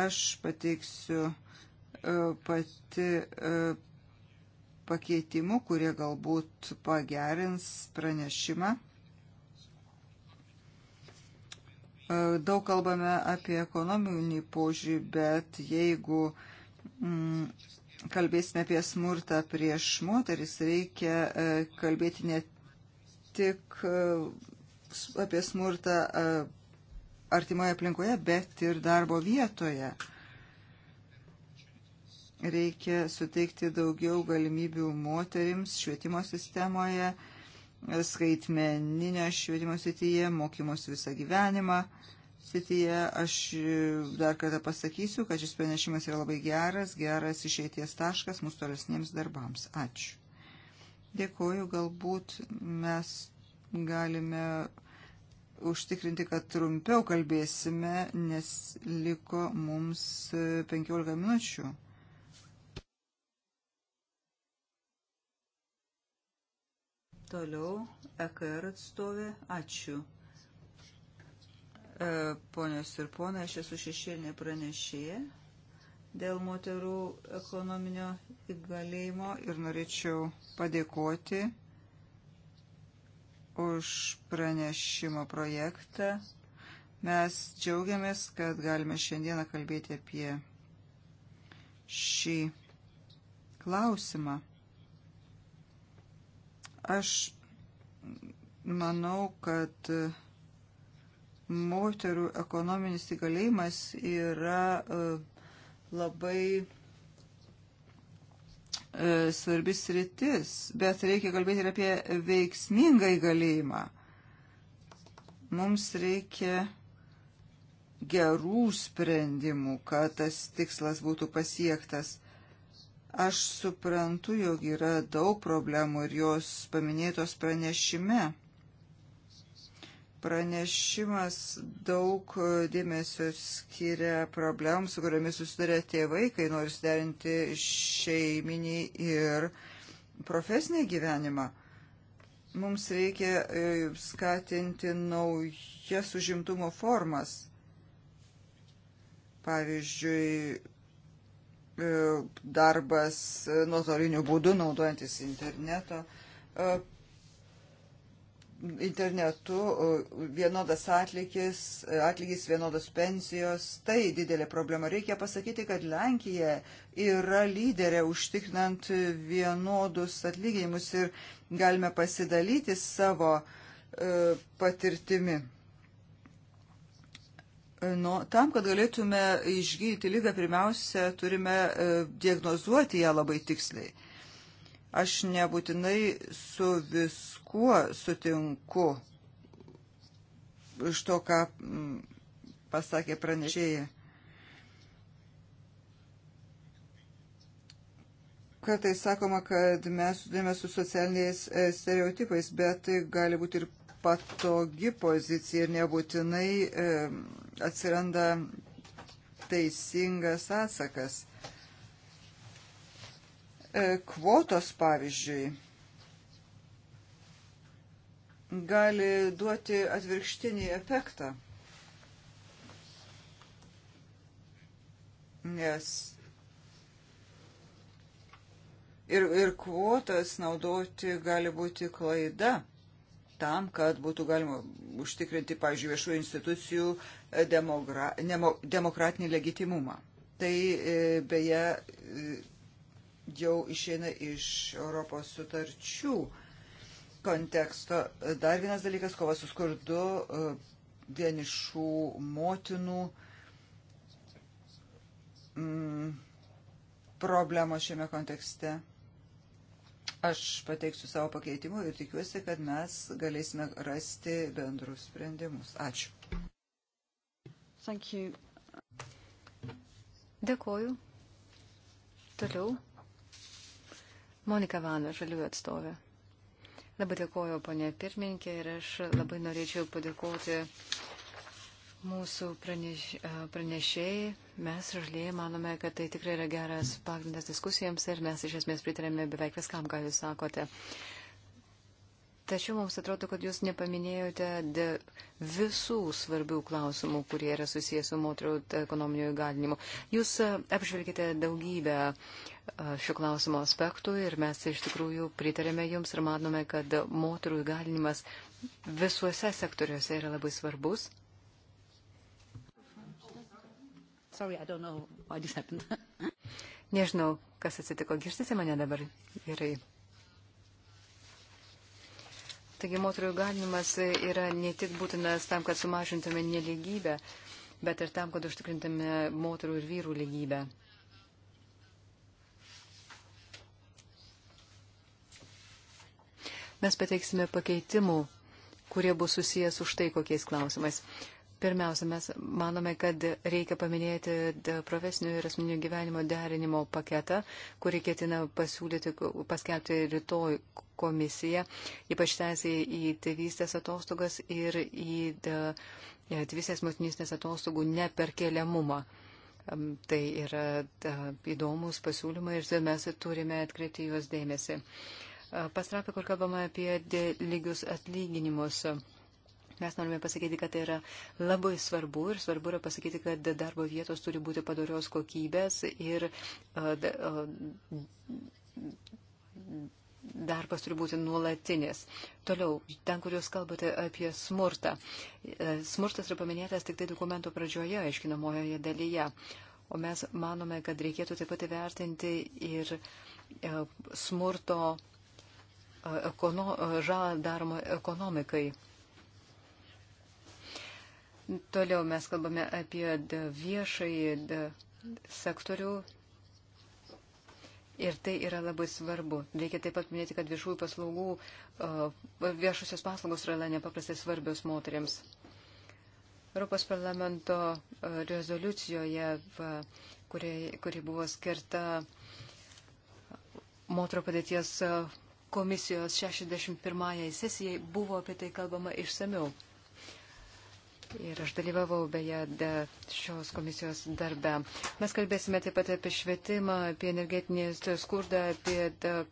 Aš pateiksiu e, pati e, pakeitimų, kurie galbūt pagerins pranešimą. E, daug kalbame apie ekonominį požiūrį, bet jeigu mm, kalbėsime apie smurtą prieš moteris, reikia e, kalbėti ne tik e, apie smurtą artimoje aplinkoje, bet ir darbo vietoje. Reikia suteikti daugiau galimybių moterims švietimo sistemoje, uh, skaitmeninio švietimo srityje, mokymus visą gyvenimą srityje. Aš dar kartą pasakysiu, kad šis pranešimas yra labai geras, geras išeities taškas mūsų tolesniems darbams. Ačiū. Dėkoju, galbūt mes galime užtikrinti, kad trumpiau kalbėsime, nes liko mums 15 minučių. Toliau EKR atstovė. Ačiū. E, ponios ir ponai, aš esu šešėlinė pranešėja dėl moterų ekonominio įgalėjimo ir norėčiau padėkoti už pranešimo projektą. Mes džiaugiamės, kad galime šiandieną kalbėti apie šį klausimą. Aš manau, kad moterų ekonominis įgalėjimas yra e, labai e, svarbis rytis, bet reikia kalbėti ir apie veiksmingą įgalėjimą. Mums reikia gerų sprendimų, kad tas tikslas būtų pasiektas. Aš suprantu, jog yra daug problemų ir jos paminėtos pranešime. Pranešimas daug dėmesio skiria problemams, su kuriamis susiduria tėvai, kai nori suderinti šeiminį ir profesinį gyvenimą. Mums reikia e, skatinti naujas užimtumo formas. Pavyzdžiui, E, darbas e, nuotoliniu būdu, naudojantis interneto. E, internetu vienodas atlygis, atlygis vienodos pensijos, tai didelė problema. Reikia pasakyti, kad Lenkija yra lyderė užtikrinant vienodus atlyginimus ir galime pasidalyti savo patirtimi Nu, tam, kad galėtume išgydyti lygą, pirmiausia, turime e, diagnozuoti ją labai tiksliai. Aš nebūtinai su viskuo sutinku iš to, ką pasakė pranešėja. Kartais sakoma, kad mes sudėmės su socialiniais e, stereotipais, bet tai gali būti ir patogi pozicija ir nebūtinai atsiranda teisingas atsakas. E, kvotos, pavyzdžiui, gali duoti atvirkštinį efektą. Nes ir, ir kvotas naudoti gali būti klaida tam, kad būtų galima užtikrinti, pavyzdžiui, viešųjų institucijų e, demogra, nemo, demokratinį legitimumą. Tai e, beje e, jau išeina iš Europos sutarčių konteksto. Dar vienas dalykas - kova su skurdu, vienišų motinų mm, problemos šiame kontekste. Aš pateiksiu savo pakeitimų ir tikiuosi, kad mes galėsime rasti bendrus sprendimus. Ačiū. Thank you. Dėkoju. Toliau. Monika Vano, žaliųjų atstovė. Labai dėkoju, ponė pirmininkė, ir aš labai norėčiau padėkoti mūsų praneš, e, pranešėjai. Mes, žalieji, manome, kad tai tikrai yra geras pagrindas diskusijams ir mes iš esmės pritarėme beveik viskam, ką jūs sakote. Tačiau mums atrodo, kad jūs nepaminėjote visų svarbių klausimų, kurie yra susijęs su moterų ekonominio įgalinimu. Jūs e, apžvelgite daugybę e, šių klausimų aspektų ir mes iš tikrųjų pritarėme jums ir manome, kad moterų įgalinimas visuose sektoriuose yra labai svarbus. Sorry, I don't know why this happened. Nežinau, kas atsitiko. Girdite mane dabar? Gerai. Taigi moterų galinimas yra ne tik būtinas tam, kad sumažintume neligybę, bet ir tam, kad užtikrintume moterų ir vyrų lygybę. Mes pateiksime pakeitimų, kurie bus susijęs už tai kokiais klausimais. Pirmiausia, mes manome, kad reikia paminėti profesinio ir asmeninio gyvenimo derinimo paketą, kurį ketina pasiūlyti, paskelbti rytoj komisija, ypač teisė į tėvystės atostogas ir į tėvystės motinystės atostogų neperkeliamumą. Tai yra įdomus pasiūlymai ir mes turime atkreipti juos dėmesį. Pastrapė, kur kalbama apie lygius atlyginimus. Mes norime pasakyti, kad tai yra labai svarbu ir svarbu yra pasakyti, kad darbo vietos turi būti padorios kokybės ir darbas turi būti nuolatinis. Toliau, ten, kur jūs kalbate apie smurtą. E, smurtas yra paminėtas tik tai dokumento pradžioje, aiškinamojoje dalyje. O mes manome, kad reikėtų taip pat įvertinti ir e, smurto e, ekono, žalą daromą ekonomikai. Toliau mes kalbame apie viešai sektorių Ir tai yra labai svarbu. Reikia taip pat minėti, kad viešųjų paslaugų, viešusios paslaugos yra nepaprastai svarbios moteriams. Europos parlamento rezoliucijoje, kuri, kuri buvo skirta moterų padėties komisijos 61 sesijai, buvo apie tai kalbama išsameu. Ir aš dalyvavau beje šios komisijos darbe. Mes kalbėsime taip pat apie švietimą, apie energetinį skurdą, apie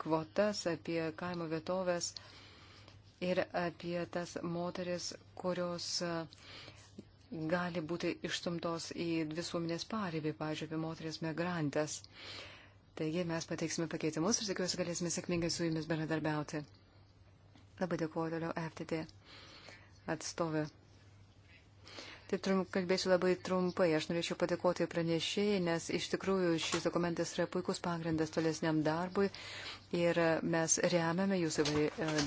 kvotas, apie kaimo vietovės ir apie tas moteris, kurios e, gali būti išstumtos į visuomenės pareibį, pavyzdžiui, apie moteris migrantės. Taigi mes pateiksime pakeitimus ir tikiuosi galėsime sėkmingai su jumis bendradarbiauti. Labai dėkuoju toliau FTT atstovė. Taip trum, kalbėsiu labai trumpai. Aš norėčiau padėkoti pranešėjai, nes iš tikrųjų šis dokumentas yra puikus pagrindas tolesniam darbui ir mes remiame jūs e,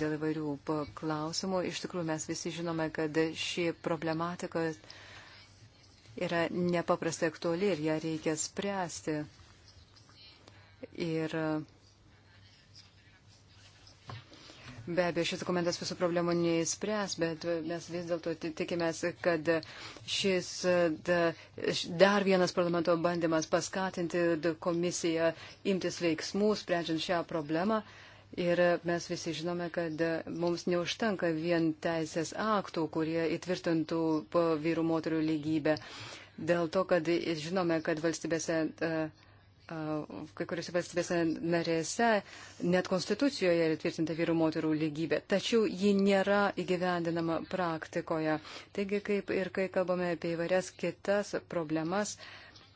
dėl įvairių e, klausimų. Iš tikrųjų mes visi žinome, kad ši problematika yra nepaprastai aktuali ir ją reikia spręsti. Ir uh, Be abejo, šis dokumentas visų problemų neįspręs, bet mes vis dėlto tikimės, kad šis dar vienas parlamento bandymas paskatinti komisiją imtis veiksmų, sprendžiant šią problemą. Ir mes visi žinome, kad mums neužtenka vien teisės aktų, kurie įtvirtintų vyrų moterių lygybę. Dėl to, kad žinome, kad valstybėse. Uh, kai kuriuose valstybėse narėse net konstitucijoje yra tvirtinta vyrų moterų lygybė, tačiau ji nėra įgyvendinama praktikoje. Taigi, kaip ir kai kalbame apie įvairias kitas problemas,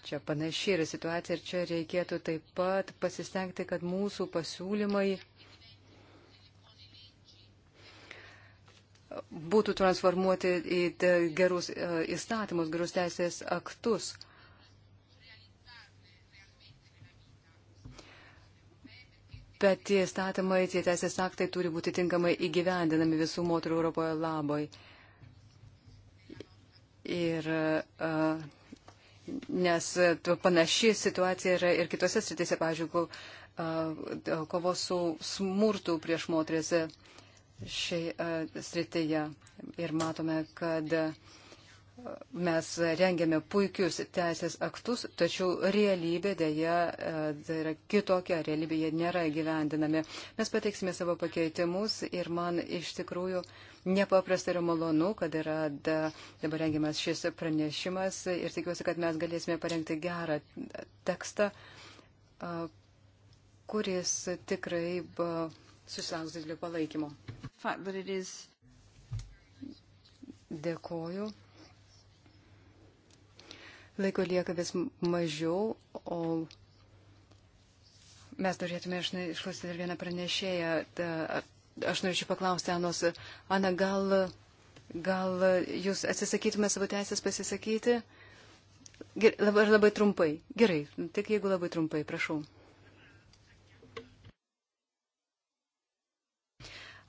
čia panaši yra situacija ir čia reikėtų taip pat pasistengti, kad mūsų pasiūlymai būtų transformuoti į gerus įstatymus, gerus teisės aktus. bet tie statymai, tie teisės aktai turi būti tinkamai įgyvendinami visų moterų Europoje labai. Ir uh, nes panaši situacija yra ir kitose sritise, pavyzdžiui, kovos su smurtu prieš moteris šiai srityje. Ir matome, kad uh, Mes rengiame puikius teisės aktus, tačiau realybė dėja e, tai yra kitokia, realybė jie nėra gyvendinami. Mes pateiksime savo pakeitimus ir man iš tikrųjų nepaprastai yra malonu, kad yra da, dabar rengiamas šis pranešimas ir tikiuosi, kad mes galėsime parengti gerą tekstą, kuris tikrai susilauks didelio palaikymo. Dėkoju laiko lieka vis mažiau, o mes norėtume išklausyti dar vieną pranešėją. Aš norėčiau paklausti, Anos, Ana, gal, gal jūs atsisakytume savo teisės pasisakyti? Ger, labai, labai trumpai. Gerai, tik jeigu labai trumpai, prašau.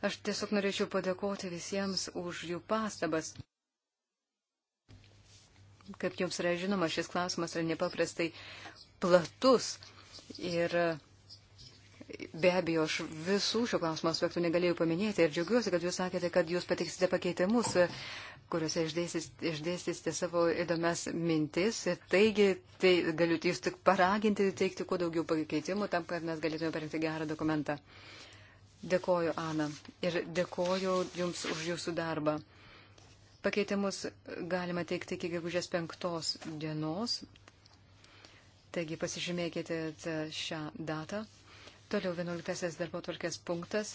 Aš tiesiog norėčiau padėkoti visiems už jų pastabas. Kaip jums yra žinoma, šis klausimas yra nepaprastai platus ir Be abejo, aš visų šio klausimo aspektų negalėjau paminėti ir džiaugiuosi, kad jūs sakėte, kad jūs pateiksite pakeitimus, kuriuose išdėstysite savo įdomias mintis. Taigi, tai galiu jūs tik paraginti teikti kuo daugiau pakeitimų tam, kad mes galėtume parengti gerą dokumentą. Dėkoju, Ana, ir dėkoju Jums už Jūsų darbą. Pakeitimus galima teikti iki gegužės penktos dienos, taigi pasižymėkite šią datą. Toliau 11 darbo tvarkės punktas.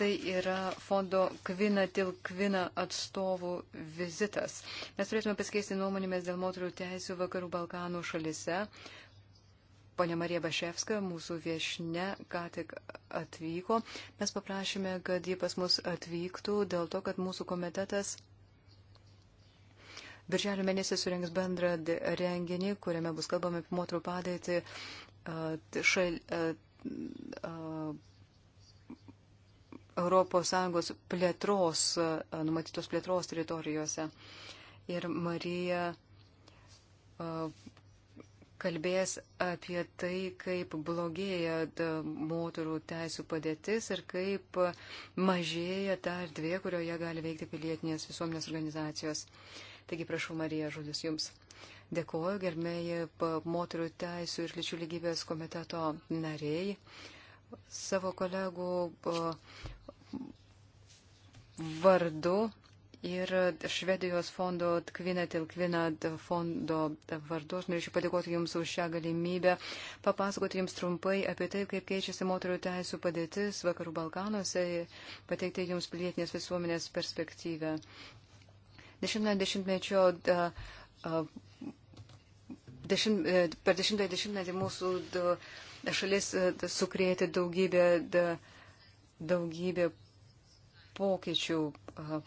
Tai yra fondo Kvina til Kvina atstovų vizitas. Mes turėtume pasikeisti nuomonėmis dėl moterų teisų Vakarų Balkanų šalise, Pone Marija Baševska, mūsų viešne, ką tik atvyko. Mes paprašėme, kad ji pas mus atvyktų dėl to, kad mūsų komitetas Birželio mėnesį surinks bendrą renginį, kuriame bus kalbama apie moterų padėtį šal, Europos Sąjungos plėtros, numatytos plėtros teritorijose. Ir Marija kalbės apie tai, kaip blogėja moterų teisų padėtis ir kaip mažėja ta erdvė, kurioje gali veikti pilietinės visuomenės organizacijos. Taigi prašau, Marija, žodis Jums. Dėkuoju, gerbėjai moterų teisų ir lyčių lygybės komiteto nariai. Savo kolegų vardu ir Švedijos fondo Kvina Tilkvina fondo vardu. Aš norėčiau padėkoti Jums už šią galimybę papasakoti Jums trumpai apie tai, kaip keičiasi moterų teisų padėtis Vakarų Balkanuose, pateikti Jums pilietinės visuomenės perspektyvę. Dešimtmečio dešimtmečio da, a, dešimt, e, per dešimtąjį dešimtmetį mūsų da, šalis e, da, sukrėti daugybę, da, daugybę pokyčių,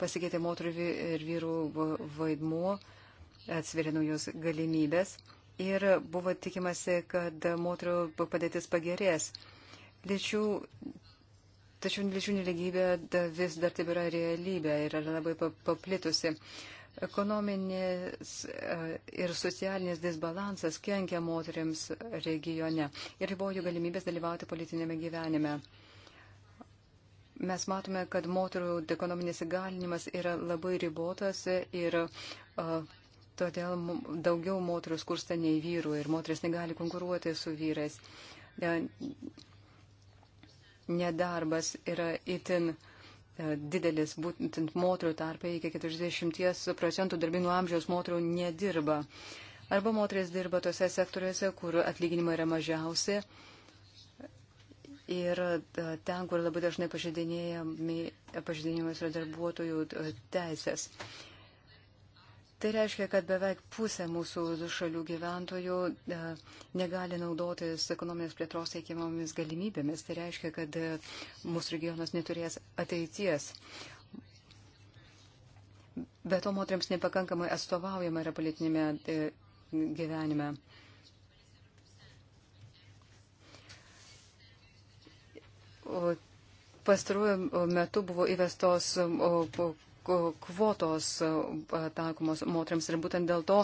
pasikeitė moterų ir vyrų vaidmuo, atsveria naujos galimybės ir buvo tikimasi, kad moterų padėtis pagerės. Lyčių, tačiau lyčių neligybė vis dar taip yra realybė ir yra labai paplitusi. Ekonominis ir socialinis disbalansas kenkia moteriams regione ir ribojo galimybės dalyvauti politinėme gyvenime mes matome, kad moterų ekonominis įgalinimas yra labai ribotas ir uh, todėl daugiau moterų skursta nei vyrų ir moteris negali konkuruoti su vyrais. Nedarbas yra itin didelis, būtent moterų tarpe iki 40 procentų darbinų amžiaus moterų nedirba. Arba moteris dirba tose sektoriuose, kur atlyginimai yra mažiausi Ir e, ten, kur labai dažnai pažydinėjimas yra darbuotojų e, teisės. Tai reiškia, kad beveik pusė mūsų šalių gyventojų e, negali naudotis ekonominės plėtros teikiamomis galimybėmis. Tai reiškia, kad mūsų regionas neturės ateities. Be to, moteriams nepakankamai atstovaujama yra politinėme gyvenime. Pastaruoju metu buvo įvestos kvotos taikomos moteriams ir būtent dėl to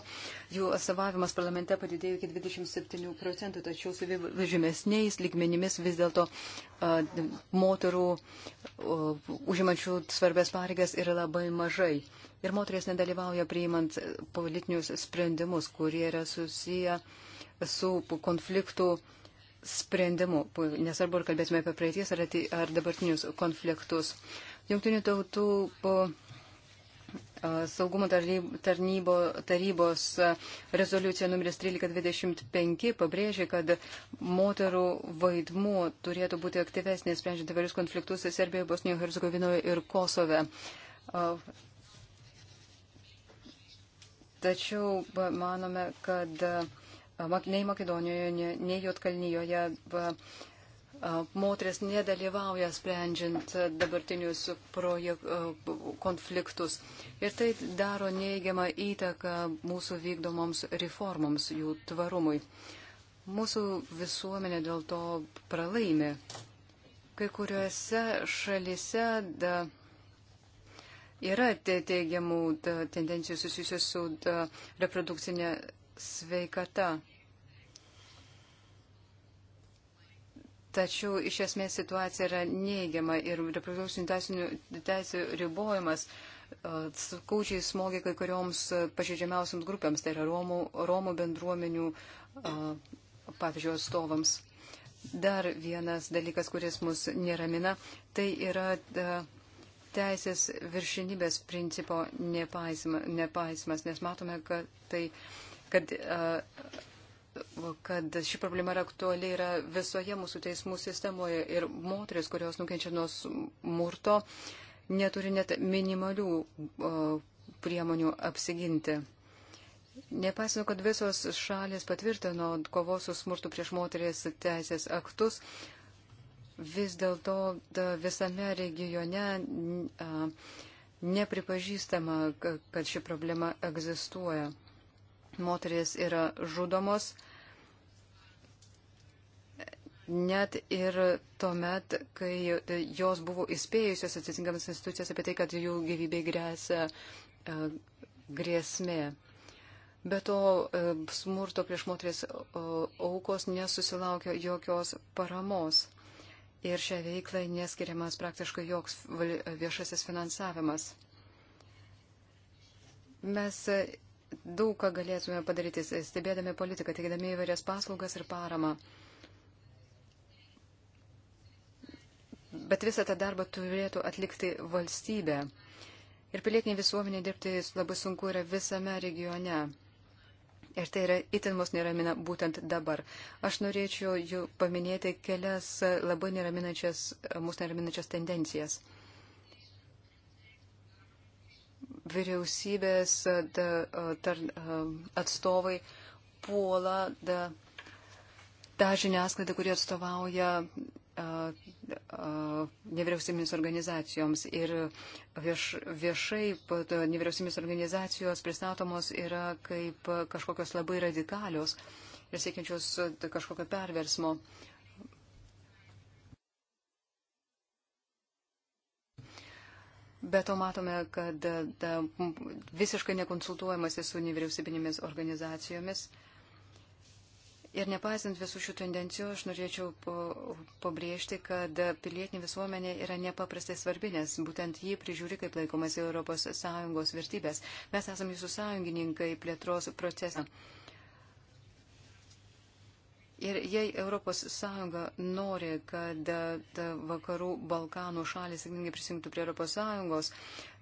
jų atstovavimas parlamente padidėjo iki 27 procentų, tačiau su žemesniais lygmenimis vis dėlto moterų užimančių svarbės pareigas yra labai mažai. Ir moteris nedalyvauja priimant politinius sprendimus, kurie yra susiję su konfliktų sprendimų, nesvarbu, ar kalbėsime apie praeities ar, atė, ar dabartinius konfliktus. Junktinių tautų po saugumo tarnybo, tarybos rezoliucija numeris 1325 pabrėžė, kad moterų vaidmuo turėtų būti aktyvesnės, sprendžiant įvairius konfliktus Serbijoje, Bosnijoje, Hercegovinoje ir Kosove. Tačiau manome, kad nei Makedonijoje, nei Jotkalnyjoje moteris nedalyvauja sprendžiant dabartinius projek, konfliktus. Ir tai daro neigiamą įtaką mūsų vykdomoms reformoms, jų tvarumui. Mūsų visuomenė dėl to pralaimi. Kai kuriuose šalise da, yra teigiamų da, tendencijų susijusių su da, reprodukcinė sveikata. Tačiau iš esmės situacija yra neigiama ir reproduksinių teisų ribojimas skaučiai smogia kai kurioms pažeidžiamiausiams grupėms, tai yra Romų, Romų bendruomenių, pavyzdžiui, atstovams. Dar vienas dalykas, kuris mus neramina, tai yra teisės viršinybės principo nepaisimas, nes matome, kad tai kad, e, kad ši problema yra aktuali yra visoje mūsų teismų sistemoje ir moteris, kurios nukenčia nuo smurto, neturi net minimalių e, priemonių apsiginti. Nepaisant, kad visos šalis patvirtino kovos su smurtu prieš moteris teisės aktus, vis dėlto visame regione a, nepripažįstama, kad ši problema egzistuoja moteris yra žudomos net ir tuomet, kai jos buvo įspėjusios atsitinkamas institucijas apie tai, kad jų gyvybei grėsia e, grėsmė. Be to, e, smurto prieš moteris e, aukos nesusilaukia jokios paramos. Ir šią veiklą neskiriamas praktiškai joks viešasis finansavimas. Mes daug ką galėtume padaryti, stebėdami politiką, teikdami įvairias paslaugas ir paramą. Bet visą tą darbą turėtų atlikti valstybė. Ir pilietiniai visuomeniai dirbti labai sunku yra visame regione. Ir tai yra itin mus neramina būtent dabar. Aš norėčiau jų paminėti kelias labai neraminančias, mus neraminančias tendencijas. vyriausybės da, tar, atstovai puola da, tą žiniasklaidą, kuri atstovauja nevyriausybinės organizacijoms ir vieš, viešai nevyriausybinės organizacijos pristatomos yra kaip kažkokios labai radikalios ir siekiančios kažkokio perversmo. Uh, Be to matome, kad da, visiškai nekonsultuojamasi su nevyriausybinėmis organizacijomis. Ir nepaisant visų šių tendencijų, aš norėčiau po, pabrėžti, kad pilietinė visuomenė yra nepaprastai svarbi, nes būtent jį prižiūri, kaip laikomasi ES vertybės. Mes esame jūsų sąjungininkai plėtros procesą. Ir jei ES nori, kad e, vakarų Balkanų šalis sėkmingai prisijungtų prie ES,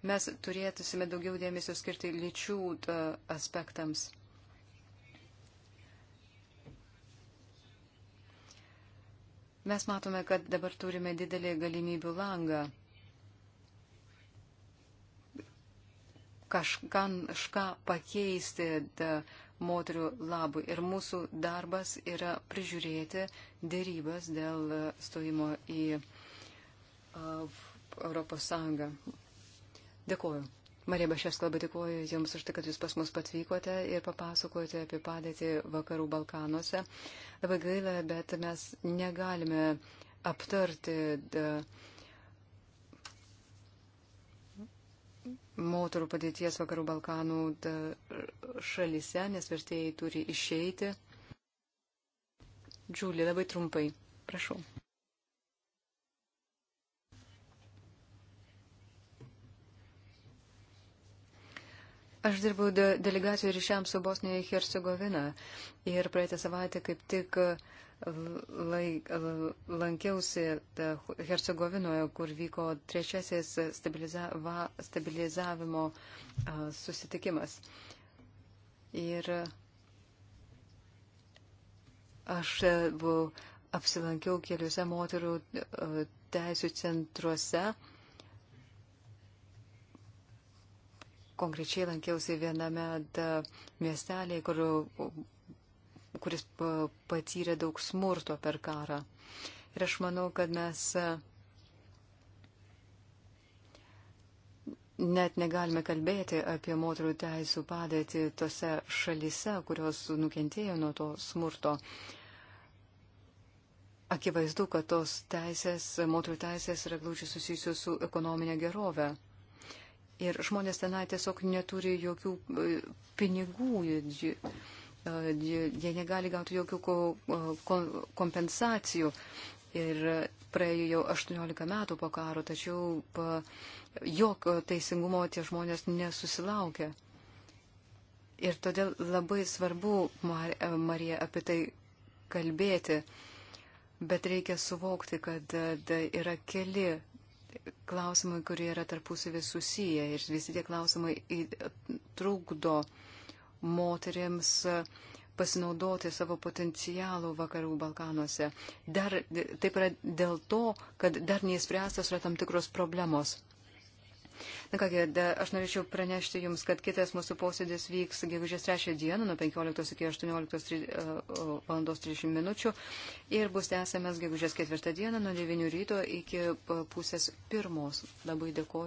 mes turėtusime daugiau dėmesio skirti lyčių e, aspektams. Mes matome, kad dabar turime didelį galimybių langą. Kažką pakeisti. Da, moterių labui. Ir mūsų darbas yra prižiūrėti dėrybas dėl stojimo į Europos Sąjungą. Dėkuoju. Marija Baševska, labai dėkuoju Jums už tai, kad Jūs pas mus patvykote ir papasakojote apie padėtį Vakarų Balkanuose. Labai gaila, bet mes negalime aptarti. Da, de moterų padėties vakarų Balkanų šalyse, nes vertėjai turi išeiti. Džiulė, labai trumpai, prašau. Aš dirbau de delegacijų ryšiams su Bosnija ir Hercegovina ir praeitą savaitę kaip tik uh, laik, lankiausi Hercegovinoje, kur vyko trečiasis stabilizava, stabilizavimo susitikimas. Ir aš e, buvau, apsilankiau keliuose moterų e, teisų centruose. Konkrečiai lankiausi viename miestelėje, kur kuris patyrė daug smurto per karą. Ir aš manau, kad mes e, net negalime kalbėti apie moterų teisų padėtį tose šalise, kurios nukentėjo nuo to smurto. Akivaizdu, kad tos teisės, moterų teisės yra glaučiai susijusios su ekonominė gerovė. Ir žmonės tenai tiesiog neturi jokių e, pinigų E, jie negali gauti jokių e, kompensacijų. Ir praėjo jau 18 metų po karo, tačiau pa, jokio e, teisingumo tie žmonės nesusilaukia. Ir todėl labai svarbu, Mar Marija, apie tai kalbėti, bet reikia suvokti, kad yra keli klausimai, kurie yra tarpusavį susiję ir visi tie klausimai trukdo uh, moteriams pasinaudoti savo potencialų vakarų Balkanuose. Dar, taip yra dėl to, kad dar neįspręstas yra tam tikros problemos. Na kągi, aš norėčiau pranešti Jums, kad kitas mūsų posėdis vyks gegužės 3 dieną nuo 15 iki 18.30 minučių ir bus tęsiamas gegužės 4 dieną nuo 9 ryto iki pusės pirmos. Labai dėkoju.